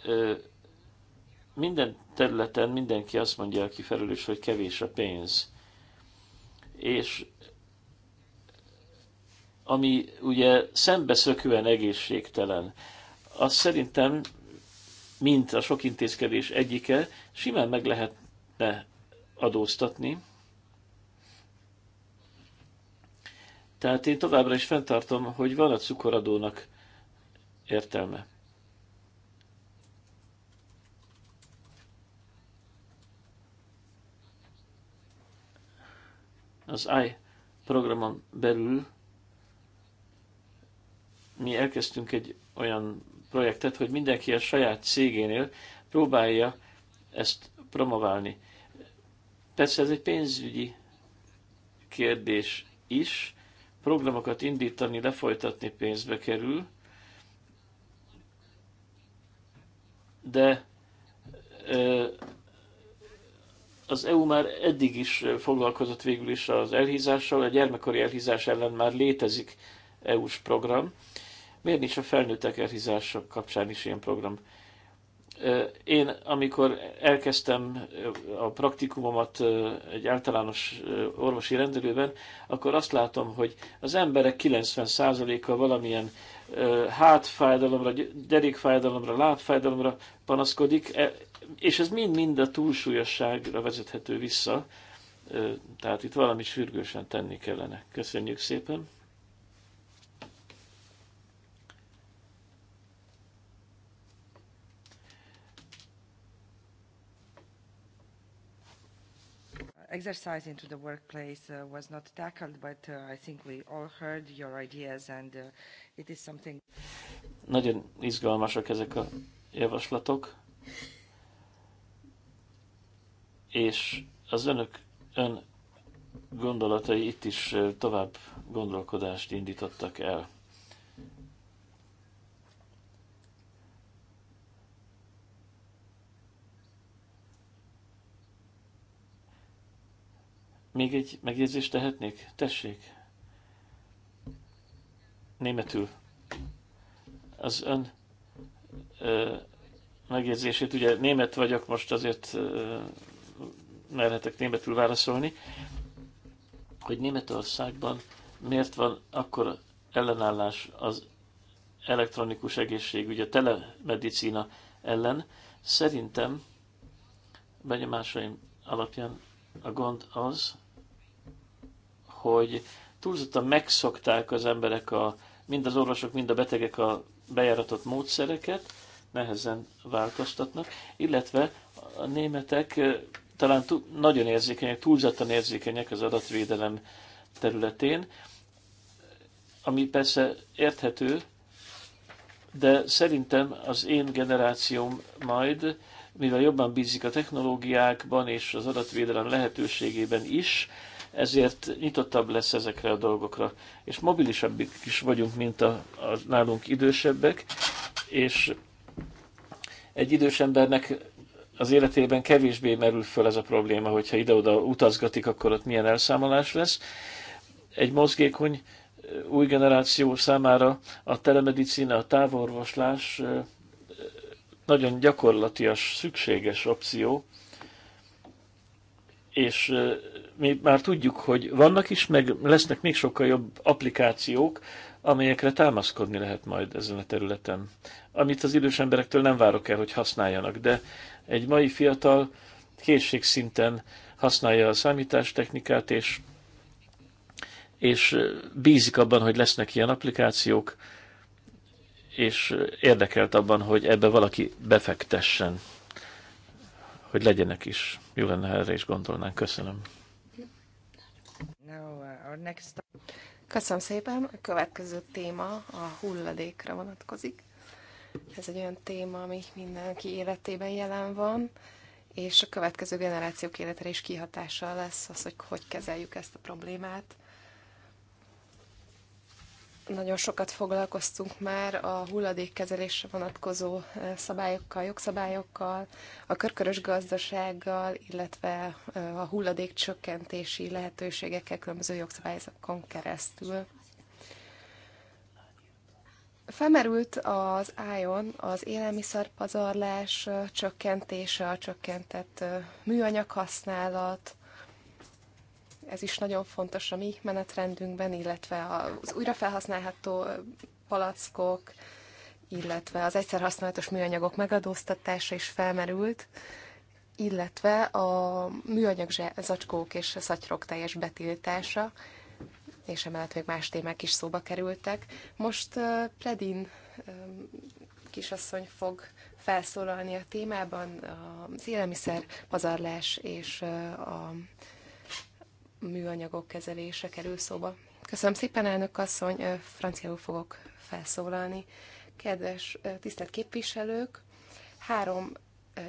ö, minden területen mindenki azt mondja, aki felelős, hogy kevés a pénz. És ami ugye szembeszökően egészségtelen, az szerintem mint a sok intézkedés egyike, simán meg lehet beadóztatni. Tehát én továbbra is fenntartom, hogy van a cukoradónak értelme. Az I programon belül mi elkezdtünk egy olyan projektet, hogy mindenki a saját cégénél próbálja ezt promoválni. Persze ez egy pénzügyi kérdés is. Programokat indítani, lefolytatni pénzbe kerül, de az EU már eddig is foglalkozott végül is az elhízással, a gyermekkori elhízás ellen már létezik EU-s program. Miért nincs a felnőttek elhízások kapcsán is ilyen program? Én, amikor elkezdtem a praktikumomat egy általános orvosi rendelőben, akkor azt látom, hogy az emberek 90%-a valamilyen hátfájdalomra, derékfájdalomra, lábfájdalomra panaszkodik, e, és ez mind-mind a túlsúlyosságra vezethető vissza, tehát itt valami sürgősen tenni kellene. Köszönjük szépen! exercise into the workplace uh, was not tackled, but uh, I think we all heard your ideas and uh, it is something. Nagyon izgalmasak ezek a javaslatok, és az önök ön gondolatai itt is uh, tovább gondolkodást indítottak el. Még egy megjegyzést tehetnék? Tessék! Németül. Az ön ö, megjegyzését, ugye német vagyok most, azért ö, merhetek németül válaszolni, hogy Németországban miért van akkor ellenállás az elektronikus egészségügy, a telemedicína ellen. Szerintem benyomásaim alapján a gond az, hogy túlzottan megszokták az emberek, a, mind az orvosok, mind a betegek a bejáratott módszereket, nehezen változtatnak, illetve a németek eh, talán túl, nagyon érzékenyek, túlzottan érzékenyek az adatvédelem területén, ami persze érthető, de szerintem az én generációm majd, mivel jobban bízik a technológiákban és az adatvédelem lehetőségében is, ezért nyitottabb lesz ezekre a dolgokra. És mobilisabbik is vagyunk, mint a, a nálunk idősebbek, és egy idős embernek az életében kevésbé merül föl ez a probléma, hogyha ide-oda utazgatik, akkor ott milyen elszámolás lesz. Egy mozgékony új generáció számára a telemedicina, a távorvoslás nagyon gyakorlatias, szükséges opció, és mi már tudjuk, hogy vannak is, meg lesznek még sokkal jobb applikációk, amelyekre támaszkodni lehet majd ezen a területen. Amit az idős emberektől nem várok el, hogy használjanak, de egy mai fiatal készségszinten használja a számítástechnikát, és, és bízik abban, hogy lesznek ilyen applikációk, és érdekelt abban, hogy ebbe valaki befektessen hogy legyenek is. Jó lenne, ha erre is gondolnánk. Köszönöm. Uh, Köszönöm szépen. A következő téma a hulladékra vonatkozik. Ez egy olyan téma, ami mindenki életében jelen van, és a következő generációk életre is kihatással lesz az, hogy hogy kezeljük ezt a problémát. Nagyon sokat foglalkoztunk már a hulladékkezelésre vonatkozó eh, szabályokkal, jogszabályokkal, a körkörös gazdasággal, illetve eh, a hulladékcsökkentési lehetőségekkel különböző jogszabályokon keresztül. Felmerült az ájon az élelmiszerpazarlás eh, csökkentése, a csökkentett műanyag használat, ez is nagyon fontos a mi menetrendünkben, illetve az újrafelhasználható palackok, illetve az egyszer használatos műanyagok megadóztatása is felmerült, illetve a műanyag zacskók és szatyrok teljes betiltása, és emellett még más témák is szóba kerültek. Most uh, Predin um, kisasszony fog felszólalni a témában, az élelmiszer pazarlás és uh, a műanyagok kezelése kerül szóba. Köszönöm szépen, elnök asszony, franciául fogok felszólalni. Kedves tisztelt képviselők, három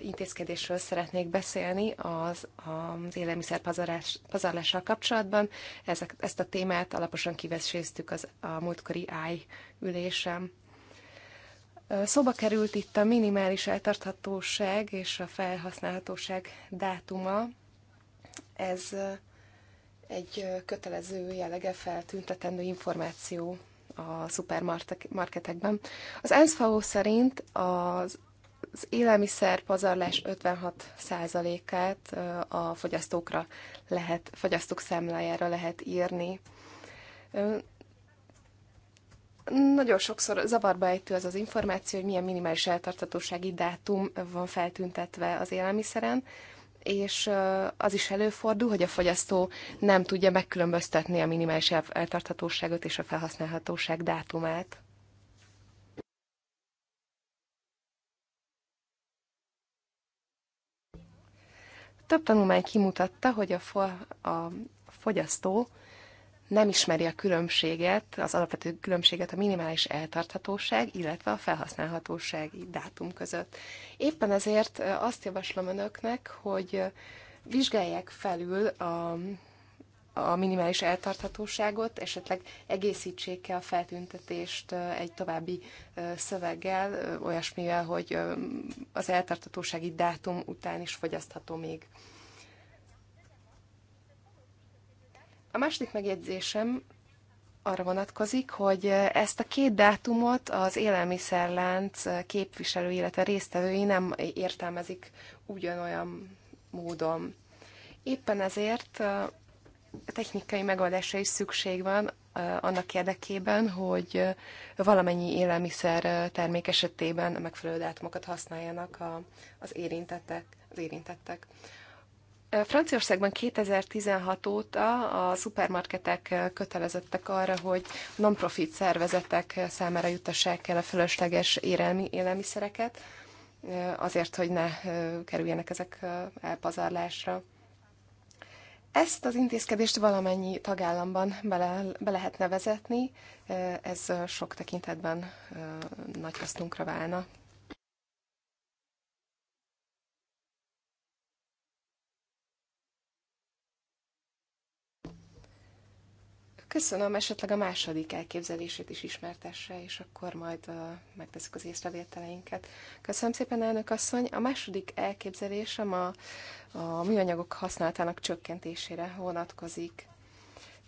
intézkedésről szeretnék beszélni az, az élelmiszer pazarlással kapcsolatban. Ezek, ezt a témát alaposan kiveséztük az, a múltkori áj ülésem. Szóba került itt a minimális eltarthatóság és a felhasználhatóság dátuma. Ez egy kötelező jellege feltüntetendő információ a szupermarketekben. Az ENSZFAO szerint az az élelmiszer pazarlás 56%-át a fogyasztókra lehet, fogyasztók számlájára lehet írni. Nagyon sokszor zavarba ejtő az az információ, hogy milyen minimális eltartatósági dátum van feltüntetve az élelmiszeren, és az is előfordul, hogy a fogyasztó nem tudja megkülönböztetni a minimális eltarthatóságot és a felhasználhatóság dátumát. Több tanulmány kimutatta, hogy a, fo- a fogyasztó nem ismeri a különbséget, az alapvető különbséget a minimális eltarthatóság, illetve a felhasználhatósági dátum között. Éppen ezért azt javaslom önöknek, hogy vizsgálják felül a a minimális eltarthatóságot, esetleg egészítsék ki a feltüntetést egy további szöveggel, olyasmivel, hogy az eltarthatósági dátum után is fogyasztható még A második megjegyzésem arra vonatkozik, hogy ezt a két dátumot az élelmiszerlánc képviselő, illetve résztvevői nem értelmezik ugyanolyan módon. Éppen ezért technikai megoldásra is szükség van annak érdekében, hogy valamennyi élelmiszer termék esetében megfelelő dátumokat használjanak az érintettek. Az érintettek. Franciaországban 2016 óta a szupermarketek kötelezettek arra, hogy non-profit szervezetek számára juttassák el a fölösleges élelmi, élelmiszereket, azért, hogy ne kerüljenek ezek elpazarlásra. Ezt az intézkedést valamennyi tagállamban bele, be lehetne vezetni, ez sok tekintetben nagy hasznunkra válna. Köszönöm, esetleg a második elképzelését is ismertesse, és akkor majd uh, megteszük az észrevételeinket. Köszönöm szépen, elnök asszony. A második elképzelésem a, a műanyagok használatának csökkentésére vonatkozik.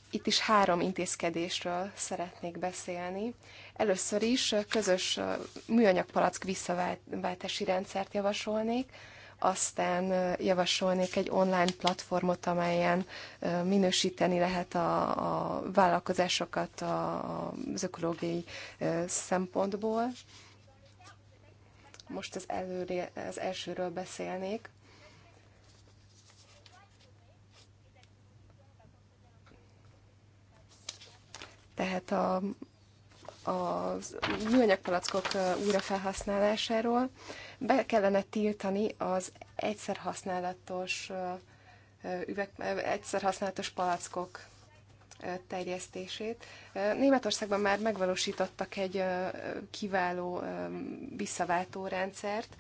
Itt is három intézkedésről szeretnék beszélni. Először is közös műanyagpalack visszaváltási rendszert javasolnék, aztán javasolnék egy online platformot, amelyen minősíteni lehet a, a vállalkozásokat az ökológiai szempontból. Most az, előre, az elsőről beszélnék. Tehát a, a műanyagpalackok újrafelhasználásáról be kellene tiltani az egyszerhasználatos üveg, egyszerhasználatos palackok terjesztését. Németországban már megvalósítottak egy kiváló visszaváltó rendszert.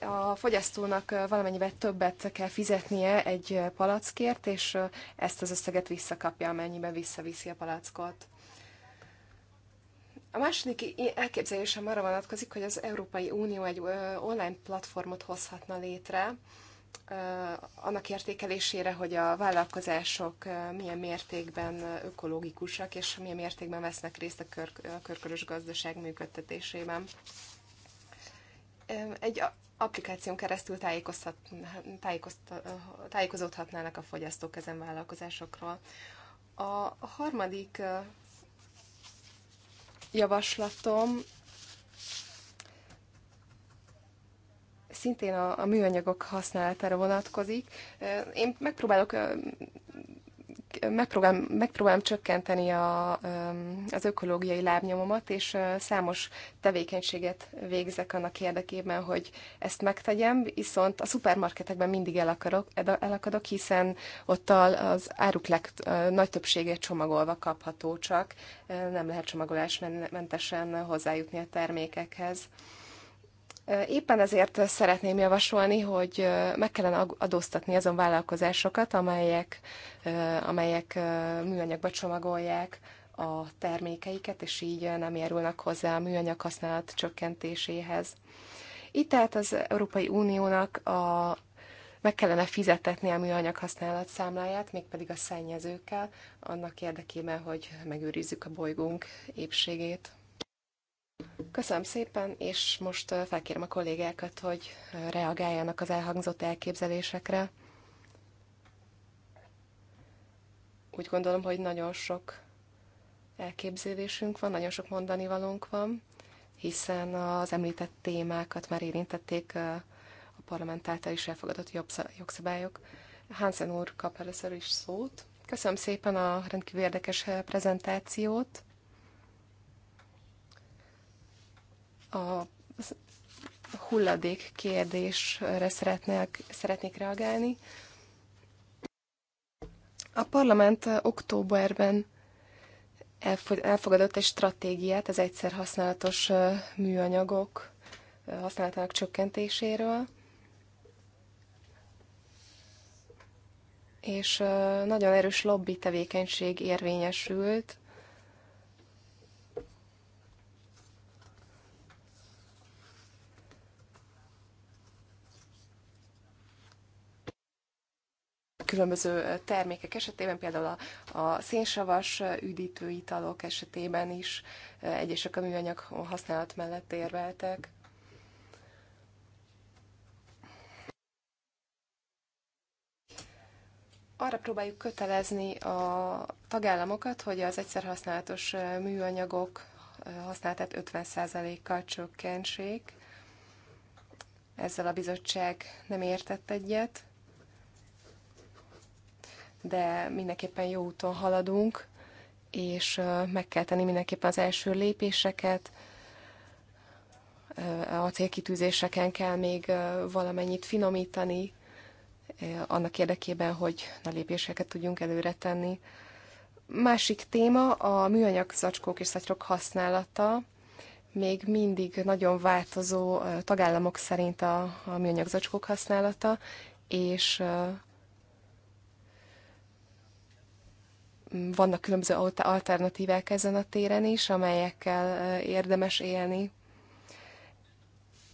A fogyasztónak valamennyivel többet kell fizetnie egy palackért, és ezt az összeget visszakapja, amennyiben visszaviszi a palackot. A második elképzelésem arra vonatkozik, hogy az Európai Unió egy online platformot hozhatna létre, annak értékelésére, hogy a vállalkozások milyen mértékben ökológikusak, és milyen mértékben vesznek részt a, kör, a körkörös gazdaság működtetésében. Egy applikáción keresztül tájékozódhatnának a fogyasztók ezen vállalkozásokról. A harmadik javaslatom szintén a, a műanyagok használatára vonatkozik. Én megpróbálok megpróbálom, megpróbálom csökkenteni a, az ökológiai lábnyomomat, és számos tevékenységet végzek annak érdekében, hogy ezt megtegyem, viszont a szupermarketekben mindig elakadok, elakadok hiszen ott az áruk leg, nagy többsége csomagolva kapható csak, nem lehet csomagolásmentesen hozzájutni a termékekhez. Éppen ezért szeretném javasolni, hogy meg kellene adóztatni azon vállalkozásokat, amelyek, amelyek műanyagba csomagolják a termékeiket, és így nem járulnak hozzá a műanyag használat csökkentéséhez. Itt tehát az Európai Uniónak a, meg kellene fizetetni a műanyag használat számláját, mégpedig a szennyezőkkel, annak érdekében, hogy megőrizzük a bolygónk épségét. Köszönöm szépen, és most felkérem a kollégákat, hogy reagáljanak az elhangzott elképzelésekre. Úgy gondolom, hogy nagyon sok elképzelésünk van, nagyon sok mondani valónk van, hiszen az említett témákat már érintették a parlament által is elfogadott jogszabályok. Hansen úr kap először is szót. Köszönöm szépen a rendkívül érdekes prezentációt. a hulladék kérdésre szeretnék, szeretnék reagálni. A parlament októberben elfogadott egy stratégiát az egyszer használatos műanyagok használatának csökkentéséről, és nagyon erős lobby tevékenység érvényesült különböző termékek esetében, például a, a szénsavas italok esetében is egyesek a műanyag használat mellett érveltek. arra próbáljuk kötelezni a tagállamokat, hogy az egyszerhasználatos műanyagok használatát 50%-kal csökkentsék. Ezzel a bizottság nem értett egyet de mindenképpen jó úton haladunk, és meg kell tenni mindenképpen az első lépéseket, a célkitűzéseken kell még valamennyit finomítani, annak érdekében, hogy a lépéseket tudjunk előre tenni. Másik téma a műanyag zacskók és szatyrok használata. Még mindig nagyon változó tagállamok szerint a, a műanyag zacskók használata, és vannak különböző alternatívák ezen a téren is, amelyekkel érdemes élni.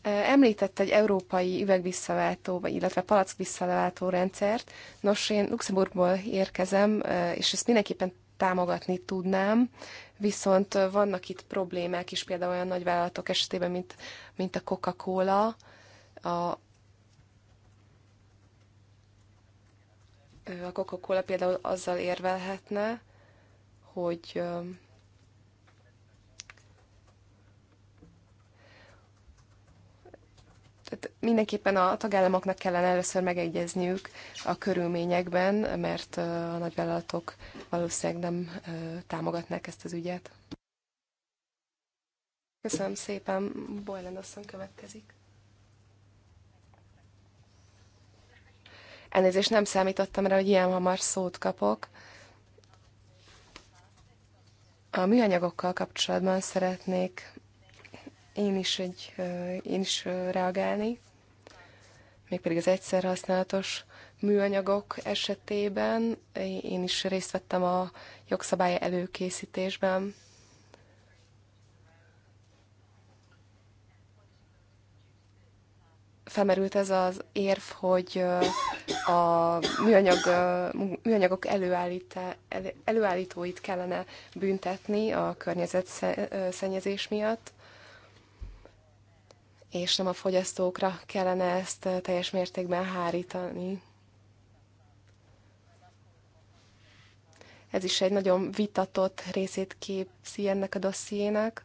Említett egy európai üvegvisszaváltó, illetve palackvisszaváltó rendszert. Nos, én Luxemburgból érkezem, és ezt mindenképpen támogatni tudnám, viszont vannak itt problémák is, például olyan nagyvállalatok esetében, mint, mint a Coca-Cola, a A Coca-Cola például azzal érvelhetne, hogy tehát mindenképpen a tagállamoknak kellene először megegyezniük a körülményekben, mert a nagyvállalatok valószínűleg nem támogatnák ezt az ügyet. Köszönöm szépen, Bojland asszony következik. Elnézést, nem számítottam rá, hogy ilyen hamar szót kapok. A műanyagokkal kapcsolatban szeretnék én is, egy, én is reagálni, mégpedig az egyszer használatos műanyagok esetében. Én is részt vettem a jogszabály előkészítésben. felmerült ez az érv, hogy a műanyag, műanyagok előállítá, előállítóit kellene büntetni a környezetszennyezés miatt, és nem a fogyasztókra kellene ezt teljes mértékben hárítani. Ez is egy nagyon vitatott részét képzi ennek a dossziének,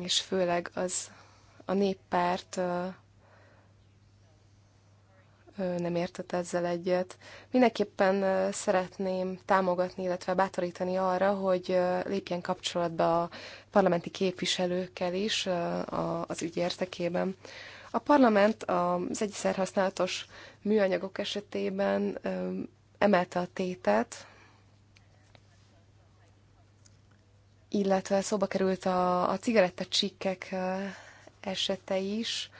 és főleg az a néppárt nem értett ezzel egyet. Mindenképpen szeretném támogatni, illetve bátorítani arra, hogy lépjen kapcsolatba a parlamenti képviselőkkel is az ügy értekében. A parlament az egyszer használatos műanyagok esetében emelte a tétet, illetve szóba került a, a cigarettacsikkek esete is,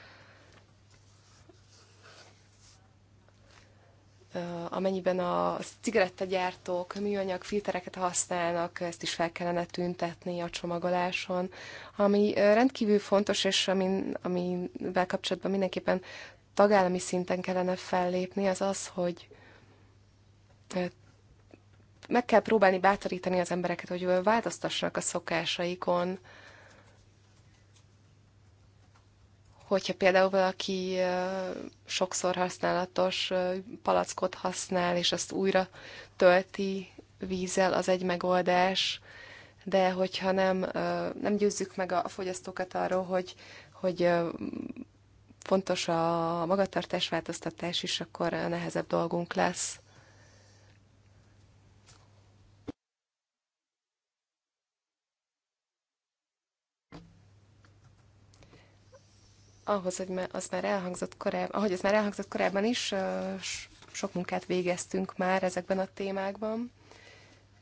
amennyiben a cigarettagyártók műanyag filtereket használnak, ezt is fel kellene tüntetni a csomagoláson, ami rendkívül fontos, és amin, amivel kapcsolatban mindenképpen tagállami szinten kellene fellépni, az az, hogy meg kell próbálni bátorítani az embereket, hogy változtassanak a szokásaikon, hogyha például valaki sokszor használatos palackot használ, és azt újra tölti vízzel, az egy megoldás, de hogyha nem, nem győzzük meg a fogyasztókat arról, hogy, hogy fontos a magatartás változtatás is, akkor nehezebb dolgunk lesz. ahhoz, hogy az már elhangzott korábban, ahogy ez már elhangzott korábban is, sok munkát végeztünk már ezekben a témákban.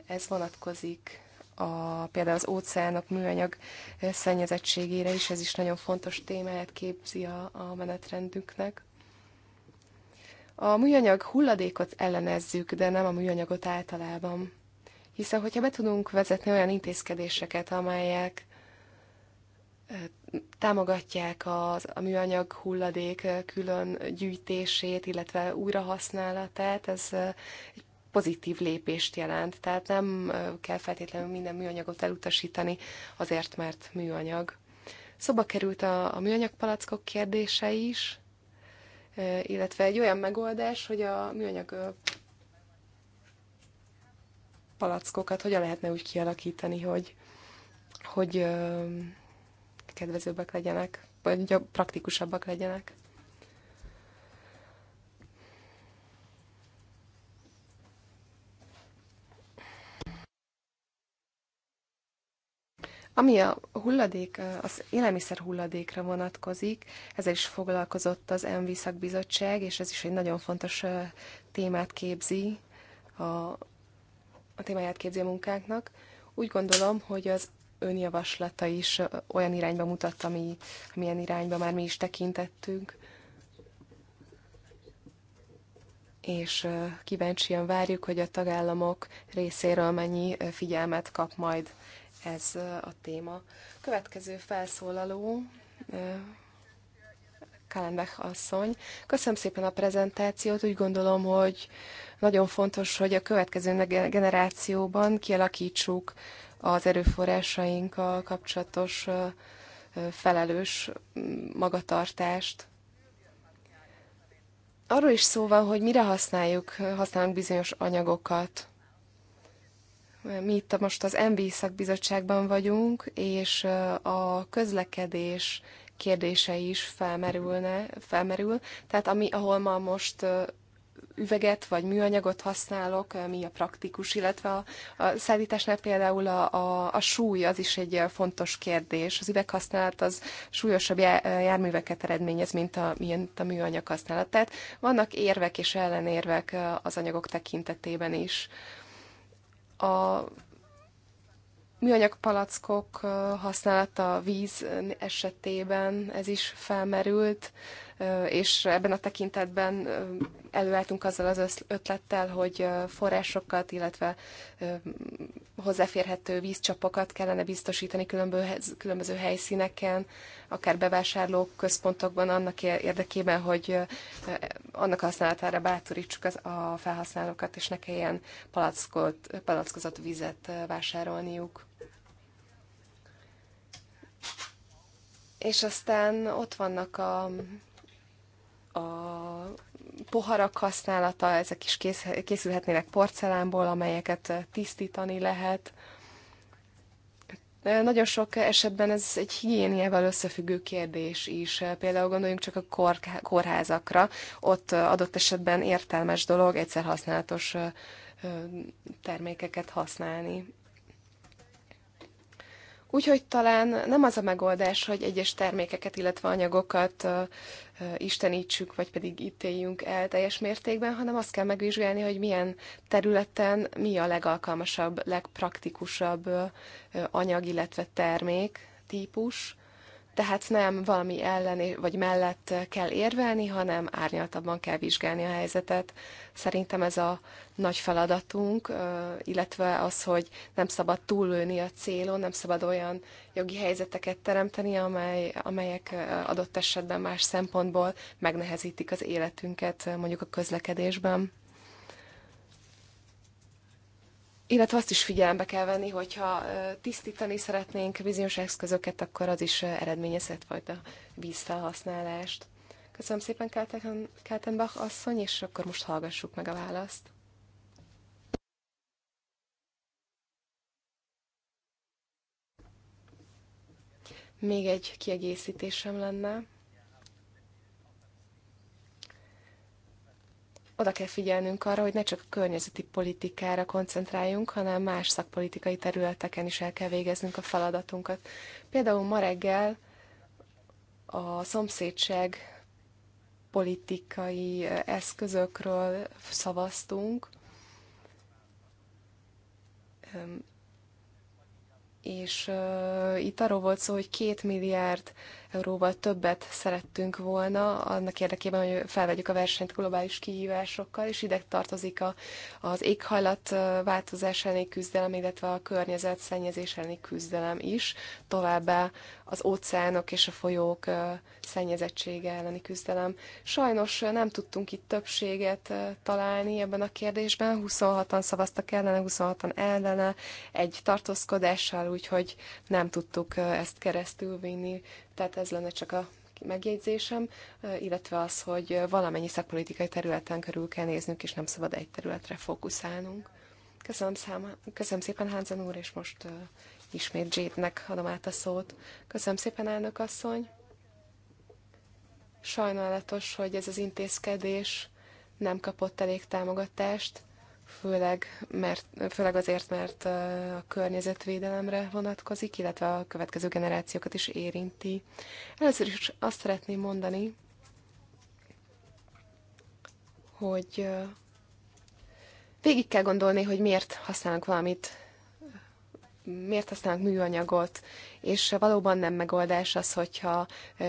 Ez vonatkozik a, például az óceánok műanyag szennyezettségére is, ez is nagyon fontos témáját képzi a, a menetrendünknek. A műanyag hulladékot ellenezzük, de nem a műanyagot általában. Hiszen, hogyha be tudunk vezetni olyan intézkedéseket, amelyek támogatják az, a műanyag hulladék külön gyűjtését, illetve újrahasználatát, ez egy pozitív lépést jelent. Tehát nem kell feltétlenül minden műanyagot elutasítani azért, mert műanyag. Szoba került a, a műanyagpalackok kérdése is, illetve egy olyan megoldás, hogy a műanyag palackokat hogyan lehetne úgy kialakítani, hogy, hogy kedvezőbbek legyenek, vagy praktikusabbak legyenek. Ami a hulladék, az élelmiszer hulladékra vonatkozik, ezzel is foglalkozott az MV szakbizottság, és ez is egy nagyon fontos témát képzi, a, a témáját képzi a munkáknak. Úgy gondolom, hogy az önjavaslata is olyan irányba mutat, ami, amilyen irányba már mi is tekintettünk. És kíváncsian várjuk, hogy a tagállamok részéről mennyi figyelmet kap majd ez a téma. Következő felszólaló Kalenbech asszony. Köszönöm szépen a prezentációt. Úgy gondolom, hogy nagyon fontos, hogy a következő generációban kialakítsuk az erőforrásainkkal kapcsolatos felelős magatartást. Arról is szó van, hogy mire használjuk, használunk bizonyos anyagokat. Mi itt most az MB szakbizottságban vagyunk, és a közlekedés kérdése is felmerülne, felmerül. Tehát ami, ahol ma most üveget vagy műanyagot használok, eh, mi a praktikus, illetve a, a szállításnál például a, a, a súly az is egy eh, fontos kérdés. Az üveghasználat az súlyosabb eh, járműveket eredményez, mint a, mint a műanyag használat. Tehát vannak érvek és ellenérvek az anyagok tekintetében is. A műanyag palackok használata víz esetében ez is felmerült és ebben a tekintetben előálltunk azzal az ötlettel, hogy forrásokat, illetve hozzáférhető vízcsapokat kellene biztosítani különböző helyszíneken, akár bevásárlók központokban annak érdekében, hogy annak használatára bátorítsuk a felhasználókat, és ne kelljen palackozott vizet vásárolniuk. És aztán ott vannak a a poharak használata, ezek is készülhetnének porcelánból, amelyeket tisztítani lehet. Nagyon sok esetben ez egy higiéniával összefüggő kérdés is. Például gondoljunk csak a kor, kórházakra. Ott adott esetben értelmes dolog egyszer használatos termékeket használni. Úgyhogy talán nem az a megoldás, hogy egyes termékeket, illetve anyagokat istenítsük, vagy pedig ítéljünk el teljes mértékben, hanem azt kell megvizsgálni, hogy milyen területen mi a legalkalmasabb, legpraktikusabb anyag, illetve termék típus, tehát nem valami ellen vagy mellett kell érvelni, hanem árnyaltabban kell vizsgálni a helyzetet. Szerintem ez a nagy feladatunk, illetve az, hogy nem szabad túlölni a célon, nem szabad olyan jogi helyzeteket teremteni, amely, amelyek adott esetben más szempontból megnehezítik az életünket mondjuk a közlekedésben. illetve azt is figyelembe kell venni, hogyha tisztítani szeretnénk bizonyos eszközöket, akkor az is eredményezhet majd a vízfelhasználást. Köszönöm szépen, Kaltenbach asszony, és akkor most hallgassuk meg a választ. Még egy kiegészítésem lenne. oda kell figyelnünk arra, hogy ne csak a környezeti politikára koncentráljunk, hanem más szakpolitikai területeken is el kell végeznünk a feladatunkat. Például ma reggel a szomszédság politikai eszközökről szavaztunk, és itt arról volt szó, hogy két milliárd euróval többet szerettünk volna, annak érdekében, hogy felvegyük a versenyt globális kihívásokkal, és ide tartozik a, az éghajlat változás elleni küzdelem, illetve a környezet szennyezés elleni küzdelem is, továbbá az óceánok és a folyók szennyezettsége elleni küzdelem. Sajnos nem tudtunk itt többséget találni ebben a kérdésben, 26-an szavaztak ellene, 26-an ellene, egy tartózkodással, úgyhogy nem tudtuk ezt vinni. Tehát ez lenne csak a megjegyzésem, illetve az, hogy valamennyi szakpolitikai területen körül kell néznünk, és nem szabad egy területre fókuszálnunk. Köszönöm, száma, köszönöm szépen, Hánzen úr, és most uh, ismét Jade-nek adom át a szót. Köszönöm szépen, elnök asszony. Sajnálatos, hogy ez az intézkedés nem kapott elég támogatást, főleg, mert, főleg azért, mert a környezetvédelemre vonatkozik, illetve a következő generációkat is érinti. Először is azt szeretném mondani, hogy végig kell gondolni, hogy miért használunk valamit miért használnak műanyagot, és valóban nem megoldás az, hogyha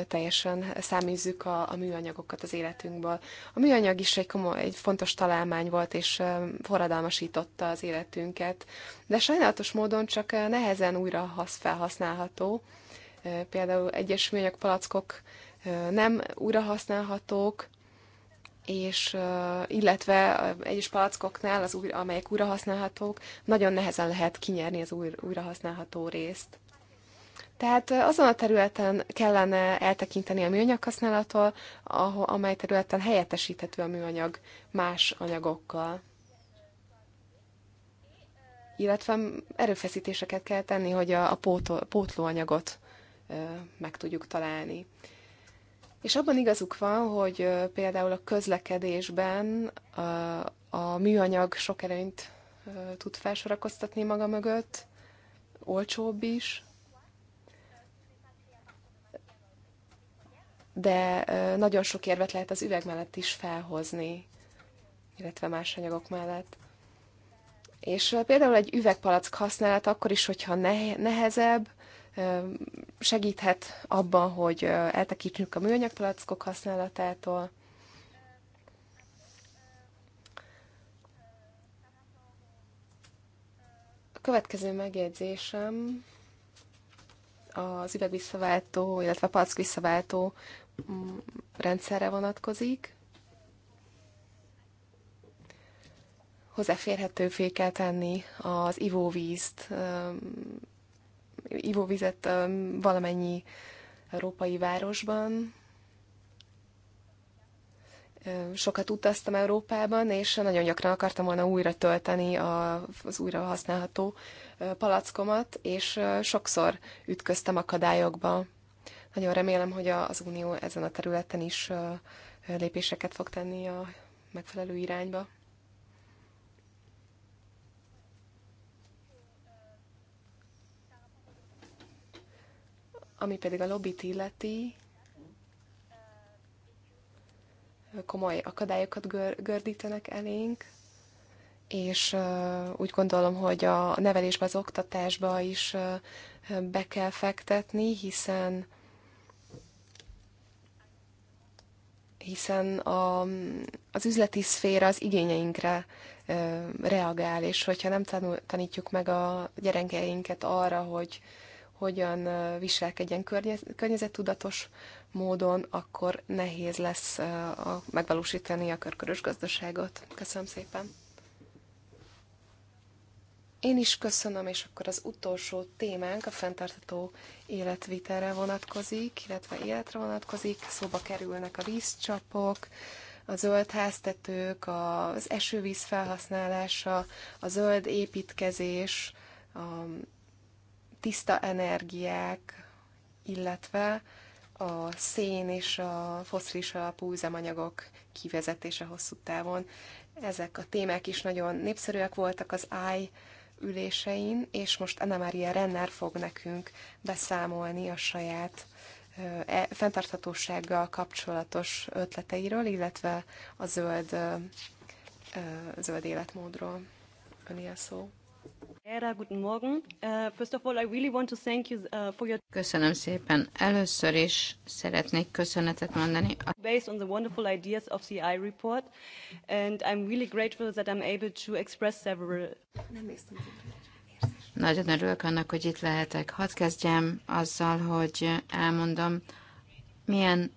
teljesen száműzzük a, a műanyagokat az életünkből. A műanyag is egy, komoly, egy fontos találmány volt, és forradalmasította az életünket, de sajnálatos módon csak nehezen újra felhasználható. Például egyes műanyag palackok nem újrahasználhatók, és illetve egyes palackoknál, az új, amelyek újrahasználhatók, nagyon nehezen lehet kinyerni az új, újrahasználható részt. Tehát azon a területen kellene eltekinteni a műanyag használattól, amely területen helyettesíthető a műanyag más anyagokkal. Illetve erőfeszítéseket kell tenni, hogy a, a pótol, pótlóanyagot ö, meg tudjuk találni. És abban igazuk van, hogy például a közlekedésben a, a műanyag sok erőnyt tud felsorakoztatni maga mögött, olcsóbb is, de nagyon sok érvet lehet az üveg mellett is felhozni, illetve más anyagok mellett. És például egy üvegpalack használata akkor is, hogyha nehezebb, segíthet abban, hogy eltekítsük a műanyag palackok használatától, A következő megjegyzésem az visszaváltó, illetve palack visszaváltó mm, rendszerre vonatkozik. Hozzáférhetővé kell tenni az ivóvízt ivóvizet um, valamennyi európai városban. Um, sokat utaztam Európában, és nagyon gyakran akartam volna újra tölteni az újra használható uh, palackomat, és uh, sokszor ütköztem akadályokba. Nagyon remélem, hogy az Unió ezen a területen is uh, lépéseket fog tenni a megfelelő irányba. Ami pedig a lobbit illeti, komoly akadályokat gör, gördítenek elénk, és úgy gondolom, hogy a nevelésbe, az oktatásba is be kell fektetni, hiszen hiszen a, az üzleti szféra az igényeinkre reagál, és hogyha nem tanul, tanítjuk meg a gyerekeinket arra, hogy hogyan viselkedjen környezettudatos módon, akkor nehéz lesz a, megvalósítani a körkörös gazdaságot. Köszönöm szépen! Én is köszönöm, és akkor az utolsó témánk a fenntartató életvitelre vonatkozik, illetve életre vonatkozik. Szóba kerülnek a vízcsapok, a zöld háztetők, az esővíz felhasználása, a zöld építkezés, a tiszta energiák, illetve a szén és a fosszilis alapú üzemanyagok kivezetése hosszú távon. Ezek a témák is nagyon népszerűek voltak az AI ülésein, és most Anna Maria Renner fog nekünk beszámolni a saját e, fenntarthatósággal kapcsolatos ötleteiről, illetve a zöld, zöld életmódról. Öni a szó. Köszönöm szépen. Először is szeretnék köszönetet mondani. Based on the wonderful ideas of the I report, and I'm really grateful that I'm able to express several. Nagyon örülök annak, hogy itt lehetek. Hadd kezdjem azzal, hogy elmondom, milyen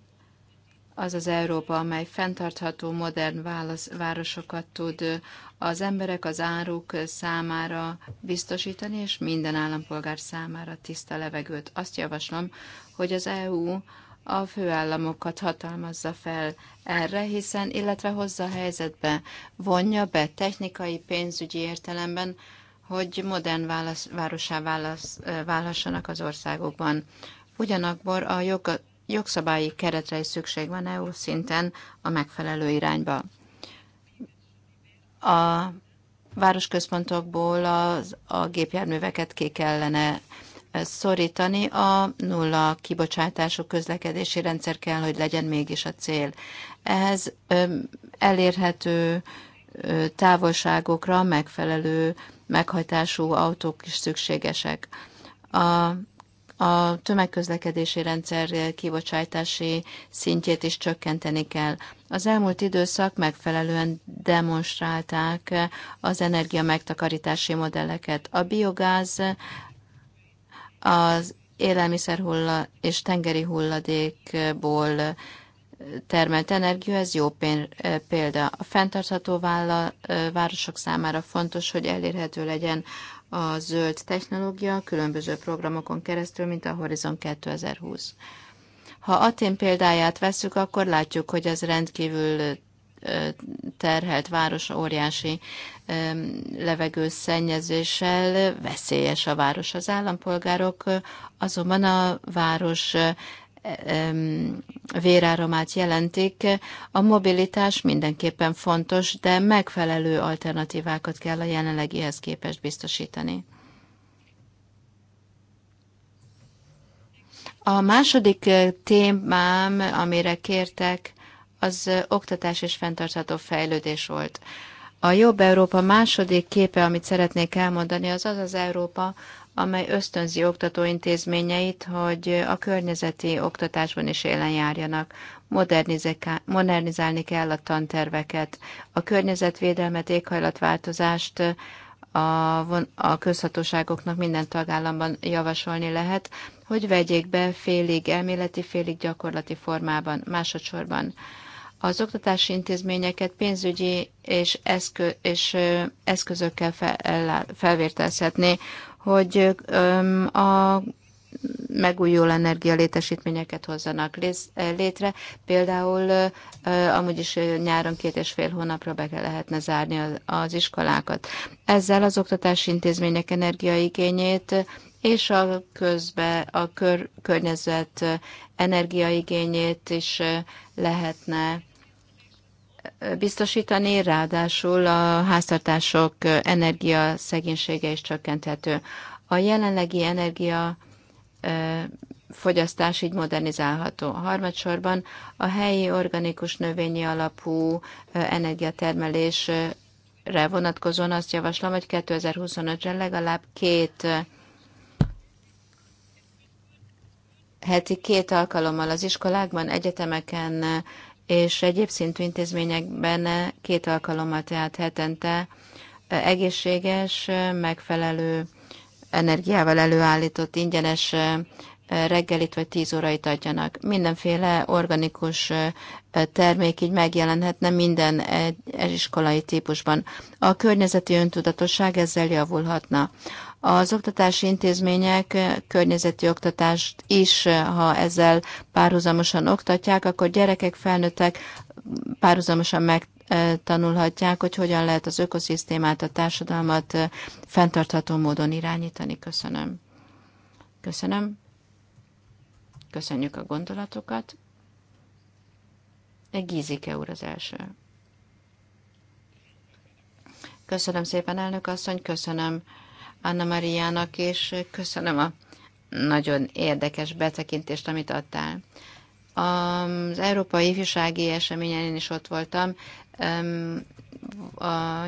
az az Európa, amely fenntartható, modern válasz, városokat tud az emberek, az áruk számára biztosítani, és minden állampolgár számára tiszta levegőt. Azt javaslom, hogy az EU a főállamokat hatalmazza fel erre, hiszen, illetve hozza a helyzetbe, vonja be technikai, pénzügyi értelemben, hogy modern válasz, városá válasz, válhassanak az országokban. Ugyanakkor a jog, jogszabályi keretre is szükség van EU szinten a megfelelő irányba. A városközpontokból az, a gépjárműveket ki kellene eh, szorítani, a nulla kibocsátású közlekedési rendszer kell, hogy legyen mégis a cél. Ehhez eh, elérhető eh, távolságokra megfelelő meghajtású autók is szükségesek. A a tömegközlekedési rendszer kibocsátási szintjét is csökkenteni kell. Az elmúlt időszak megfelelően demonstrálták az energia megtakarítási modelleket. A biogáz az élelmiszerhulla és tengeri hulladékból termelt energia, ez jó példa. A fenntartható városok számára fontos, hogy elérhető legyen a zöld technológia különböző programokon keresztül, mint a Horizon 2020. Ha Atén példáját vesszük, akkor látjuk, hogy ez rendkívül terhelt város óriási levegőszennyezéssel veszélyes a város az állampolgárok, azonban a város véráramát jelentik. A mobilitás mindenképpen fontos, de megfelelő alternatívákat kell a jelenlegihez képest biztosítani. A második eh, témám, amire kértek, az eh, oktatás és fenntartható fejlődés volt. A jobb Európa második képe, amit szeretnék elmondani, az az az Európa, amely ösztönzi oktatóintézményeit, hogy a környezeti oktatásban is élen járjanak. Modernizálni kell a tanterveket. A környezetvédelmet, éghajlatváltozást a, a közhatóságoknak minden tagállamban javasolni lehet, hogy vegyék be félig elméleti, félig gyakorlati formában, másodszorban. Az oktatási intézményeket pénzügyi és, eszkö, és eszközökkel fel, felvértelzhetni, hogy a megújuló energialétesítményeket hozzanak eh, létre. Például amúgy is nyáron két és fél hónapra be lehetne zárni az iskolákat. Ezzel az oktatási intézmények energiaigényét és a közbe a kör, környezet energiaigényét is lehetne biztosítani, ráadásul a háztartások energia szegénysége is csökkenthető. A jelenlegi energia fogyasztás így modernizálható. Harmadsorban a helyi organikus növényi alapú energiatermelésre vonatkozóan azt javaslom, hogy 2025-re legalább két heti két alkalommal az iskolákban, egyetemeken és egyéb szintű intézményekben két alkalommal, tehát hetente eh, egészséges, eh, megfelelő energiával előállított ingyenes eh, reggelit vagy tíz órait adjanak. Mindenféle organikus termék így megjelenhetne minden iskolai típusban. A környezeti öntudatosság ezzel javulhatna. Az oktatási intézmények környezeti oktatást is, ha ezzel párhuzamosan oktatják, akkor gyerekek, felnőttek párhuzamosan meg tanulhatják, hogy hogyan lehet az ökoszisztémát, a társadalmat fenntartható módon irányítani. Köszönöm. Köszönöm. Köszönjük a gondolatokat. Egy Gízike úr az első. Köszönöm szépen, elnök asszony, köszönöm Anna Mariának, és köszönöm a nagyon érdekes betekintést, amit adtál. Az Európai Ifjúsági Eseményen én is ott voltam. A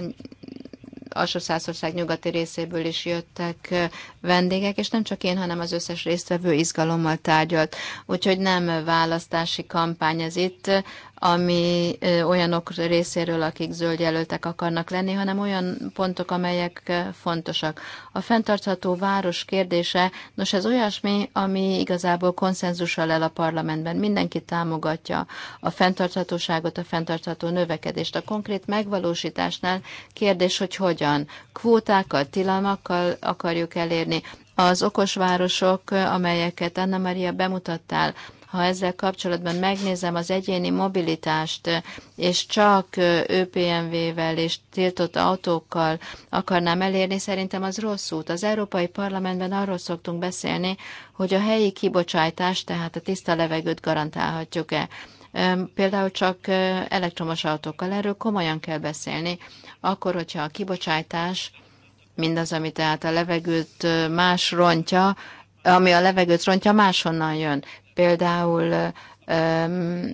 alsó százország nyugati részéből is jöttek vendégek, és nem csak én, hanem az összes résztvevő izgalommal tárgyalt. Úgyhogy nem választási kampány ez itt, ami olyanok részéről, akik zöld jelöltek akarnak lenni, hanem olyan pontok, amelyek fontosak. A fenntartható város kérdése, nos ez olyasmi, ami igazából konszenzussal el a parlamentben. Mindenki támogatja a fenntarthatóságot, a fenntartható növekedést. A konkrét megvalósításnál kérdés, hogy hogyan. Kvótákkal, tilalmakkal akarjuk elérni. Az okos városok, amelyeket Anna Maria bemutattál, ha ezzel kapcsolatban megnézem az egyéni mobilitást, és csak ÖPNV-vel és tiltott autókkal akarnám elérni, szerintem az rossz út. Az Európai Parlamentben arról szoktunk beszélni, hogy a helyi kibocsátást, tehát a tiszta levegőt garantálhatjuk-e például csak elektromos autókkal. Erről komolyan kell beszélni, akkor, hogyha a kibocsátás, mindaz, ami tehát a levegőt más rontja, ami a levegőt rontja, máshonnan jön. Például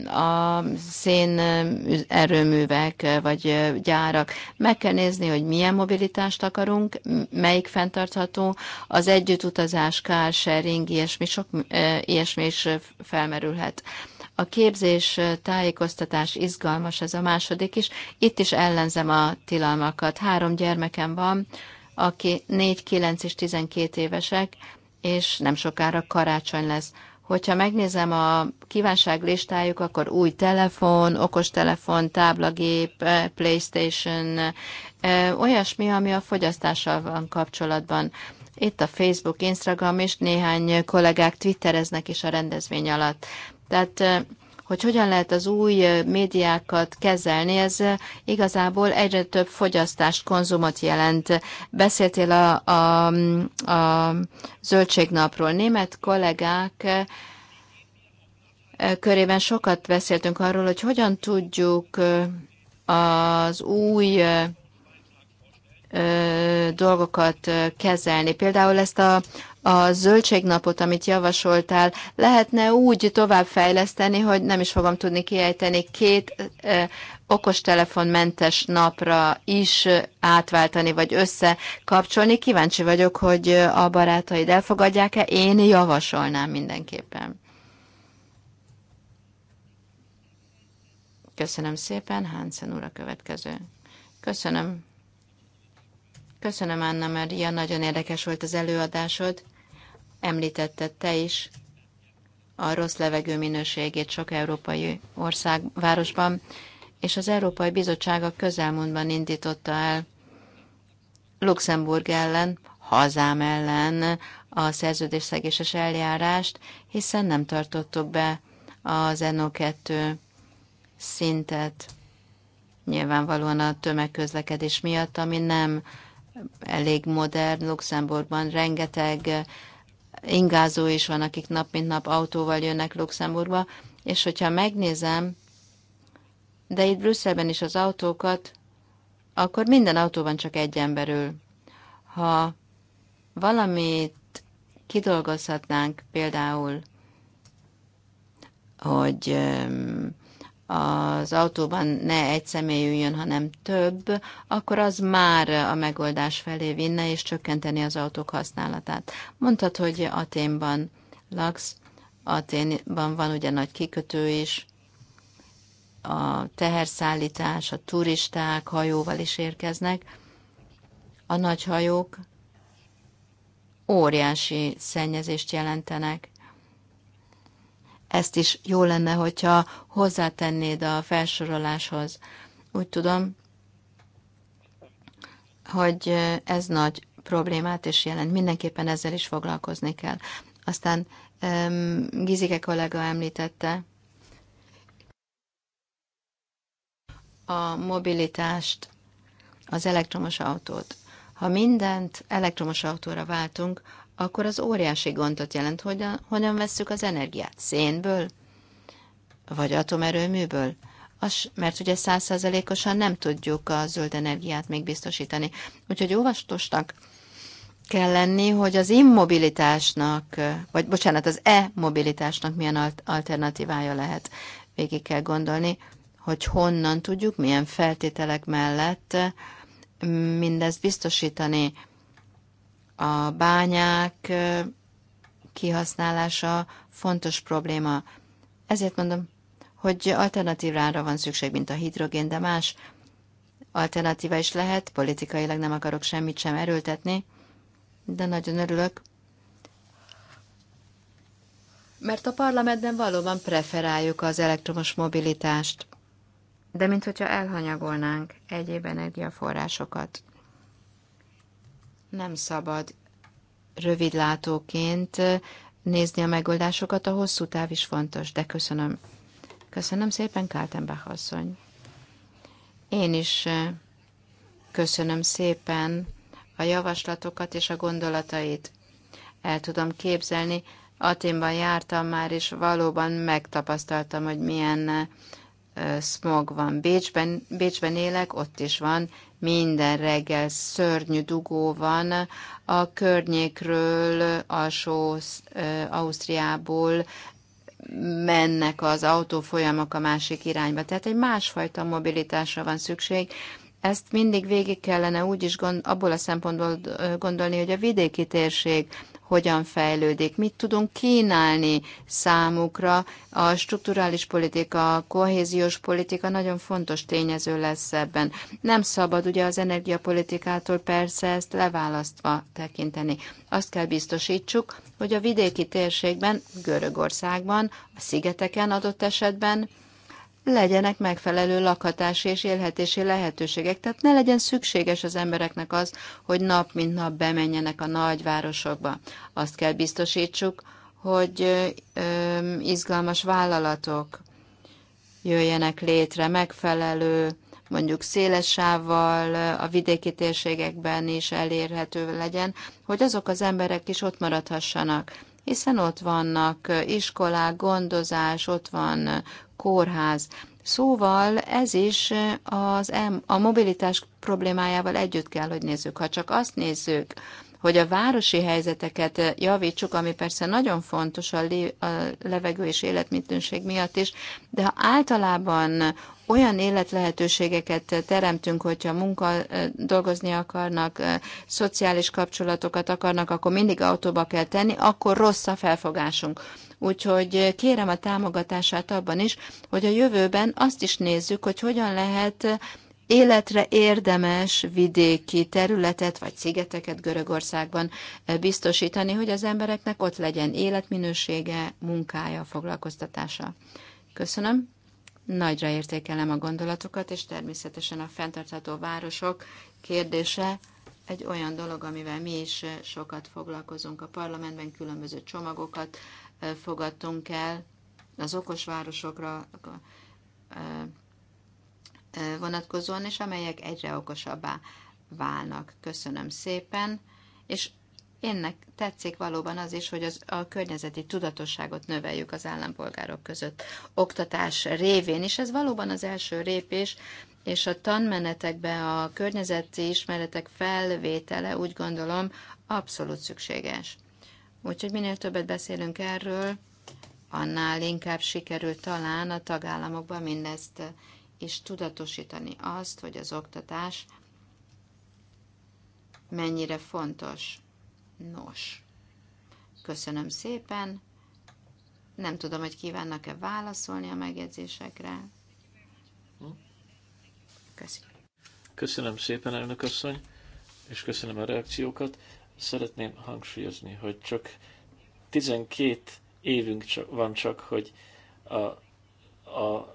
a szén erőművek vagy gyárak. Meg kell nézni, hogy milyen mobilitást akarunk, melyik fenntartható, az együttutazás, car sharing, ilyesmi, sok, ilyesmi is felmerülhet. A képzés, tájékoztatás izgalmas, ez a második is. Itt is ellenzem a tilalmakat. Három gyermekem van, aki 4, 9 és 12 évesek, és nem sokára karácsony lesz. Hogyha megnézem a kívánság listájuk, akkor új telefon, okostelefon, táblagép, eh, Playstation, eh, olyasmi, ami a fogyasztással van kapcsolatban. Itt a Facebook, Instagram és néhány kollégák twittereznek is a rendezvény alatt. Tehát eh, hogy hogyan lehet az új médiákat kezelni, ez igazából egyre több fogyasztást, konzumot jelent. Beszéltél a, a, a zöldségnapról. Német kollégák körében sokat beszéltünk arról, hogy hogyan tudjuk az új dolgokat kezelni. Például ezt a, a zöldségnapot, amit javasoltál, lehetne úgy továbbfejleszteni, hogy nem is fogom tudni kiejteni, két eh, okostelefonmentes napra is átváltani, vagy összekapcsolni. Kíváncsi vagyok, hogy a barátaid elfogadják-e. Én javasolnám mindenképpen. Köszönöm szépen. Hansen úr a következő. Köszönöm. Köszönöm, Anna Maria, nagyon érdekes volt az előadásod. Említetted te is a rossz levegő minőségét sok európai ország városban, és az Európai Bizottság a közelmúltban indította el Luxemburg ellen, hazám ellen a szerződésszegéses eljárást, hiszen nem tartottuk be az NO2 szintet, nyilvánvalóan a tömegközlekedés miatt, ami nem elég modern. Luxemburgban rengeteg ingázó is van, akik nap mint nap autóval jönnek Luxemburgba, és hogyha megnézem, de itt Brüsszelben is az autókat, akkor minden autóban csak egy ember ül. Ha valamit kidolgozhatnánk például, hogy az autóban ne egy személy üljön, hanem több, akkor az már a megoldás felé vinne, és csökkenteni az autók használatát. Mondtad, hogy Aténban laksz, Aténban van ugye nagy kikötő is, a teherszállítás, a turisták hajóval is érkeznek. A nagy hajók óriási szennyezést jelentenek. Ezt is jó lenne, hogyha hozzátennéd a felsoroláshoz. Úgy tudom, hogy ez nagy problémát is jelent. Mindenképpen ezzel is foglalkozni kell. Aztán Gizike kollega említette a mobilitást, az elektromos autót. Ha mindent elektromos autóra váltunk, akkor az óriási gondot jelent, hogy a, hogyan vesszük az energiát. Szénből? Vagy atomerőműből? Az, mert ugye százszerzelékosan nem tudjuk a zöld energiát még biztosítani. Úgyhogy óvastosnak kell lenni, hogy az immobilitásnak, vagy bocsánat, az e-mobilitásnak milyen alternatívája lehet. Végig kell gondolni, hogy honnan tudjuk, milyen feltételek mellett mindezt biztosítani a bányák kihasználása fontos probléma. Ezért mondom, hogy alternatívára van szükség, mint a hidrogén, de más alternatíva is lehet. Politikailag nem akarok semmit sem erőltetni, de nagyon örülök. Mert a parlamentben valóban preferáljuk az elektromos mobilitást, de mint hogyha elhanyagolnánk egyéb energiaforrásokat nem szabad rövidlátóként nézni a megoldásokat, a hosszú táv is fontos, de köszönöm. Köszönöm szépen, Káltenbach asszony. Én is köszönöm szépen a javaslatokat és a gondolatait. El tudom képzelni, Aténban jártam már, és valóban megtapasztaltam, hogy milyen smog van. Bécsben, Bécsben élek, ott is van, minden reggel szörnyű dugó van, a környékről, alsó Ausztriából mennek az autófolyamok a másik irányba. Tehát egy másfajta mobilitásra van szükség. Ezt mindig végig kellene úgy is gond, abból a szempontból gondolni, hogy a vidéki térség hogyan fejlődik, mit tudunk kínálni számukra. A strukturális politika, a kohéziós politika nagyon fontos tényező lesz ebben. Nem szabad ugye az energiapolitikától persze ezt leválasztva tekinteni. Azt kell biztosítsuk, hogy a vidéki térségben, Görögországban, a szigeteken adott esetben, legyenek megfelelő lakhatási és élhetési lehetőségek. Tehát ne legyen szükséges az embereknek az, hogy nap mint nap bemenjenek a nagyvárosokba. Azt kell biztosítsuk, hogy ö, izgalmas vállalatok jöjjenek létre, megfelelő, mondjuk széles sávval a vidéki térségekben is elérhető legyen, hogy azok az emberek is ott maradhassanak, hiszen ott vannak iskolák, gondozás, ott van kórház. Szóval ez is az, a mobilitás problémájával együtt kell, hogy nézzük. Ha csak azt nézzük, hogy a városi helyzeteket javítsuk, ami persze nagyon fontos a, lé, a levegő és életminőség miatt is, de ha általában olyan életlehetőségeket teremtünk, hogyha munka dolgozni akarnak, szociális kapcsolatokat akarnak, akkor mindig autóba kell tenni, akkor rossz a felfogásunk. Úgyhogy kérem a támogatását abban is, hogy a jövőben azt is nézzük, hogy hogyan lehet életre érdemes vidéki területet vagy szigeteket Görögországban biztosítani, hogy az embereknek ott legyen életminősége, munkája, foglalkoztatása. Köszönöm. Nagyra értékelem a gondolatokat, és természetesen a fenntartható városok kérdése egy olyan dolog, amivel mi is eh, sokat foglalkozunk a parlamentben, különböző csomagokat eh, fogadtunk el az okos városokra eh, vonatkozóan, és amelyek egyre okosabbá válnak. Köszönöm szépen, és énnek tetszik valóban az is, hogy az, a környezeti tudatosságot növeljük az állampolgárok között oktatás révén, és ez valóban az első lépés, és a tanmenetekbe a környezeti ismeretek felvétele úgy gondolom abszolút szükséges. Úgyhogy minél többet beszélünk erről, annál inkább sikerül talán a tagállamokban mindezt és tudatosítani azt, hogy az oktatás mennyire fontos. Nos, köszönöm szépen. Nem tudom, hogy kívánnak-e válaszolni a megjegyzésekre. Köszönöm. Köszönöm szépen, elnök asszony, és köszönöm a reakciókat. Szeretném hangsúlyozni, hogy csak 12 évünk van csak, hogy a, a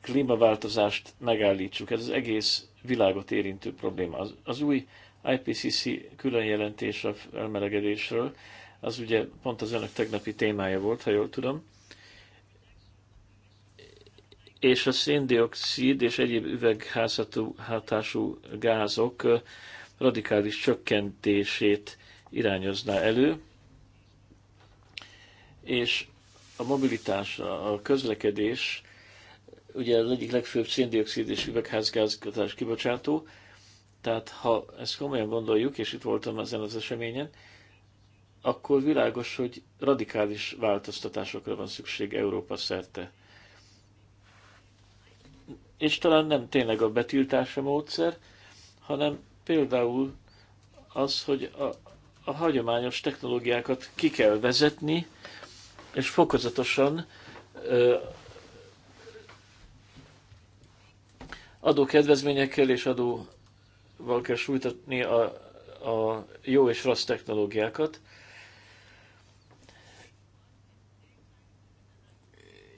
klímaváltozást megállítsuk. Ez az egész világot érintő probléma. Az, az új IPCC külön a felmelegedésről, az ugye pont az önök tegnapi témája volt, ha jól tudom és a széndiokszid és egyéb üvegházhatású gázok radikális csökkentését irányozná elő, és a mobilitás, a közlekedés, ugye az egyik legfőbb széndiokszid és üvegházgázgatás kibocsátó, tehát ha ezt komolyan gondoljuk, és itt voltam ezen az eseményen, akkor világos, hogy radikális változtatásokra van szükség Európa szerte és talán nem tényleg a betiltása módszer, hanem például az, hogy a, a hagyományos technológiákat ki kell vezetni, és fokozatosan ö, adókedvezményekkel és adóval kell sújtatni a, a jó és rossz technológiákat.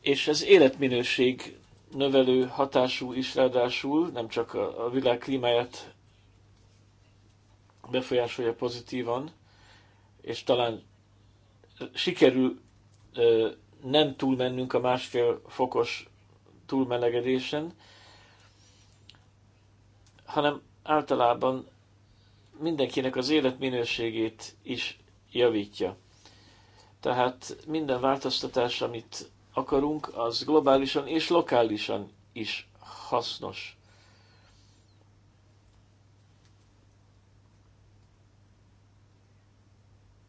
És ez életminőség növelő hatású is ráadásul, nem csak a világ klímáját befolyásolja pozitívan, és talán sikerül nem túlmennünk a másfél fokos túlmelegedésen, hanem általában mindenkinek az életminőségét is javítja. Tehát minden változtatás, amit akarunk, az globálisan és lokálisan is hasznos.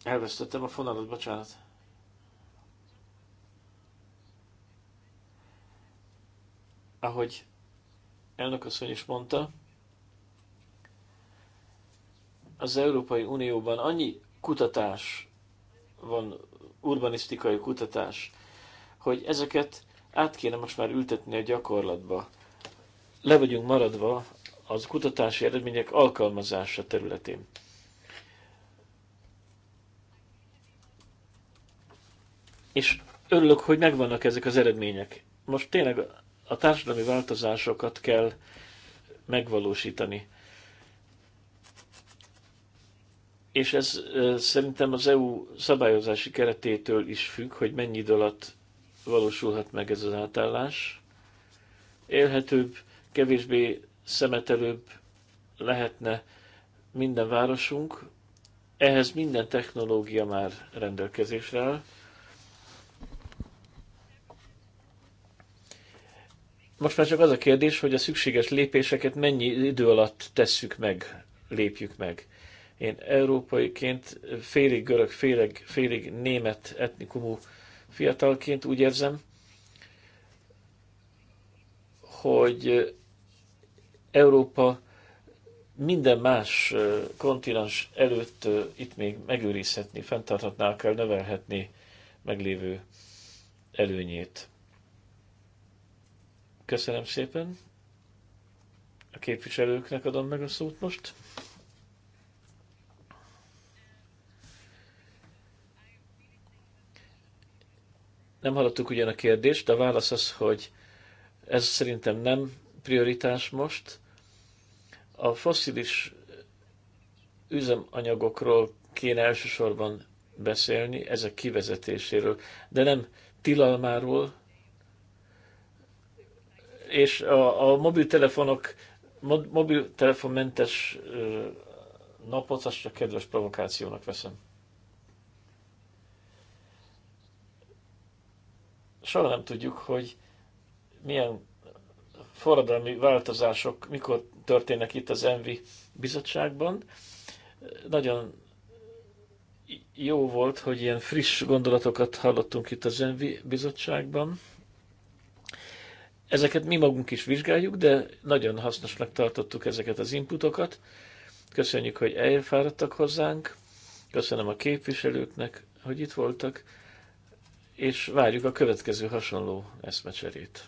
Elvesztettem a fonalat, bocsánat. Ahogy elnökasszony is mondta, az Európai Unióban annyi kutatás van, urbanisztikai kutatás, hogy ezeket át kéne most már ültetni a gyakorlatba. Le vagyunk maradva az kutatási eredmények alkalmazása területén. És örülök, hogy megvannak ezek az eredmények. Most tényleg a társadalmi változásokat kell megvalósítani. És ez szerintem az EU szabályozási keretétől is függ, hogy mennyi idő alatt valósulhat meg ez az átállás. Élhetőbb, kevésbé szemetelőbb lehetne minden városunk, ehhez minden technológia már rendelkezésre áll. Most már csak az a kérdés, hogy a szükséges lépéseket mennyi idő alatt tesszük meg, lépjük meg. Én európaiként félig görög, félig, félig német etnikumú fiatalként úgy érzem, hogy Európa minden más kontinens előtt itt még megőrizhetni, fenntarthatná kell, növelhetni meglévő előnyét. Köszönöm szépen. A képviselőknek adom meg a szót most. Nem hallottuk ugyan a kérdést, de a válasz az, hogy ez szerintem nem prioritás most. A foszilis üzemanyagokról kéne elsősorban beszélni, ezek kivezetéséről, de nem tilalmáról, és a, a mobiltelefonok, mobiltelefonmentes napot, azt csak kedves provokációnak veszem. soha nem tudjuk, hogy milyen forradalmi változások mikor történnek itt az Envi bizottságban. Nagyon jó volt, hogy ilyen friss gondolatokat hallottunk itt az Envi bizottságban. Ezeket mi magunk is vizsgáljuk, de nagyon hasznosnak tartottuk ezeket az inputokat. Köszönjük, hogy elfáradtak hozzánk. Köszönöm a képviselőknek, hogy itt voltak és várjuk a következő hasonló eszmecserét.